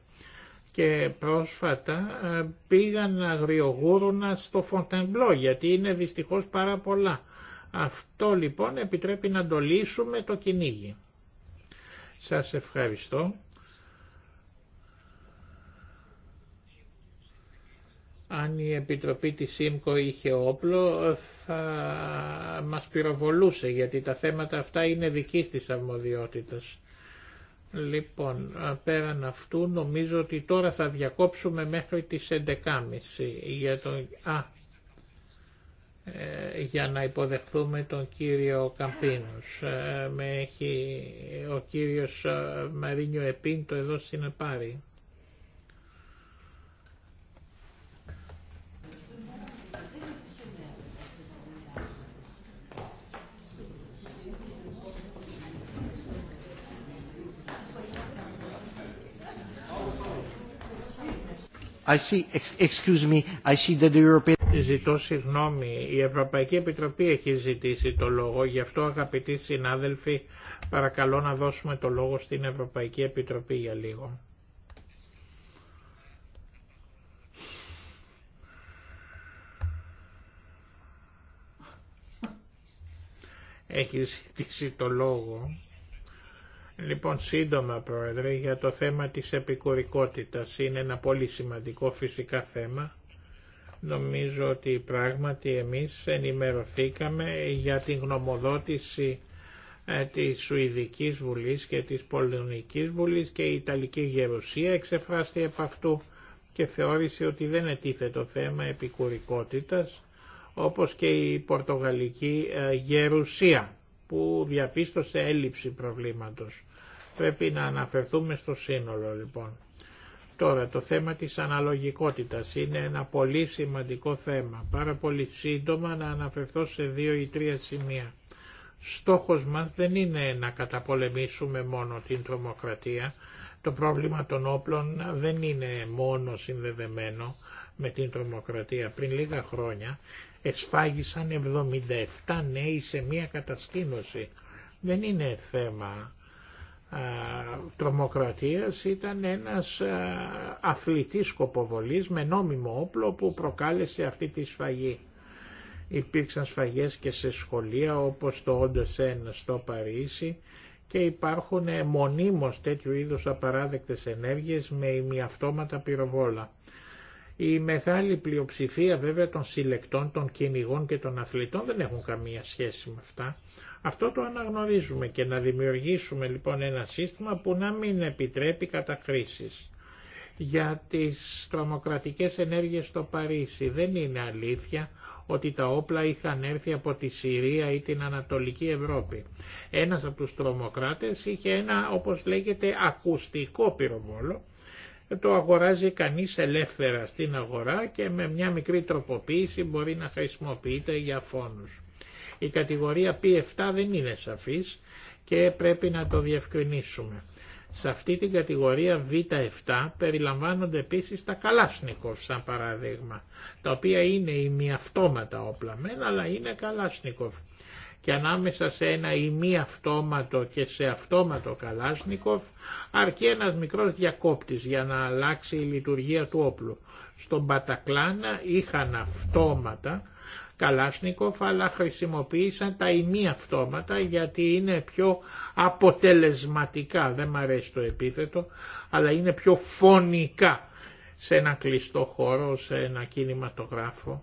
και πρόσφατα ε, πήγαν αγριογούρουνα στο Φοντεμπλό γιατί είναι δυστυχώς πάρα πολλά. Αυτό λοιπόν επιτρέπει να το λύσουμε το κυνήγι. Σας ευχαριστώ. Αν η Επιτροπή της ΣΥΜΚΟ είχε όπλο θα μας πυροβολούσε γιατί τα θέματα αυτά είναι δικής της αρμοδιότητας. Λοιπόν, πέραν αυτού νομίζω ότι τώρα θα διακόψουμε μέχρι τις 11.30 για τον... Ε, για να υποδεχθούμε τον κύριο Καμπίνος. Ε, με έχει ο κύριος ε, Μαρίνιο Επίντο εδώ στην Επάρη. Ζητώ συγγνώμη, η Ευρωπαϊκή Επιτροπή έχει ζητήσει το λόγο, γι' αυτό αγαπητοί συνάδελφοι παρακαλώ να δώσουμε το λόγο στην Ευρωπαϊκή Επιτροπή για λίγο. Έχει ζητήσει το λόγο. Λοιπόν, σύντομα, Πρόεδρε, για το θέμα της επικουρικότητας. Είναι ένα πολύ σημαντικό φυσικά θέμα. Νομίζω ότι πράγματι εμείς ενημερωθήκαμε για την γνωμοδότηση ε, της Σουηδικής Βουλής και της Πολωνικής Βουλής και η Ιταλική Γερουσία εξεφράστηκε από αυτού και θεώρησε ότι δεν ετίθεται το θέμα επικουρικότητας όπως και η Πορτογαλική ε, Γερουσία που διαπίστωσε έλλειψη προβλήματος. Πρέπει να αναφερθούμε στο σύνολο λοιπόν. Τώρα το θέμα της αναλογικότητας είναι ένα πολύ σημαντικό θέμα. Πάρα πολύ σύντομα να αναφερθώ σε δύο ή τρία σημεία. Στόχος μας δεν είναι να καταπολεμήσουμε μόνο την τρομοκρατία. Το πρόβλημα των όπλων δεν είναι μόνο συνδεδεμένο με την τρομοκρατία. Πριν λίγα χρόνια εσφάγισαν 77 νέοι σε μία κατασκήνωση. Δεν είναι θέμα τρομοκρατίας ήταν ένας αθλητής σκοποβολής με νόμιμο όπλο που προκάλεσε αυτή τη σφαγή. Υπήρξαν σφαγές και σε σχολεία όπως το Όντεσεν στο Παρίσι και υπάρχουν μονίμως τέτοιου είδους απαράδεκτες ενέργειες με ημιαυτόματα πυροβόλα. Η μεγάλη πλειοψηφία βέβαια των συλλεκτών, των κυνηγών και των αθλητών δεν έχουν καμία σχέση με αυτά. Αυτό το αναγνωρίζουμε και να δημιουργήσουμε λοιπόν ένα σύστημα που να μην επιτρέπει κατακρίσεις. Για τις τρομοκρατικές ενέργειες στο Παρίσι δεν είναι αλήθεια ότι τα όπλα είχαν έρθει από τη Συρία ή την Ανατολική Ευρώπη. Ένας από τους τρομοκράτες είχε ένα όπως λέγεται ακουστικό πυροβόλο ε, το αγοράζει κανείς ελεύθερα στην αγορά και με μια μικρή τροποποίηση μπορεί να χρησιμοποιείται για φόνους. Η κατηγορία P7 δεν είναι σαφής και πρέπει να το διευκρινίσουμε. Σε αυτή την κατηγορία Β7 περιλαμβάνονται επίσης τα καλάσνικοφ σαν παράδειγμα, τα οποία είναι ημιαυτόματα όπλα μεν, αλλά είναι καλάσνικοφ και ανάμεσα σε ένα αυτόματο και σε αυτόματο καλάσνικοφ αρκεί ένας μικρός διακόπτης για να αλλάξει η λειτουργία του όπλου. Στον Πατακλάνα είχαν αυτόματα Καλάσνικοφ αλλά χρησιμοποίησαν τα αυτόματα γιατί είναι πιο αποτελεσματικά, δεν μ' αρέσει το επίθετο, αλλά είναι πιο φωνικά σε ένα κλειστό χώρο, σε ένα κινηματογράφο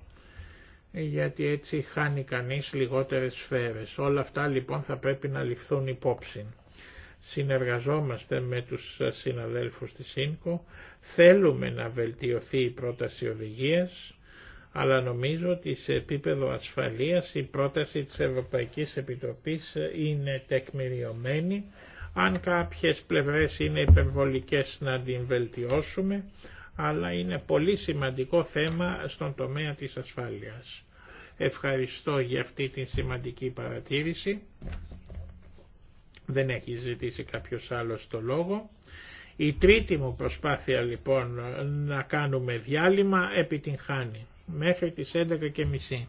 γιατί έτσι χάνει κανείς λιγότερες σφαίρες. Όλα αυτά λοιπόν θα πρέπει να ληφθούν υπόψη. Συνεργαζόμαστε με τους συναδέλφους της ΣΥΝΚΟ, θέλουμε να βελτιωθεί η πρόταση οδηγίας, αλλά νομίζω ότι σε επίπεδο ασφαλείας η πρόταση της Ευρωπαϊκής Επιτροπής είναι τεκμηριωμένη. Αν κάποιες πλευρές είναι υπερβολικές να την βελτιώσουμε, αλλά είναι πολύ σημαντικό θέμα στον τομέα της ασφάλειας. Ευχαριστώ για αυτή τη σημαντική παρατήρηση. Δεν έχει ζητήσει κάποιος άλλος το λόγο. Η τρίτη μου προσπάθεια λοιπόν να κάνουμε διάλειμμα επιτυγχάνει μέχρι τις 11.30.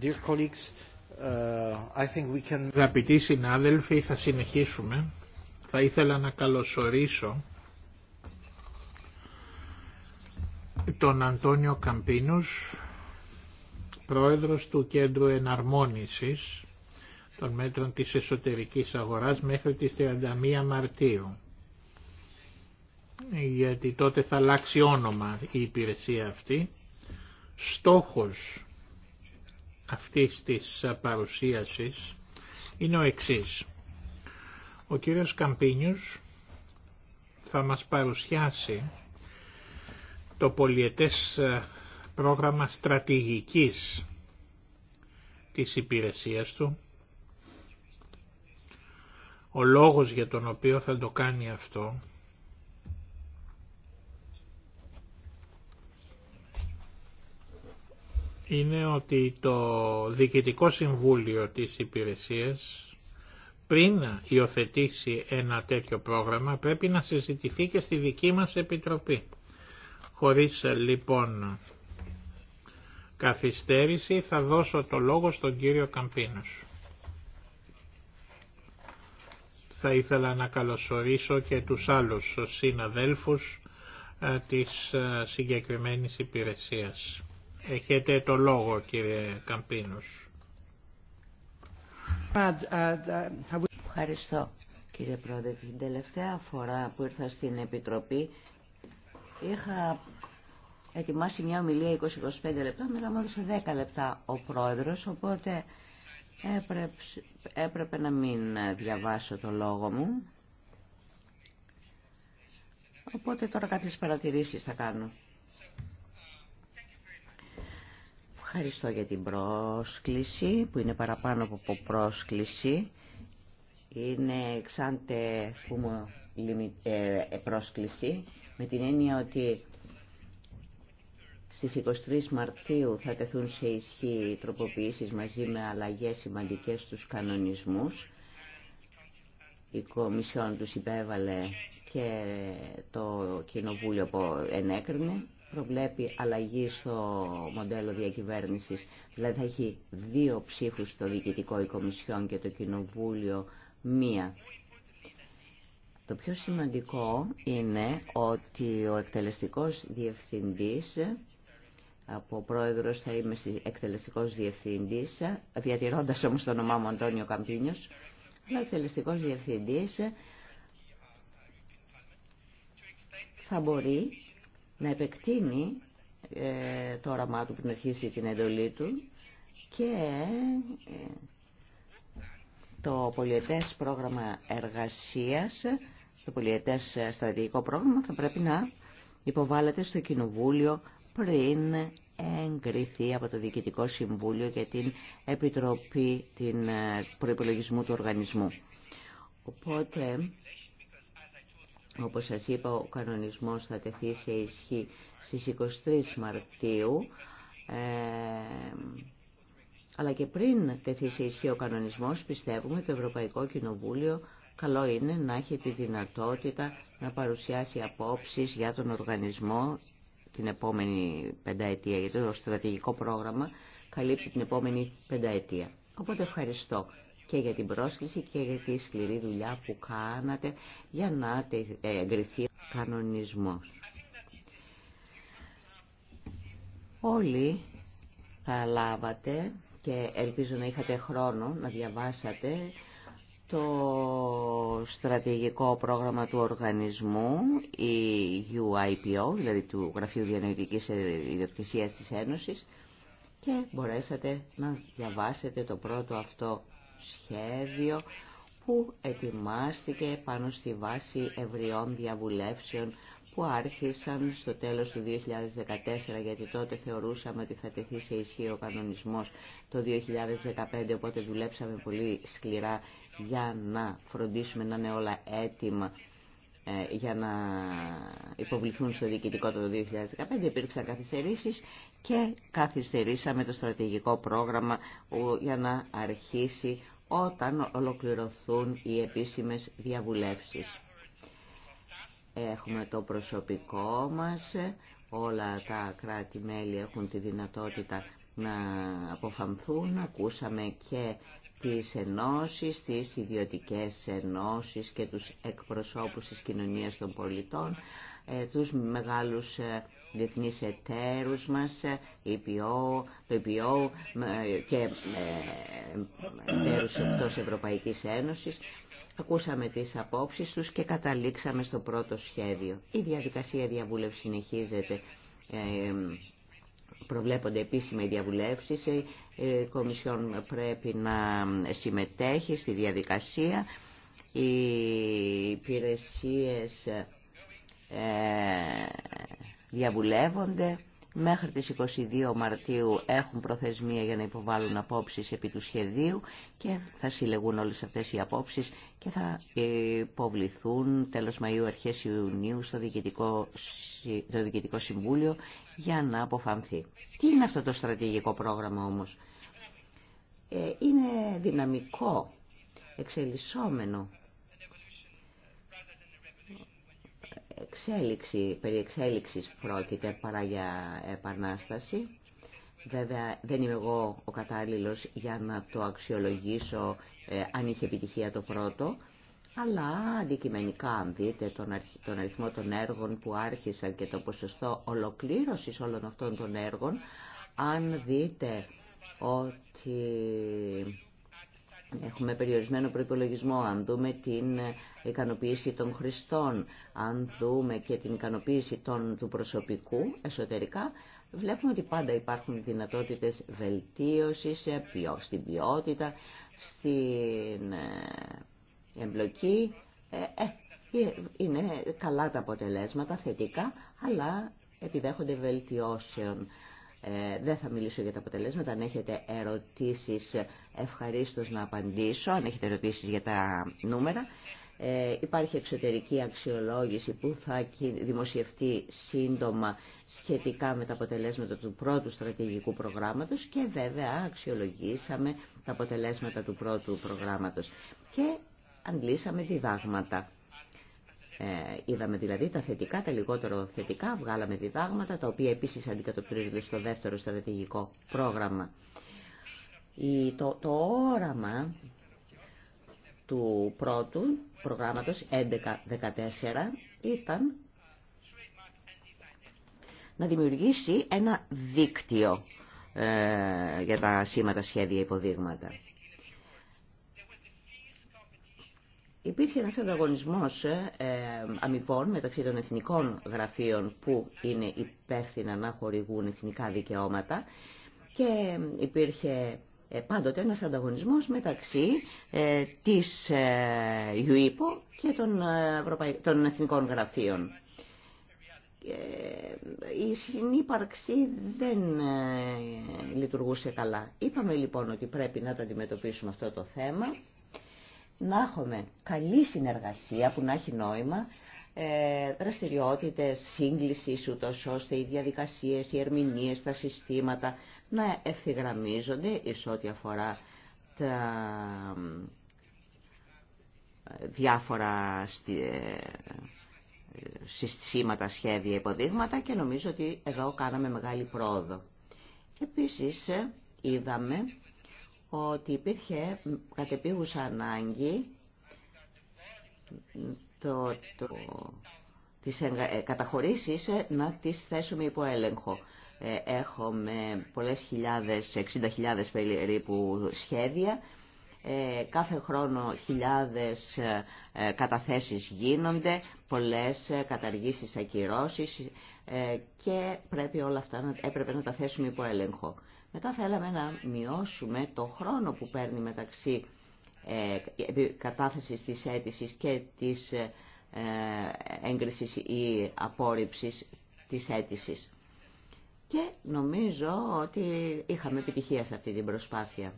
Dear uh, I think we Αγαπητοί συνάδελφοι, θα συνεχίσουμε. Θα ήθελα να καλωσορίσω τον Αντώνιο Καμπίνους, πρόεδρος του Κέντρου εναρμόνισης των μέτρων της εσωτερικής αγοράς μέχρι τις 31 Μαρτίου. Γιατί τότε θα αλλάξει όνομα η υπηρεσία αυτή. Στόχος αυτής της παρουσίασης είναι ο εξής. Ο κύριος Καμπίνιους θα μας παρουσιάσει το πολιετές πρόγραμμα στρατηγικής της υπηρεσίας του. Ο λόγος για τον οποίο θα το κάνει αυτό είναι ότι το Διοικητικό Συμβούλιο της Υπηρεσίας πριν υιοθετήσει ένα τέτοιο πρόγραμμα πρέπει να συζητηθεί και στη δική μας Επιτροπή. Χωρίς λοιπόν καθυστέρηση θα δώσω το λόγο στον κύριο Καμπίνος. Θα ήθελα να καλωσορίσω και τους άλλους συναδέλφους ε, της ε, συγκεκριμένης υπηρεσίας. Έχετε το λόγο κύριε Καμπίνος. Ευχαριστώ κύριε Πρόεδρε. Την τελευταία φορά που ήρθα στην Επιτροπή είχα ετοιμάσει μια ομιλία 20-25 λεπτά, μετά μου έδωσε 10 λεπτά ο Πρόεδρος, οπότε έπρεπε, έπρεπε να μην διαβάσω το λόγο μου. Οπότε τώρα κάποιες παρατηρήσεις θα κάνω. Ευχαριστώ για την πρόσκληση που είναι παραπάνω από πρόσκληση. Είναι εξάντε ε, ε, πρόσκληση με την έννοια ότι στις 23 Μαρτίου θα τεθούν σε ισχύ οι τροποποιήσεις μαζί με αλλαγές σημαντικές στους κανονισμούς. Η Κομισιόν τους υπέβαλε και το Κοινοβούλιο που ενέκρινε προβλέπει αλλαγή στο μοντέλο διακυβέρνησης. Δηλαδή θα έχει δύο ψήφους στο Διοικητικό Οικομισιόν και το Κοινοβούλιο μία. Το πιο σημαντικό είναι ότι ο εκτελεστικός διευθυντής από πρόεδρος θα είμαι εκτελεστικός διευθυντής, διατηρώντας όμως το όνομά μου Αντώνιο Καμπίνιος, ο εκτελεστικός διευθυντής θα μπορεί να επεκτείνει ε, το όραμά του πριν αρχίσει την εντολή του και ε, το πολιετές πρόγραμμα εργασίας, το πολιετές στρατηγικό πρόγραμμα θα πρέπει να υποβάλλεται στο Κοινοβούλιο πριν εγκριθεί από το Διοικητικό Συμβούλιο για την Επιτροπή την ε, Προϋπολογισμού του Οργανισμού. Οπότε όπως σας είπα, ο κανονισμός θα τεθεί σε ισχύ στις 23 Μαρτίου, ε, αλλά και πριν τεθεί σε ισχύ ο κανονισμός, πιστεύουμε το Ευρωπαϊκό Κοινοβούλιο καλό είναι να έχει τη δυνατότητα να παρουσιάσει απόψεις για τον οργανισμό την επόμενη πενταετία, γιατί το στρατηγικό πρόγραμμα καλύπτει την επόμενη πενταετία. Οπότε ευχαριστώ και για την πρόσκληση και για τη σκληρή δουλειά που κάνατε για να ε, εγκριθεί ο κανονισμός. Όλοι θα λάβατε και ελπίζω να είχατε χρόνο να διαβάσατε το στρατηγικό πρόγραμμα του οργανισμού, η UIPO, δηλαδή του Γραφείου Διανοητικής Ιδιοκτησίας της Ένωσης, και μπορέσατε να διαβάσετε το πρώτο αυτό σχέδιο που ετοιμάστηκε πάνω στη βάση ευρειών διαβουλεύσεων που άρχισαν στο τέλος του 2014 γιατί τότε θεωρούσαμε ότι θα τεθεί σε ισχύ ο κανονισμός το 2015 οπότε δουλέψαμε πολύ σκληρά για να φροντίσουμε να είναι όλα έτοιμα ε, για να υποβληθούν στο διοικητικό το 2015. Υπήρξαν καθυστερήσεις και καθυστερήσαμε το στρατηγικό πρόγραμμα για να αρχίσει όταν ολοκληρωθούν οι επίσημες διαβουλεύσεις. Έχουμε το προσωπικό μας, όλα τα κράτη-μέλη έχουν τη δυνατότητα να αποφανθούν. Ακούσαμε και τις ενώσεις, τις ιδιωτικές ενώσεις και τους εκπροσώπους της κοινωνίας των πολιτών, ε, τους μεγάλους ε, διεθνείς εταίρους μας, το EPO και ε, εταίρους εκτός Ευρωπαϊκής Ένωσης. Ακούσαμε τις απόψεις τους και καταλήξαμε στο πρώτο σχέδιο. Η διαδικασία διαβούλευση συνεχίζεται. Ε, προβλέπονται επίσημα οι διαβουλεύσεις. Ε, η Κομισιόν πρέπει να συμμετέχει στη διαδικασία. Οι υπηρεσίες διαβουλεύονται. Μέχρι τις 22 Μαρτίου έχουν προθεσμία για να υποβάλουν απόψεις επί του σχεδίου και θα συλλεγούν όλες αυτές οι απόψεις και θα υποβληθούν τέλος Μαΐου, αρχές Ιουνίου στο Διοικητικό, Συμβούλιο για να αποφανθεί. Τι είναι αυτό το στρατηγικό πρόγραμμα όμως. Ε, είναι δυναμικό, εξελισσόμενο εξέλιξη, περί εξέλιξης πρόκειται παρά για επανάσταση. Βέβαια δεν είμαι εγώ ο κατάλληλος για να το αξιολογήσω ε, αν είχε επιτυχία το πρώτο, αλλά αντικειμενικά αν δείτε τον, τον αριθμό των έργων που άρχισαν και το ποσοστό ολοκλήρωσης όλων αυτών των έργων, αν δείτε ότι Έχουμε περιορισμένο προπολογισμό. Αν δούμε την ικανοποίηση των χρηστών, αν δούμε και την ικανοποίηση των, του προσωπικού εσωτερικά, βλέπουμε ότι πάντα υπάρχουν δυνατότητες βελτίωσης ε, στην ποιότητα, στην ε, εμπλοκή. Ε, είναι καλά τα αποτελέσματα, θετικά, αλλά επιδέχονται βελτιώσεων. Ε, δεν θα μιλήσω για τα αποτελέσματα. Αν έχετε ερωτήσεις, ευχαρίστως να απαντήσω. Αν έχετε ερωτήσεις για τα νούμερα. Ε, υπάρχει εξωτερική αξιολόγηση που θα δημοσιευτεί σύντομα σχετικά με τα αποτελέσματα του πρώτου στρατηγικού προγράμματος και βέβαια αξιολογήσαμε τα αποτελέσματα του πρώτου προγράμματος και αντλήσαμε διδάγματα. Ε, είδαμε δηλαδή τα θετικά, τα λιγότερο θετικά, βγάλαμε διδάγματα, τα οποία επίσης αντικατοπτρίζονται στο δεύτερο στρατηγικό πρόγραμμα. το, το όραμα του πρώτου προγράμματος 11-14 ήταν να δημιουργήσει ένα δίκτυο ε, για τα σήματα σχέδια υποδείγματα. Υπήρχε ένας ανταγωνισμός ε, ε, αμοιβών μεταξύ των εθνικών γραφείων που είναι υπεύθυνα να χορηγούν εθνικά δικαιώματα και υπήρχε ε, πάντοτε ένας ανταγωνισμός μεταξύ της ΙΟΥΙΠΟ και των εθνικών γραφείων. Η συνύπαρξη δεν λειτουργούσε καλά. Είπαμε λοιπόν ότι πρέπει να το αντιμετωπίσουμε αυτό το θέμα να έχουμε καλή συνεργασία που να έχει νόημα, ε, δραστηριότητες, σύγκληση ούτως ώστε οι διαδικασίες, οι τα συστήματα να ευθυγραμμίζονται εις ό,τι αφορά τα ε, διάφορα ε, συστήματα, σχέδια, υποδείγματα και νομίζω ότι εδώ κάναμε μεγάλη πρόοδο. Επίσης ε, είδαμε ότι υπήρχε κατεπίγουσα ανάγκη το, το, ε, καταχωρήσεις ε, να τις θέσουμε υπό έλεγχο. Ε, έχουμε πολλές χιλιάδες, 60.000 περίπου σχέδια. Κάθε χρόνο χιλιάδες καταθέσεις γίνονται, πολλές καταργήσεις, ακυρώσεις και πρέπει όλα αυτά να, έπρεπε να τα θέσουμε υπό έλεγχο. Μετά θέλαμε να μειώσουμε το χρόνο που παίρνει μεταξύ ε, κατάθεσης της αίτησης και της ε, έγκρισης ή απόρριψης της αίτησης. Και νομίζω ότι είχαμε επιτυχία σε αυτή την προσπάθεια.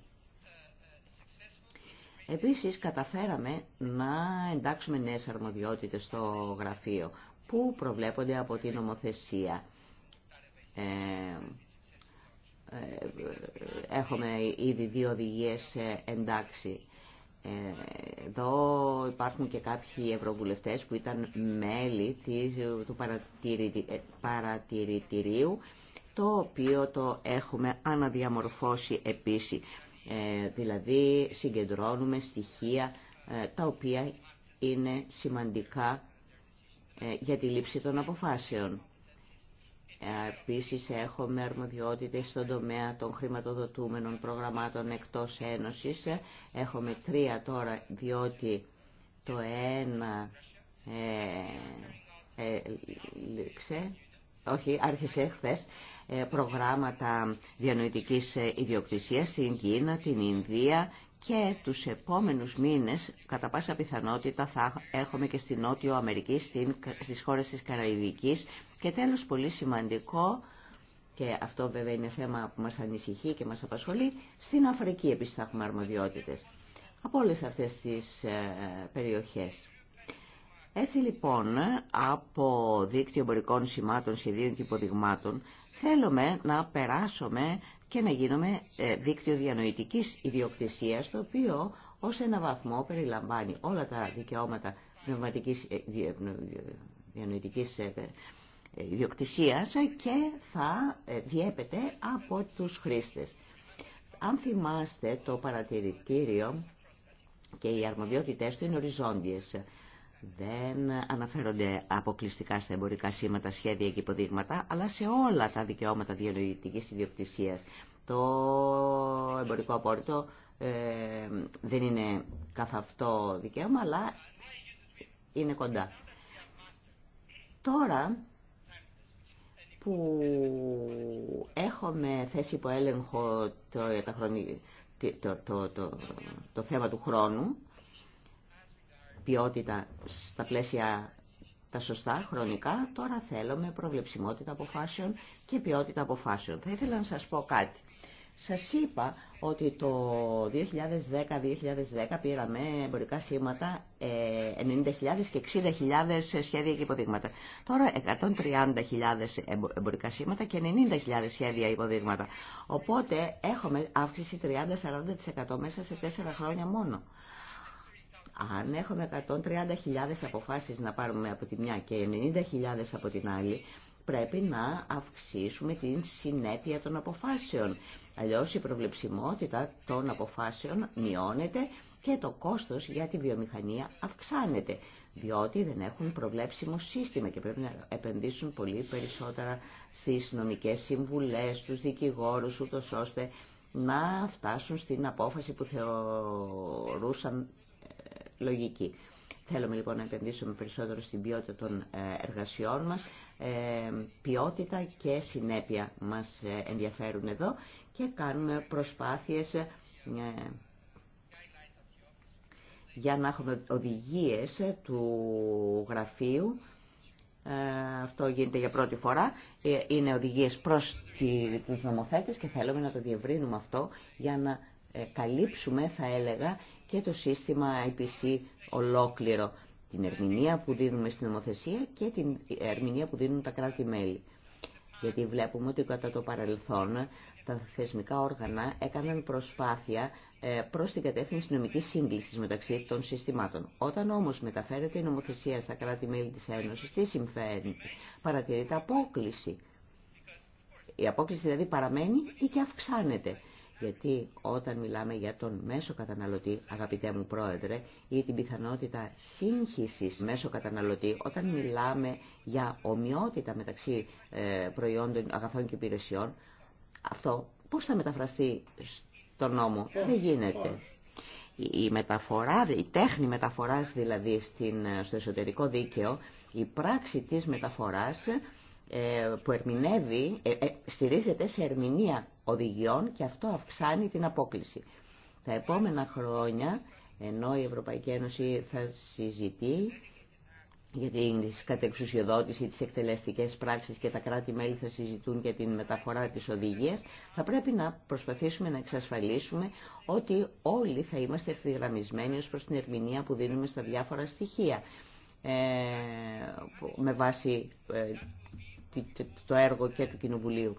Επίσης καταφέραμε να εντάξουμε νέες αρμοδιότητες στο γραφείο που προβλέπονται από την νομοθεσία. Ε, ε, έχουμε ήδη δύο οδηγίε ε, εντάξει. Ε, εδώ υπάρχουν και κάποιοι ευρωβουλευτές που ήταν μέλη του παρατηρητηρίου, το οποίο το έχουμε αναδιαμορφώσει επίσης. Δηλαδή συγκεντρώνουμε στοιχεία τα οποία είναι σημαντικά για τη λήψη των αποφάσεων. Επίση έχουμε αρμοδιότητες στον τομέα των χρηματοδοτούμενων προγραμμάτων εκτός Ένωσης. Έχουμε τρία τώρα, διότι το ένα ε, ε, όχι, άρχισε χθε ε, προγράμματα διανοητικής ε, ιδιοκτησίας στην Κίνα, την Ινδία και τους επόμενους μήνες κατά πάσα πιθανότητα θα έχουμε και στην Νότιο Αμερική, στην, στις χώρες της Καραϊβικής και τέλος πολύ σημαντικό και αυτό βέβαια είναι θέμα που μας ανησυχεί και μας απασχολεί, στην Αφρική επίσης θα έχουμε αρμοδιότητες από όλες αυτές τις ε, περιοχές. Έτσι λοιπόν, από δίκτυο εμπορικών σημάτων, σχεδίων και υποδειγμάτων, θέλουμε να περάσουμε και να γίνουμε ε, δίκτυο διανοητικής ιδιοκτησίας, το οποίο ως ένα βαθμό περιλαμβάνει όλα τα δικαιώματα πνευματικής ε, διανοητικής ε, ιδιοκτησίας και θα διέπεται από τους χρήστες. Αν θυμάστε το παρατηρητήριο και οι αρμοδιότητές του είναι οριζόντιες δεν αναφέρονται αποκλειστικά στα εμπορικά σήματα, σχέδια και υποδείγματα, αλλά σε όλα τα δικαιώματα διανοητική ιδιοκτησίας. Το εμπορικό απόρριτο ε, δεν είναι καθ' αυτό δικαίωμα, αλλά είναι κοντά. Τώρα που έχουμε θέση υπό έλεγχο το, το, το, το θέμα του χρόνου, ποιότητα στα πλαίσια τα σωστά χρονικά, τώρα θέλουμε προβλεψιμότητα αποφάσεων και ποιότητα αποφάσεων. Θα ήθελα να σας πω κάτι. Σας είπα ότι το 2010-2010 πήραμε εμπορικά σήματα 90.000 ε, και 60.000 σχέδια και υποδείγματα. Τώρα 130.000 εμπορικά σήματα και 90.000 σχέδια υποδείγματα. Οπότε έχουμε αύξηση 30-40% μέσα σε 4 χρόνια μόνο. Αν έχουμε 130.000 αποφάσεις να πάρουμε από τη μια και 90.000 από την άλλη, πρέπει να αυξήσουμε την συνέπεια των αποφάσεων. Αλλιώς η προβλεψιμότητα των αποφάσεων μειώνεται και το κόστος για τη βιομηχανία αυξάνεται, διότι δεν έχουν προβλέψιμο σύστημα και πρέπει να επενδύσουν πολύ περισσότερα στις νομικές συμβουλές, στους δικηγόρους, ούτως ώστε να φτάσουν στην απόφαση που θεωρούσαν λογική. Θέλουμε λοιπόν να επενδύσουμε περισσότερο στην ποιότητα των ε, εργασιών μας. Ε, ποιότητα και συνέπεια μας ε, ενδιαφέρουν εδώ και κάνουμε προσπάθειες για να έχουμε οδηγίες του γραφείου. Αυτό γίνεται για πρώτη φορά. Είναι οδηγίες προς τους νομοθέτες και θέλουμε να το διευρύνουμε αυτό για να καλύψουμε, θα έλεγα, και το σύστημα IPC ολόκληρο. Την ερμηνεία που δίνουμε στην νομοθεσία και την ερμηνεία που δίνουν τα κράτη-μέλη. Γιατί βλέπουμε ότι κατά το παρελθόν τα θεσμικά όργανα έκαναν προσπάθεια ε, προς την κατεύθυνση νομικής σύγκλησης μεταξύ των συστημάτων. Όταν όμως μεταφέρεται η νομοθεσία στα κράτη-μέλη της Ένωσης, τι συμφέρει, παρατηρείται απόκληση. Η απόκληση δηλαδή παραμένει ή και αυξάνεται. Γιατί όταν μιλάμε για τον μέσο καταναλωτή, αγαπητέ μου πρόεδρε, ή την πιθανότητα σύγχυσης μέσο καταναλωτή, όταν μιλάμε για ομοιότητα μεταξύ ε, προϊόντων, αγαθών και υπηρεσιών, αυτό πώς θα μεταφραστεί στον νόμο. Δεν γίνεται. Η, μεταφορά, η τέχνη μεταφοράς δηλαδή στην, ε, στο εσωτερικό δίκαιο, η πράξη της μεταφοράς ε, που ερμηνεύει, ε, ε, στηρίζεται σε ερμηνεία οδηγιών και αυτό αυξάνει την απόκληση. Τα επόμενα χρόνια, ενώ η Ευρωπαϊκή Ένωση θα συζητεί για την κατεξουσιοδότηση, τις εκτελεστικές πράξεις και τα κράτη-μέλη θα συζητούν για την μεταφορά της οδηγίας, θα πρέπει να προσπαθήσουμε να εξασφαλίσουμε ότι όλοι θα είμαστε ευθυγραμμισμένοι ως προς την ερμηνεία που δίνουμε στα διάφορα στοιχεία με βάση το έργο και του Κοινοβουλίου.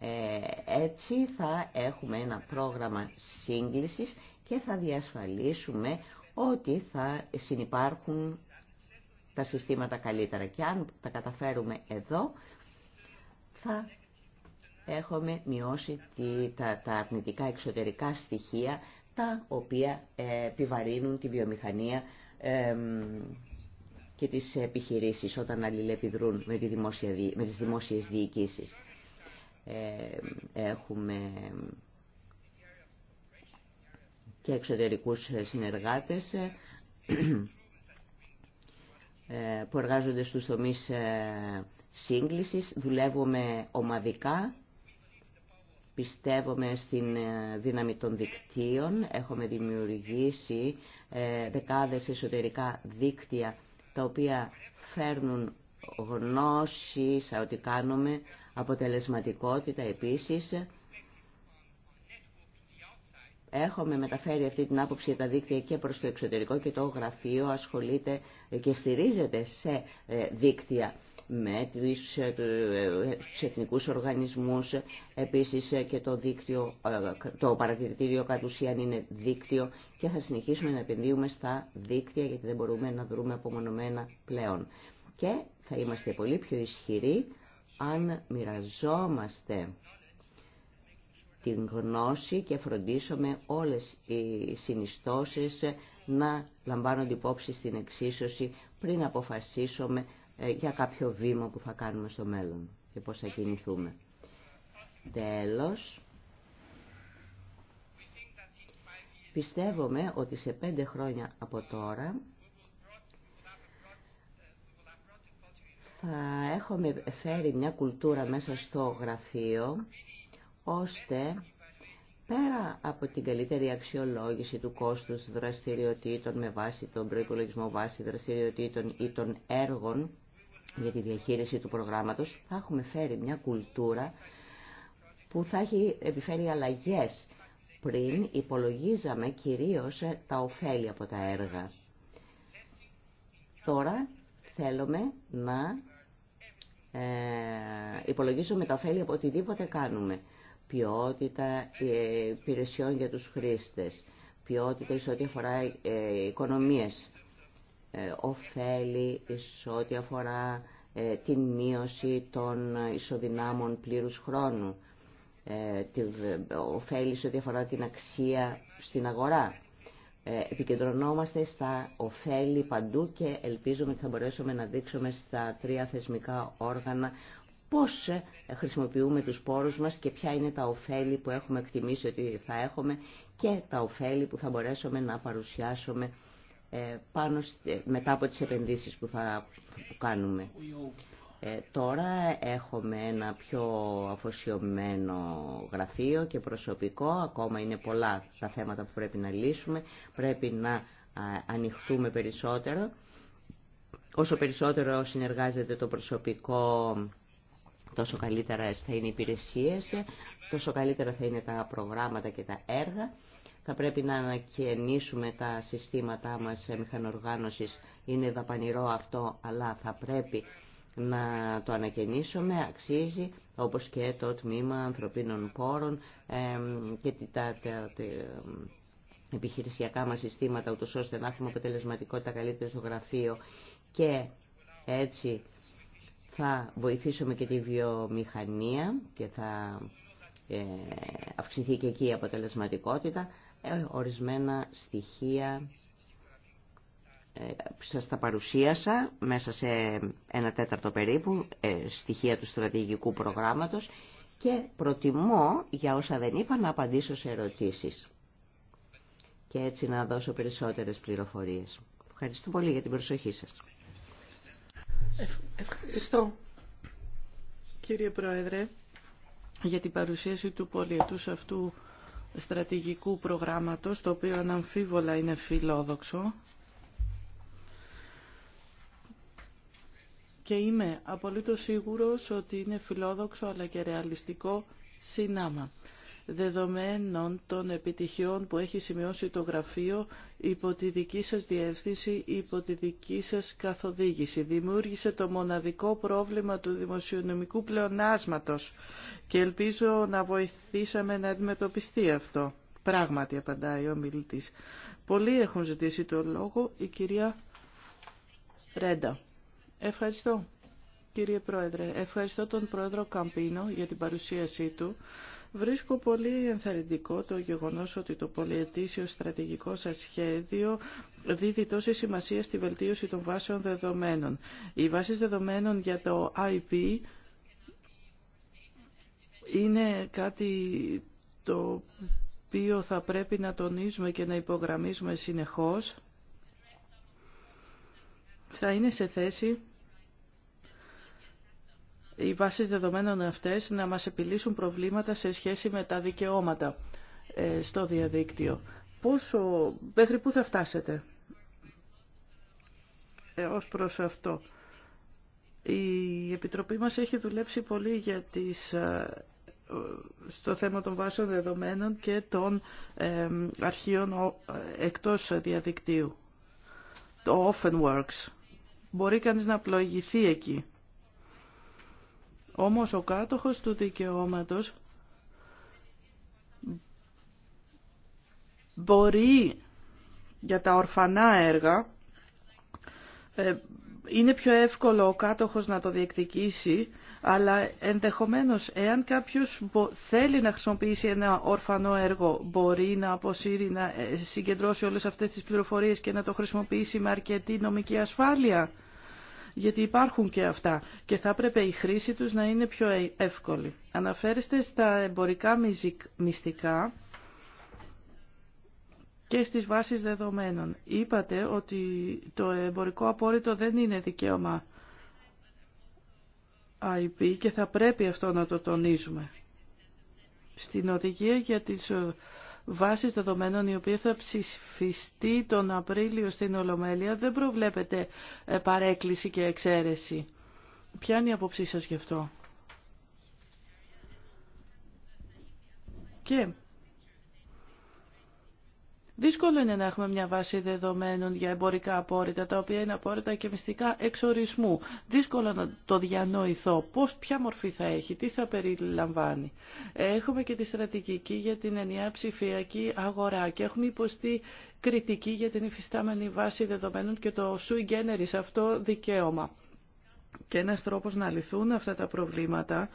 Ε, έτσι θα έχουμε ένα πρόγραμμα σύγκλησης και θα διασφαλίσουμε ότι θα συνεπάρχουν τα συστήματα καλύτερα. Και αν τα καταφέρουμε εδώ, θα έχουμε μειώσει τα, τα αρνητικά εξωτερικά στοιχεία, τα οποία ε, επιβαρύνουν τη βιομηχανία και τις επιχειρήσεις όταν αλληλεπιδρούν με, τη δημόσια, με τις δημόσιες διοικήσεις. Ε, έχουμε και εξωτερικούς συνεργάτες ε, που εργάζονται στους τομείς ε, σύγκλησης. Δουλεύουμε ομαδικά, πιστεύουμε στην δύναμη των δικτύων. Έχουμε δημιουργήσει δεκάδες εσωτερικά δίκτυα τα οποία φέρνουν γνώση σε ό,τι κάνουμε, αποτελεσματικότητα επίσης. Έχουμε μεταφέρει αυτή την άποψη για τα δίκτυα και προς το εξωτερικό και το γραφείο ασχολείται και στηρίζεται σε ε, δίκτυα με ε, τους εθνικούς οργανισμούς, επίσης ε, και το, δίκτυο, ε, το παρατηρητήριο κατ' ουσίαν είναι δίκτυο και θα συνεχίσουμε να επενδύουμε στα δίκτυα γιατί δεν μπορούμε να δρούμε απομονωμένα πλέον. Και θα είμαστε πολύ πιο ισχυροί αν μοιραζόμαστε την γνώση και φροντίσουμε όλες οι συνιστώσεις να λαμβάνονται υπόψη στην εξίσωση πριν αποφασίσουμε ε, για κάποιο βήμα που θα κάνουμε στο μέλλον και πώς θα κινηθούμε. Τέλος, πιστεύουμε ότι σε πέντε χρόνια από τώρα θα έχουμε φέρει μια κουλτούρα μέσα στο γραφείο ώστε πέρα από την καλύτερη αξιολόγηση του κόστους δραστηριοτήτων με βάση τον προϋπολογισμό βάση δραστηριοτήτων ή των έργων για τη διαχείριση του προγράμματος, θα έχουμε φέρει μια κουλτούρα που θα έχει επιφέρει αλλαγές. Πριν υπολογίζαμε κυρίως τα ωφέλη από τα έργα. Τώρα θέλουμε να ε, τα ωφέλη από οτιδήποτε κάνουμε. Ποιότητα ε, υπηρεσιών για τους χρήστες, ποιότητα σε ό,τι αφορά ε, ε, ωφέλη σε ό,τι αφορά ε, την μείωση των ισοδυνάμων πλήρους χρόνου, ε, ωφέλη σε ό,τι αφορά την αξία στην αγορά. Επικεντρωνόμαστε στα ωφέλη παντού και ελπίζουμε ότι θα μπορέσουμε να δείξουμε στα τρία θεσμικά όργανα πώς χρησιμοποιούμε τους πόρους μας και ποια είναι τα ωφέλη που έχουμε εκτιμήσει ότι θα έχουμε και τα ωφέλη που θα μπορέσουμε να παρουσιάσουμε ε, πάνω, ε, μετά από τις επενδύσεις που θα κάνουμε. Ε, τώρα έχουμε ένα πιο αφοσιωμένο γραφείο και προσωπικό. Ακόμα είναι πολλά τα θέματα που πρέπει να λύσουμε. Πρέπει να ανοιχτούμε περισσότερο. Όσο περισσότερο συνεργάζεται το προσωπικό, τόσο καλύτερα θα είναι οι υπηρεσίες, τόσο καλύτερα θα είναι τα προγράμματα και τα έργα. Θα πρέπει να ανακαινήσουμε τα συστήματά μας σε μηχανοργάνωσης. Είναι δαπανηρό αυτό, αλλά θα πρέπει να το ανακαινήσουμε. Αξίζει, όπως και το τμήμα ανθρωπίνων πόρων και τα επιχειρησιακά μας συστήματα, ούτως ώστε να έχουμε αποτελεσματικότητα καλύτερη στο γραφείο και έτσι θα βοηθήσουμε και τη βιομηχανία και θα ε, αυξηθεί και εκεί η αποτελεσματικότητα. Ε, ορισμένα στοιχεία ε, σας τα παρουσίασα μέσα σε ένα τέταρτο περίπου ε, στοιχεία του στρατηγικού προγράμματος και προτιμώ για όσα δεν είπα να απαντήσω σε ερωτήσεις και έτσι να δώσω περισσότερες πληροφορίες. Ευχαριστώ πολύ για την προσοχή σας. Ευχαριστώ κύριε Πρόεδρε για την παρουσίαση του πολιετούς αυτού στρατηγικού προγράμματος, το οποίο αναμφίβολα είναι φιλόδοξο. Και είμαι απολύτως σίγουρος ότι είναι φιλόδοξο αλλά και ρεαλιστικό συνάμα δεδομένων των επιτυχιών που έχει σημειώσει το γραφείο υπό τη δική σας διεύθυνση, υπό τη δική σας καθοδήγηση. Δημιούργησε το μοναδικό πρόβλημα του δημοσιονομικού πλεονάσματος και ελπίζω να βοηθήσαμε να αντιμετωπιστεί αυτό. Πράγματι, απαντάει ο μιλητής. Πολλοί έχουν ζητήσει το λόγο, η κυρία Ρέντα. Ευχαριστώ. Κύριε Πρόεδρε, ευχαριστώ τον Πρόεδρο Καμπίνο για την παρουσίασή του. Βρίσκω πολύ ενθαρρυντικό το γεγονός ότι το πολυετήσιο στρατηγικό σας σχέδιο δίδει τόση σημασία στη βελτίωση των βάσεων δεδομένων. Οι βάσεις δεδομένων για το IP είναι κάτι το οποίο θα πρέπει να τονίζουμε και να υπογραμμίζουμε συνεχώς. Θα είναι σε θέση οι βάσεις δεδομένων αυτές να μας επιλύσουν προβλήματα σε σχέση με τα δικαιώματα ε, στο διαδίκτυο. Πόσο, μέχρι πού θα φτάσετε ε, ως αυτό. Η Επιτροπή μας έχει δουλέψει πολύ για τις, ε, στο θέμα των βάσεων δεδομένων και των ε, αρχείων ε, εκτός διαδικτύου. Το Offenworks. Works. Μπορεί κανείς να πλοηγηθεί εκεί. Όμως ο κάτοχος του δικαιώματος μπορεί για τα ορφανά έργα, ε, είναι πιο εύκολο ο κάτοχος να το διεκδικήσει, αλλά ενδεχομένως εάν κάποιος θέλει να χρησιμοποιήσει ένα ορφανό έργο, μπορεί να αποσύρει, να ε, συγκεντρώσει όλες αυτές τις πληροφορίες και να το χρησιμοποιήσει με αρκετή νομική ασφάλεια γιατί υπάρχουν και αυτά και θα έπρεπε η χρήση τους να είναι πιο εύκολη. Αναφέρεστε στα εμπορικά μυστικά και στις βάσεις δεδομένων. Είπατε ότι το εμπορικό απόρριτο δεν είναι δικαίωμα IP και θα πρέπει αυτό να το τονίζουμε. Στην οδηγία για τις ε, βάσης δεδομένων η οποία θα ψηφιστεί τον Απρίλιο στην Ολομέλεια δεν προβλέπεται ε, παρέκκληση και εξαίρεση. Ποια είναι η απόψή σας γι' αυτό. Και Δύσκολο είναι να έχουμε μια βάση δεδομένων για εμπορικά απόρριτα, τα οποία είναι απόρριτα και μυστικά εξορισμού. Δύσκολο να το διανοηθώ πώς, ποια μορφή θα έχει, τι θα περιλαμβάνει. Έχουμε και τη στρατηγική για την ενιαία ψηφιακή αγορά και έχουμε υποστεί κριτική για την υφιστάμενη βάση δεδομένων και το sui generis αυτό δικαίωμα. Και ένας τρόπος να λυθούν αυτά τα προβλήματα,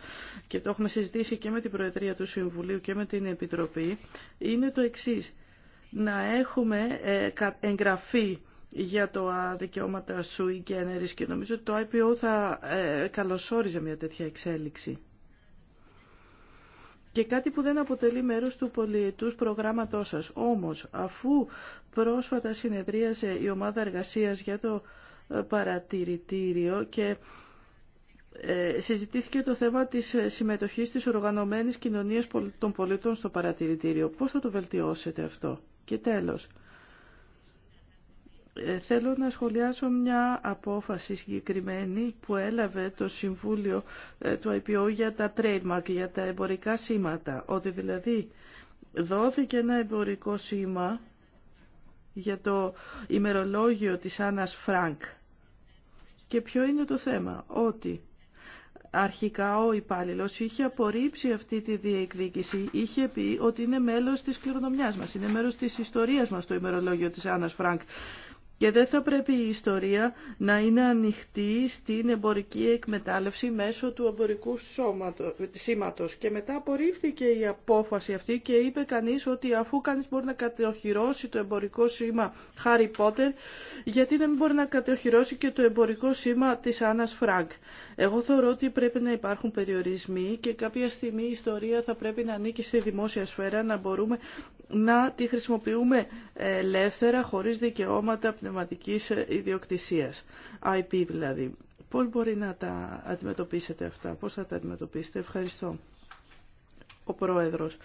και το έχουμε συζητήσει και με την Προεδρία του Συμβουλίου και με την Επιτροπή, είναι το εξής να έχουμε ε, εγγραφή για το δικαιώματα σου ή και και νομίζω ότι το IPO θα ε, καλωσόριζε μια τέτοια εξέλιξη. Και κάτι που δεν αποτελεί μέρος του πολιετούς προγράμματός σας. Όμως, αφού πρόσφατα συνεδρίασε η ομάδα εργασίας για το ε, παρατηρητήριο και συζητήθηκε το θέμα της συμμετοχής της οργανωμένης κοινωνίας των πολιτών στο παρατηρητήριο. Πώς θα το βελτιώσετε αυτό. Και τέλος, ε, θέλω να σχολιάσω μια απόφαση συγκεκριμένη που έλαβε το Συμβούλιο ε, του IPO για τα trademark, για τα εμπορικά σήματα. Ότι δηλαδή δόθηκε ένα εμπορικό σήμα για το ημερολόγιο της Άννας Φρανκ. Και ποιο είναι το θέμα, ότι αρχικά ο υπάλληλο είχε απορρίψει αυτή τη διεκδίκηση. Είχε πει ότι είναι μέλο τη κληρονομιά μα, είναι μέρο τη ιστορία μα το ημερολόγιο τη Άννας Φρανκ. Και δεν θα πρέπει η ιστορία να είναι ανοιχτή στην εμπορική εκμετάλλευση μέσω του εμπορικού σήματος. Και μετά απορρίφθηκε η απόφαση αυτή και είπε κανείς ότι αφού κανείς μπορεί να κατοχυρώσει το εμπορικό σήμα Χάρι Πότερ, γιατί δεν μπορεί να κατοχυρώσει και το εμπορικό σήμα της Άννας Φραγκ. Εγώ θεωρώ ότι πρέπει να υπάρχουν περιορισμοί και κάποια στιγμή η ιστορία θα πρέπει να ανήκει στη δημόσια σφαίρα, να μπορούμε να τη χρησιμοποιούμε ε, ελεύθερα χωρίς δικαιώματα πνευματικής ε, ιδιοκτησίας, IP δηλαδή. Πώς μπορεί να τα αντιμετωπίσετε αυτά, πώς θα τα αντιμετωπίσετε. Ευχαριστώ. Ο Πρόεδρος.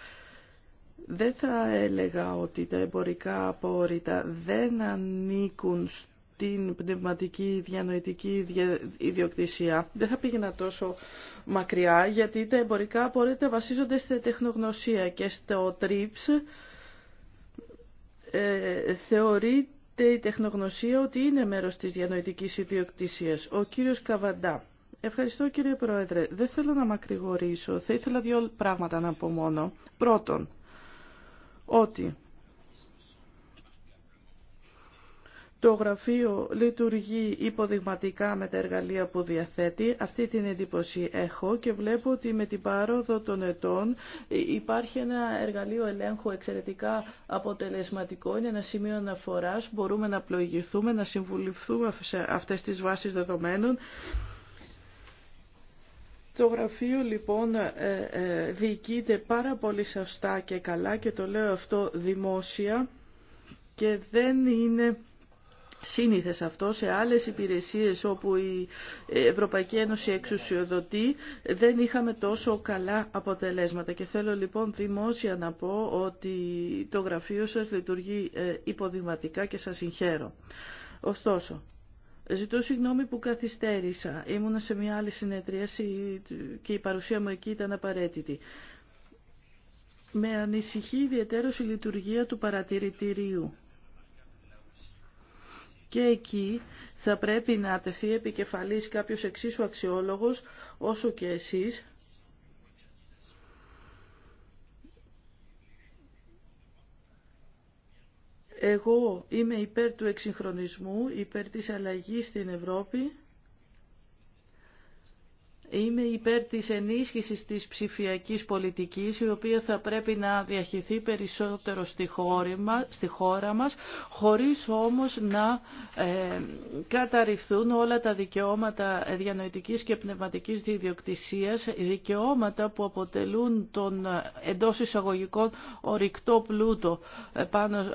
Δεν θα έλεγα ότι τα εμπορικά απόρριτα δεν ανήκουν στην πνευματική διανοητική ιδιοκτησία. Δεν θα πήγαινα τόσο μακριά, γιατί τα εμπορικά απόρριτα βασίζονται στη τεχνογνωσία και στο TRIPS ε, θεωρείται η τεχνογνωσία ότι είναι μέρος της διανοητικής ιδιοκτησίας. Ο κύριος Καβαντά. Ευχαριστώ κύριε Πρόεδρε. Δεν θέλω να μακρηγορήσω. Θα ήθελα δύο πράγματα να πω μόνο. Πρώτον, ότι Το γραφείο λειτουργεί υποδειγματικά με τα εργαλεία που διαθέτει. Αυτή την εντύπωση έχω και βλέπω ότι με την πάροδο των ετών υπάρχει ένα εργαλείο ελέγχου εξαιρετικά αποτελεσματικό. Είναι ένα σημείο αναφοράς. Μπορούμε να πλοηγηθούμε, να συμβουληθούμε σε αυτές τις βάσεις δεδομένων. Το γραφείο λοιπόν ε, ε, διοικείται πάρα πολύ σωστά και καλά και το λέω αυτό δημόσια και δεν είναι σύνηθες αυτό σε άλλες υπηρεσίες όπου η Ευρωπαϊκή Ένωση εξουσιοδοτεί δεν είχαμε τόσο καλά αποτελέσματα και θέλω λοιπόν δημόσια να πω ότι το γραφείο σας λειτουργεί ε, υποδειγματικά και σας συγχαίρω. Ωστόσο, Ζητώ συγγνώμη που καθυστέρησα. Ήμουνα σε μια άλλη συνεδρίαση και η παρουσία μου εκεί ήταν απαραίτητη. Με ανησυχεί ιδιαίτερως η λειτουργία του παρατηρητηρίου και εκεί θα πρέπει να τεθεί επικεφαλής κάποιος εξίσου αξιόλογος όσο και εσείς Εγώ είμαι υπέρ του εξυγχρονισμού, υπέρ της αλλαγής στην Ευρώπη Είμαι υπέρ της ενίσχυσης της ψηφιακής πολιτικής, η οποία θα πρέπει να διαχειριστεί περισσότερο στη χώρα μας, χωρίς όμως να ε, καταρριφθούν όλα τα δικαιώματα διανοητικής και πνευματικής διδιοκτησίας, δικαιώματα που αποτελούν τον ε, εντός εισαγωγικών ορυκτό πλούτο, ε, πάνω, ε,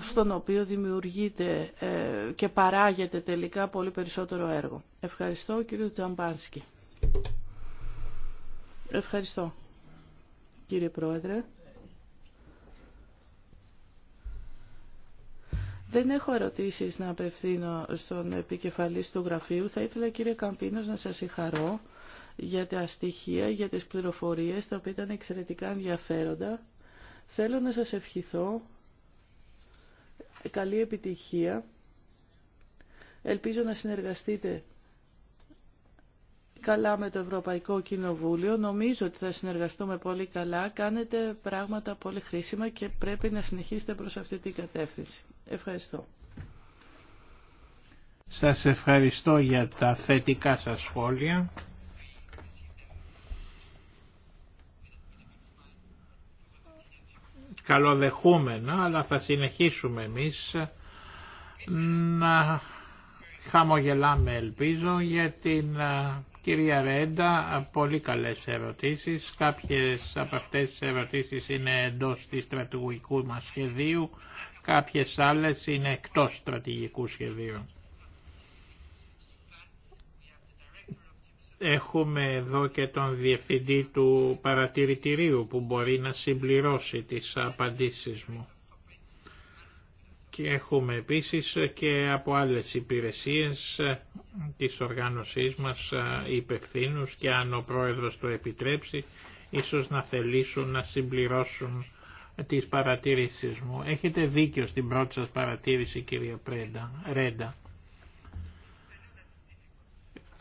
στον οποίο δημιουργείται και παράγεται τελικά πολύ περισσότερο έργο. Ευχαριστώ, κύριο Τζαμπά. Ευχαριστώ, κύριε Πρόεδρε. Δεν έχω ερωτήσεις να απευθύνω στον επικεφαλής του γραφείου. Θα ήθελα, κύριε Καμπίνος, να σας συγχαρώ για τα στοιχεία, για τις πληροφορίες, τα οποία ήταν εξαιρετικά ενδιαφέροντα. Θέλω να σας ευχηθώ καλή επιτυχία. Ελπίζω να συνεργαστείτε καλά με το Ευρωπαϊκό Κοινοβούλιο. Νομίζω ότι θα συνεργαστούμε πολύ καλά. Κάνετε πράγματα πολύ χρήσιμα και πρέπει να συνεχίσετε προς αυτή την κατεύθυνση. Ευχαριστώ. Σας ευχαριστώ για τα θετικά σας σχόλια. Καλοδεχούμενα, αλλά θα συνεχίσουμε εμείς να χαμογελάμε ελπίζω για την Κυρία Ρέντα, πολύ καλές ερωτήσεις. Κάποιες από αυτές τις ερωτήσεις είναι εντός της στρατηγικού μας σχεδίου, κάποιες άλλες είναι εκτός στρατηγικού σχεδίου. Έχουμε εδώ και τον διευθυντή του παρατηρητηρίου που μπορεί να συμπληρώσει τις απαντήσεις μου. Έχουμε επίσης και από άλλες υπηρεσίες της οργάνωσής μας υπευθύνου και αν ο πρόεδρος το επιτρέψει ίσως να θελήσουν να συμπληρώσουν τις παρατήρησεις μου. Έχετε δίκιο στην πρώτη σας παρατήρηση κύριε Πρέντα, Ρέντα.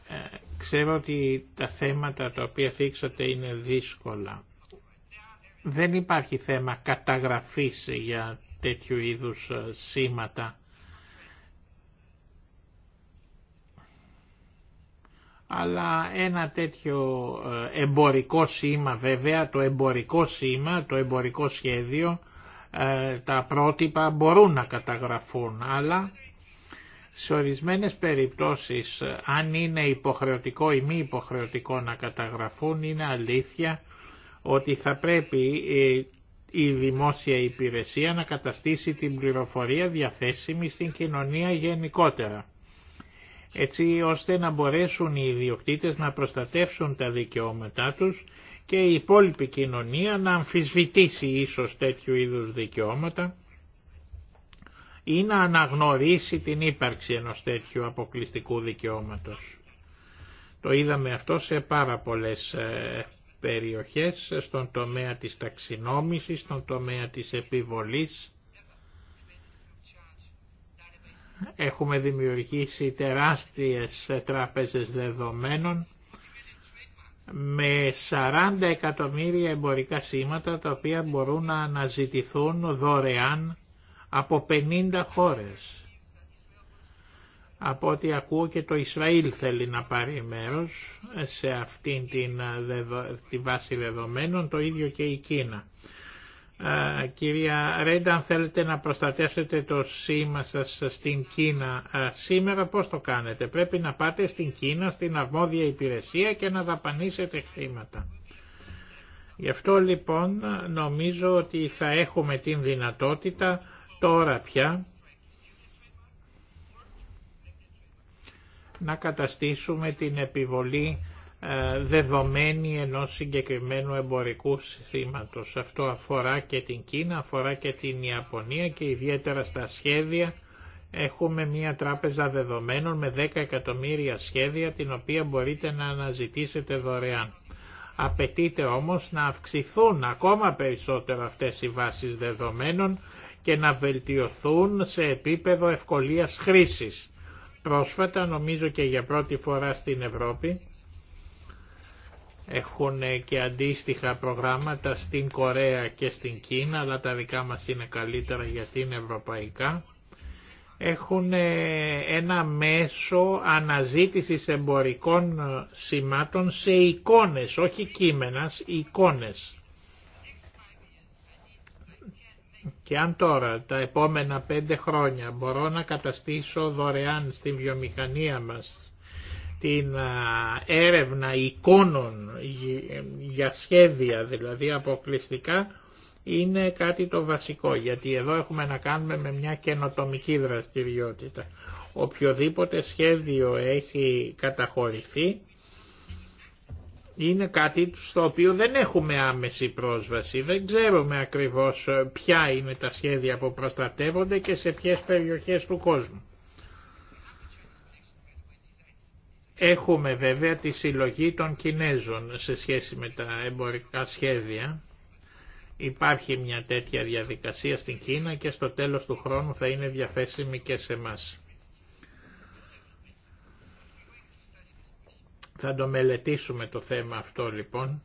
Ε, ξέρω ότι τα θέματα τα οποία θίξατε είναι δύσκολα. Δεν υπάρχει θέμα καταγραφής για τέτοιου είδους ε, σήματα. Αλλά ένα τέτοιο ε, εμπορικό σήμα βέβαια, το εμπορικό σήμα, το εμπορικό σχέδιο, ε, τα πρότυπα μπορούν να καταγραφούν, αλλά σε ορισμένες περιπτώσεις αν είναι υποχρεωτικό ή μη υποχρεωτικό να καταγραφούν είναι αλήθεια ότι θα πρέπει η δημόσια υπηρεσία να καταστήσει την πληροφορία διαθέσιμη στην κοινωνία γενικότερα έτσι ώστε να μπορέσουν οι ιδιοκτήτες να προστατεύσουν τα δικαιώματά τους και η υπόλοιπη κοινωνία να αμφισβητήσει ίσως τέτοιου είδους δικαιώματα ή να αναγνωρίσει την ύπαρξη ενός τέτοιου αποκλειστικού δικαιώματος. Το είδαμε αυτό σε πάρα πολλές ε, περιοχές, στον τομέα της ταξινόμησης, στον τομέα της επιβολής. Έχουμε δημιουργήσει τεράστιες τράπεζες δεδομένων με 40 εκατομμύρια εμπορικά σήματα τα οποία μπορούν να αναζητηθούν δωρεάν από 50 χώρες. Από ό,τι ακούω και το Ισραήλ θέλει να πάρει μέρος σε αυτήν την ε, τη βάση δεδομένων, το ίδιο και η Κίνα. Ε, κυρία Ρέντα, αν θέλετε να προστατεύσετε το σήμα σας στην Κίνα ε, σήμερα, πώς το κάνετε. Πρέπει να πάτε στην Κίνα, στην αρμόδια υπηρεσία και να δαπανίσετε χρήματα. Γι' αυτό λοιπόν νομίζω ότι θα έχουμε την δυνατότητα τώρα πια να καταστήσουμε την επιβολή ε, δεδομένη ενός συγκεκριμένου εμπορικού σύστηματος. Αυτό αφορά και την Κίνα, αφορά και την Ιαπωνία και ιδιαίτερα στα σχέδια έχουμε μια τράπεζα δεδομένων με 10 εκατομμύρια σχέδια την οποία μπορείτε να αναζητήσετε δωρεάν. Απαιτείται όμως να αυξηθούν ακόμα περισσότερο αυτές οι βάσεις δεδομένων και να βελτιωθούν σε επίπεδο ευκολίας χρήσης πρόσφατα, νομίζω και για πρώτη φορά στην Ευρώπη. Έχουν και αντίστοιχα προγράμματα στην Κορέα και στην Κίνα, αλλά τα δικά μας είναι καλύτερα γιατί είναι ευρωπαϊκά. Έχουν ε, ένα μέσο αναζήτησης εμπορικών ε, σημάτων σε εικόνες, όχι κείμενας, εικόνες. Και αν τώρα τα επόμενα πέντε χρόνια μπορώ να καταστήσω δωρεάν στην βιομηχανία μας την έρευνα εικόνων για σχέδια δηλαδή αποκλειστικά είναι κάτι το βασικό γιατί εδώ έχουμε να κάνουμε με μια καινοτομική δραστηριότητα. Οποιοδήποτε σχέδιο έχει καταχωρηθεί είναι κάτι στο οποίο δεν έχουμε άμεση πρόσβαση. Δεν ξέρουμε ακριβώς ε, ποια είναι τα σχέδια που προστατεύονται και σε ποιες περιοχές του κόσμου. Έχουμε βέβαια τη συλλογή των Κινέζων σε σχέση με τα εμπορικά σχέδια. Υπάρχει μια τέτοια διαδικασία στην Κίνα και στο τέλος του χρόνου θα είναι διαθέσιμη και σε μας. Θα το μελετήσουμε το θέμα αυτό λοιπόν.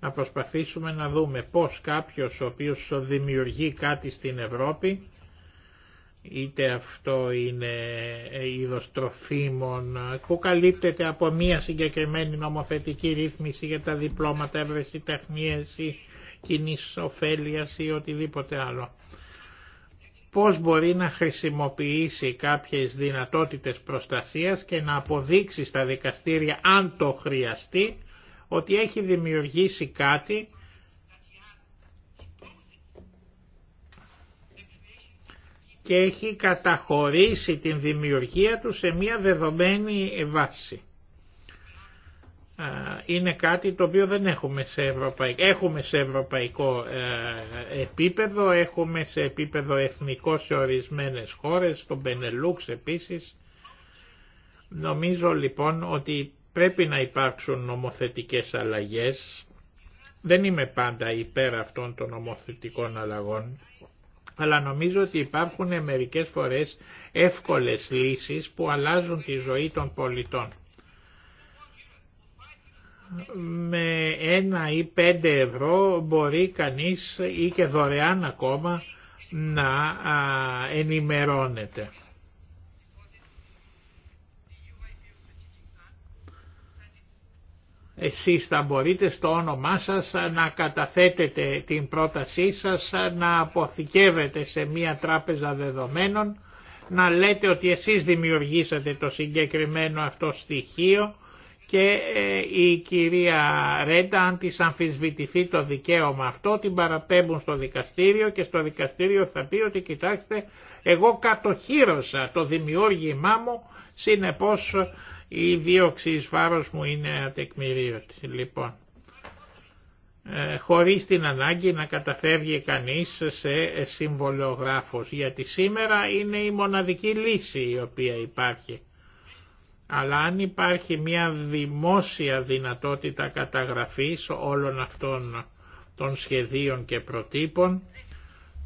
Να προσπαθήσουμε να δούμε πώς κάποιος ο οποίος δημιουργεί κάτι στην Ευρώπη, είτε αυτό είναι είδος τροφίμων που καλύπτεται από μία συγκεκριμένη νομοθετική ρύθμιση για τα διπλώματα ευρεσιτεχνίες ή κοινής ωφέλειας ή οτιδήποτε άλλο πώς μπορεί να χρησιμοποιήσει κάποιες δυνατότητες προστασίας και να αποδείξει στα δικαστήρια αν το χρειαστεί ότι έχει δημιουργήσει κάτι και έχει καταχωρήσει την δημιουργία του σε μια δεδομένη βάση είναι κάτι το οποίο δεν έχουμε σε ευρωπαϊκό, έχουμε σε ευρωπαϊκό ε, επίπεδο, έχουμε σε επίπεδο εθνικό σε ορισμένες χώρες, στον Πενελούξ επίσης. Νομίζω λοιπόν ότι πρέπει να υπάρξουν νομοθετικές αλλαγές. Δεν είμαι πάντα υπέρ αυτών των νομοθετικών αλλαγών, αλλά νομίζω ότι υπάρχουν μερικές φορές εύκολες λύσεις που αλλάζουν τη ζωή των πολιτών με ένα ή πέντε ευρώ μπορεί κανείς ή και δωρεάν ακόμα να ενημερώνεται. Εσείς θα μπορείτε στο όνομά σας να καταθέτετε την πρότασή σας, να αποθηκεύετε σε μία τράπεζα δεδομένων, να λέτε ότι εσείς δημιουργήσατε το συγκεκριμένο αυτό στοιχείο και ε, η κυρία Ρέντα αν της αμφισβητηθεί το δικαίωμα αυτό την παραπέμπουν στο δικαστήριο και στο δικαστήριο θα πει ότι κοιτάξτε εγώ κατοχύρωσα το δημιούργημά μου συνεπώς η δίωξη εις βάρος μου είναι ατεκμηρίωτη. Λοιπόν, ε, χωρίς την ανάγκη να καταφεύγει κανείς σε συμβολιογράφος γιατί σήμερα είναι η μοναδική λύση η οποία υπάρχει αλλά αν υπάρχει μια δημόσια δυνατότητα καταγραφής όλων αυτών των σχεδίων και προτύπων,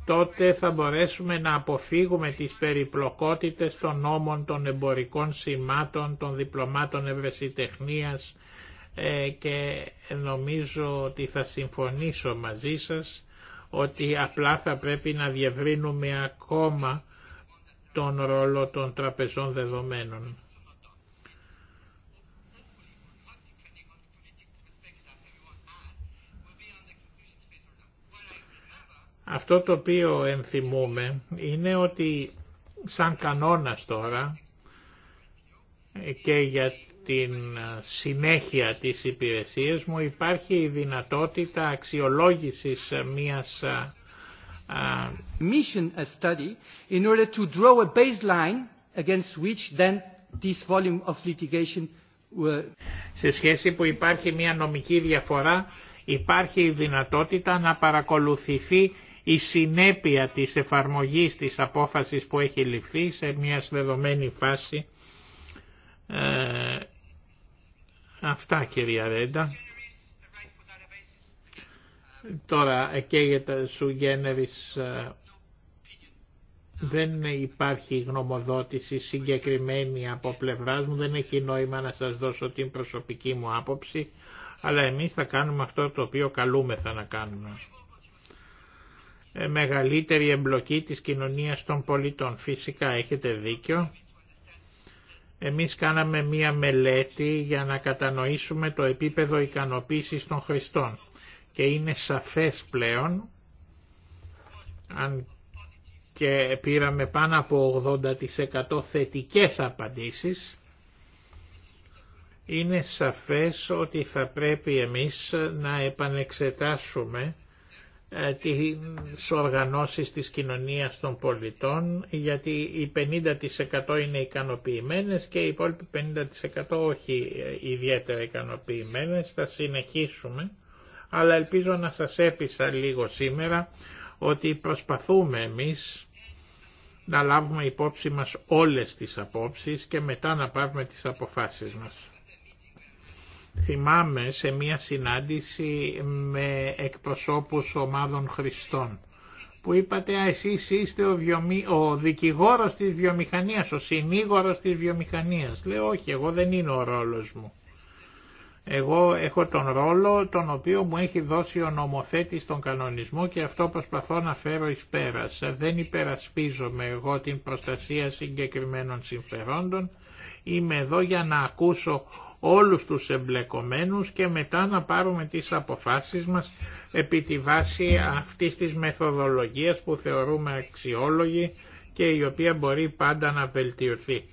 τότε θα μπορέσουμε να αποφύγουμε τις περιπλοκότητες των νόμων, των εμπορικών σημάτων, των διπλωμάτων ευρεσιτεχνίας ε, και νομίζω ότι θα συμφωνήσω μαζί σας ότι απλά θα πρέπει να διευρύνουμε ακόμα τον ρόλο των τραπεζών δεδομένων. Αυτό το οποίο ενθυμούμε είναι ότι σαν κανόνας τώρα και για την συνέχεια της υπηρεσίας μου υπάρχει η δυνατότητα αξιολόγησης μιας mission a study in order to draw a baseline against which then this volume of litigation σε σχέση που υπάρχει μια νομική διαφορά υπάρχει η δυνατότητα να παρακολουθηθεί η συνέπεια της εφαρμογής της απόφασης που έχει ληφθεί σε μια δεδομένη φάση. Ε, αυτά κυρία Ρέντα. Τώρα και για τα σου γένερης, ε, δεν υπάρχει γνωμοδότηση συγκεκριμένη από πλευράς μου, δεν έχει νόημα να σας δώσω την προσωπική μου άποψη, αλλά εμείς θα κάνουμε αυτό το οποίο καλούμεθα να κάνουμε. Ε, μεγαλύτερη εμπλοκή της κοινωνίας των πολιτών. Φυσικά έχετε δίκιο. Εμείς κάναμε μία μελέτη για να κατανοήσουμε το επίπεδο ικανοποίησης των χρηστών και είναι σαφές πλέον, αν και πήραμε πάνω από 80% θετικές απαντήσεις, είναι σαφές ότι θα πρέπει εμείς να επανεξετάσουμε ε, τις οργανώσεις της κοινωνίας των πολιτών γιατί οι 50% είναι ικανοποιημένες και οι υπόλοιποι 50% όχι ε, ιδιαίτερα ικανοποιημένες. Θα συνεχίσουμε αλλά ελπίζω να σας έπεισα λίγο σήμερα ότι προσπαθούμε εμείς να λάβουμε υπόψη μας όλες τις απόψεις και μετά να πάρουμε τις αποφάσεις μας. Θυμάμαι σε μία συνάντηση με εκπροσώπους ομάδων χριστών που είπατε α, εσείς είστε ο, βιομη... ο δικηγόρος της βιομηχανίας, ο συνήγορος της βιομηχανίας. Λέω όχι, εγώ δεν είναι ο ρόλος μου. Εγώ έχω τον ρόλο τον οποίο μου έχει δώσει ο νομοθέτης τον κανονισμό και αυτό προσπαθώ να φέρω εις πέρας. Δεν υπερασπίζομαι εγώ την προστασία συγκεκριμένων συμφερόντων, είμαι εδώ για να ακούσω όλους τους εμπλεκομένους και μετά να πάρουμε τις αποφάσεις μας επί τη βάση αυτής της μεθοδολογίας που θεωρούμε αξιόλογη και η οποία μπορεί πάντα να βελτιωθεί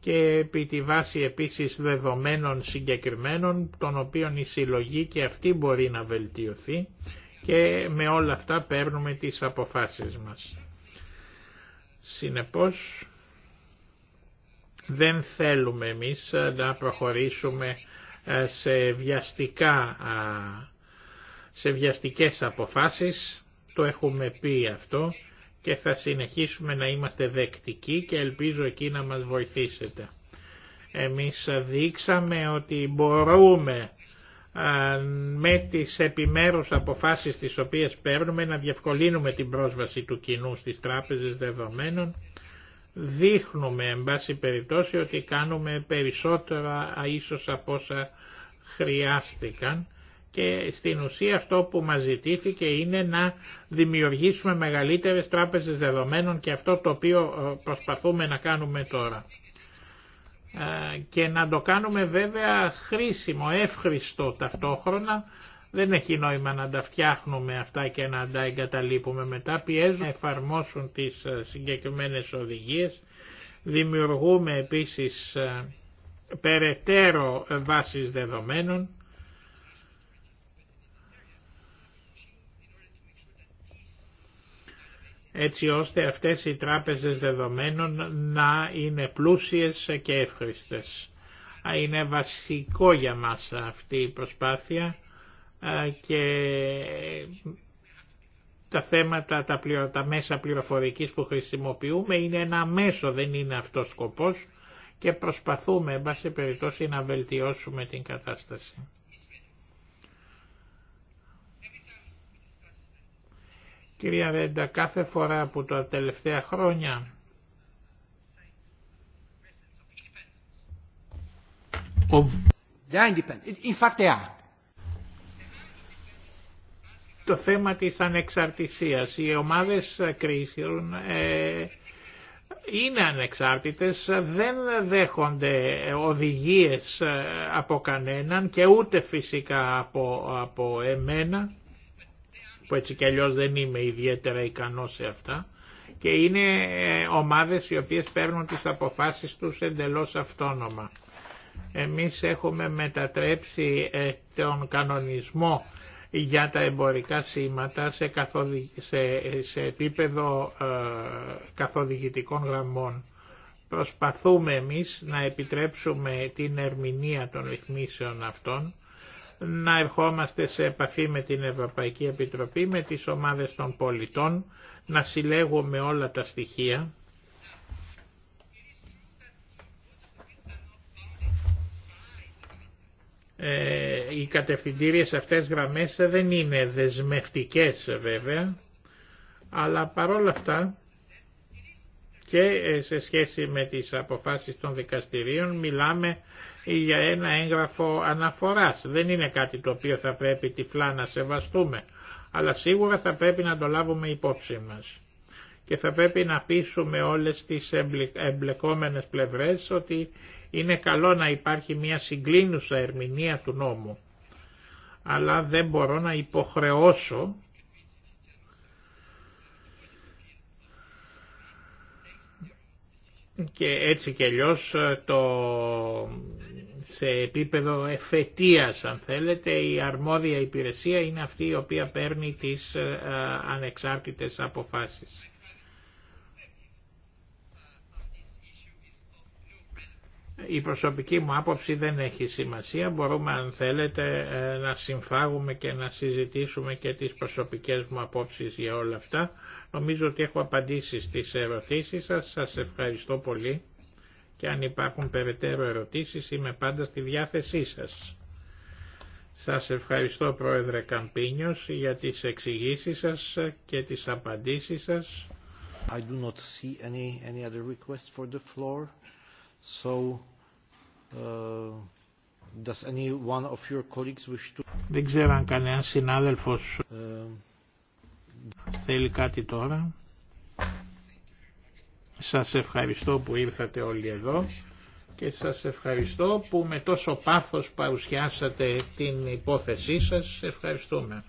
και επί τη βάση επίσης δεδομένων συγκεκριμένων των οποίων η συλλογή και αυτή μπορεί να βελτιωθεί και με όλα αυτά παίρνουμε τις αποφάσεις μας. Συνεπώς δεν θέλουμε εμείς ε, να προχωρήσουμε ε, σε, βιαστικά, σε βιαστικές αποφάσεις, το έχουμε πει αυτό και θα συνεχίσουμε να είμαστε δεκτικοί και ελπίζω εκεί να μας βοηθήσετε. Εμείς δείξαμε ότι μπορούμε με τις επιμέρους αποφάσεις τις οποίες παίρνουμε να διευκολύνουμε την πρόσβαση του κοινού στις τράπεζες δεδομένων δείχνουμε εν πάση περιπτώσει ότι κάνουμε περισσότερα ίσως από όσα χρειάστηκαν και στην ουσία αυτό που μας ζητήθηκε είναι να δημιουργήσουμε μεγαλύτερες τράπεζες δεδομένων και αυτό το οποίο ε, προσπαθούμε να κάνουμε τώρα. Ε, και να το κάνουμε βέβαια χρήσιμο, εύχριστο ταυτόχρονα δεν έχει νόημα να τα φτιάχνουμε αυτά και να τα εγκαταλείπουμε μετά. Πιέζουν να εφαρμόσουν τις ε, συγκεκριμένες οδηγίες. Δημιουργούμε επίσης ε, περαιτέρω βάσεις δεδομένων. έτσι ώστε αυτές οι τράπεζες δεδομένων να είναι πλούσιες και εύχριστες. Είναι βασικό για μας αυτή η προσπάθεια και τα θέματα, τα, τα μέσα πληροφορικής που χρησιμοποιούμε είναι ένα μέσο, δεν είναι αυτός σκοπός και προσπαθούμε, εν πάση περιπτώσει, να βελτιώσουμε την κατάσταση. Κυρία Ρέντα, κάθε φορά που τα τελευταία χρόνια of... independent. In fact, το θέμα της ανεξαρτησίας. Οι ομάδες κρίσεων ε, είναι ανεξάρτητες, δεν δέχονται οδηγίες ε, από κανέναν και ούτε φυσικά από, από εμένα, που έτσι κι αλλιώς δεν είμαι ιδιαίτερα ικανός σε αυτά, και είναι ε, ομάδες οι οποίες παίρνουν τις αποφάσεις τους εντελώς αυτόνομα. Εμείς έχουμε μετατρέψει τον κανονισμό για τα εμπορικά σήματα σε, σε... σε επίπεδο ε, καθοδηγητικών γραμμών. Προσπαθούμε εμείς να επιτρέψουμε την ερμηνεία των ρυθμίσεων αυτών, να ερχόμαστε σε επαφή με την Ευρωπαϊκή Επιτροπή, με τις ομάδες των πολιτών, να συλλέγουμε όλα τα στοιχεία Ε, οι κατευθυντήριες αυτές γραμμές δεν είναι δεσμευτικές βέβαια, αλλά παρόλα αυτά και ε, σε σχέση με τις αποφάσεις των δικαστηρίων μιλάμε για ένα έγγραφο αναφοράς. Δεν είναι κάτι το οποίο θα πρέπει τυφλά να σεβαστούμε, αλλά σίγουρα θα πρέπει να το λάβουμε υπόψη μας. Και θα πρέπει να πείσουμε όλες τις εμπλεκόμενες πλευρές ότι είναι καλό να υπάρχει μια συγκλίνουσα ερμηνεία του νόμου, αλλά δεν μπορώ να υποχρεώσω και έτσι και αλλιώ ε, το σε επίπεδο εφετείας αν θέλετε η αρμόδια υπηρεσία είναι αυτή η οποία παίρνει τις ε, ε, ανεξάρτητες αποφάσεις. Η προσωπική μου άποψη δεν έχει σημασία, μπορούμε αν θέλετε ε, να συμφάγουμε και να συζητήσουμε και τις προσωπικές μου απόψεις για όλα αυτά. Νομίζω ότι έχω απαντήσει στις ερωτήσεις σας, σας ευχαριστώ πολύ και αν υπάρχουν περαιτέρω ερωτήσεις είμαι πάντα στη διάθεσή σας. Σας ευχαριστώ Πρόεδρε Καμπίνιος για τις εξηγήσει σας και τις απαντήσεις σας. Δεν ξέρω αν κανένα συνάδελφος uh, θέλει κάτι τώρα. Σας ευχαριστώ που ήρθατε όλοι εδώ και σας ευχαριστώ που με τόσο πάθος παρουσιάσατε την υπόθεσή σας. Ευχαριστούμε.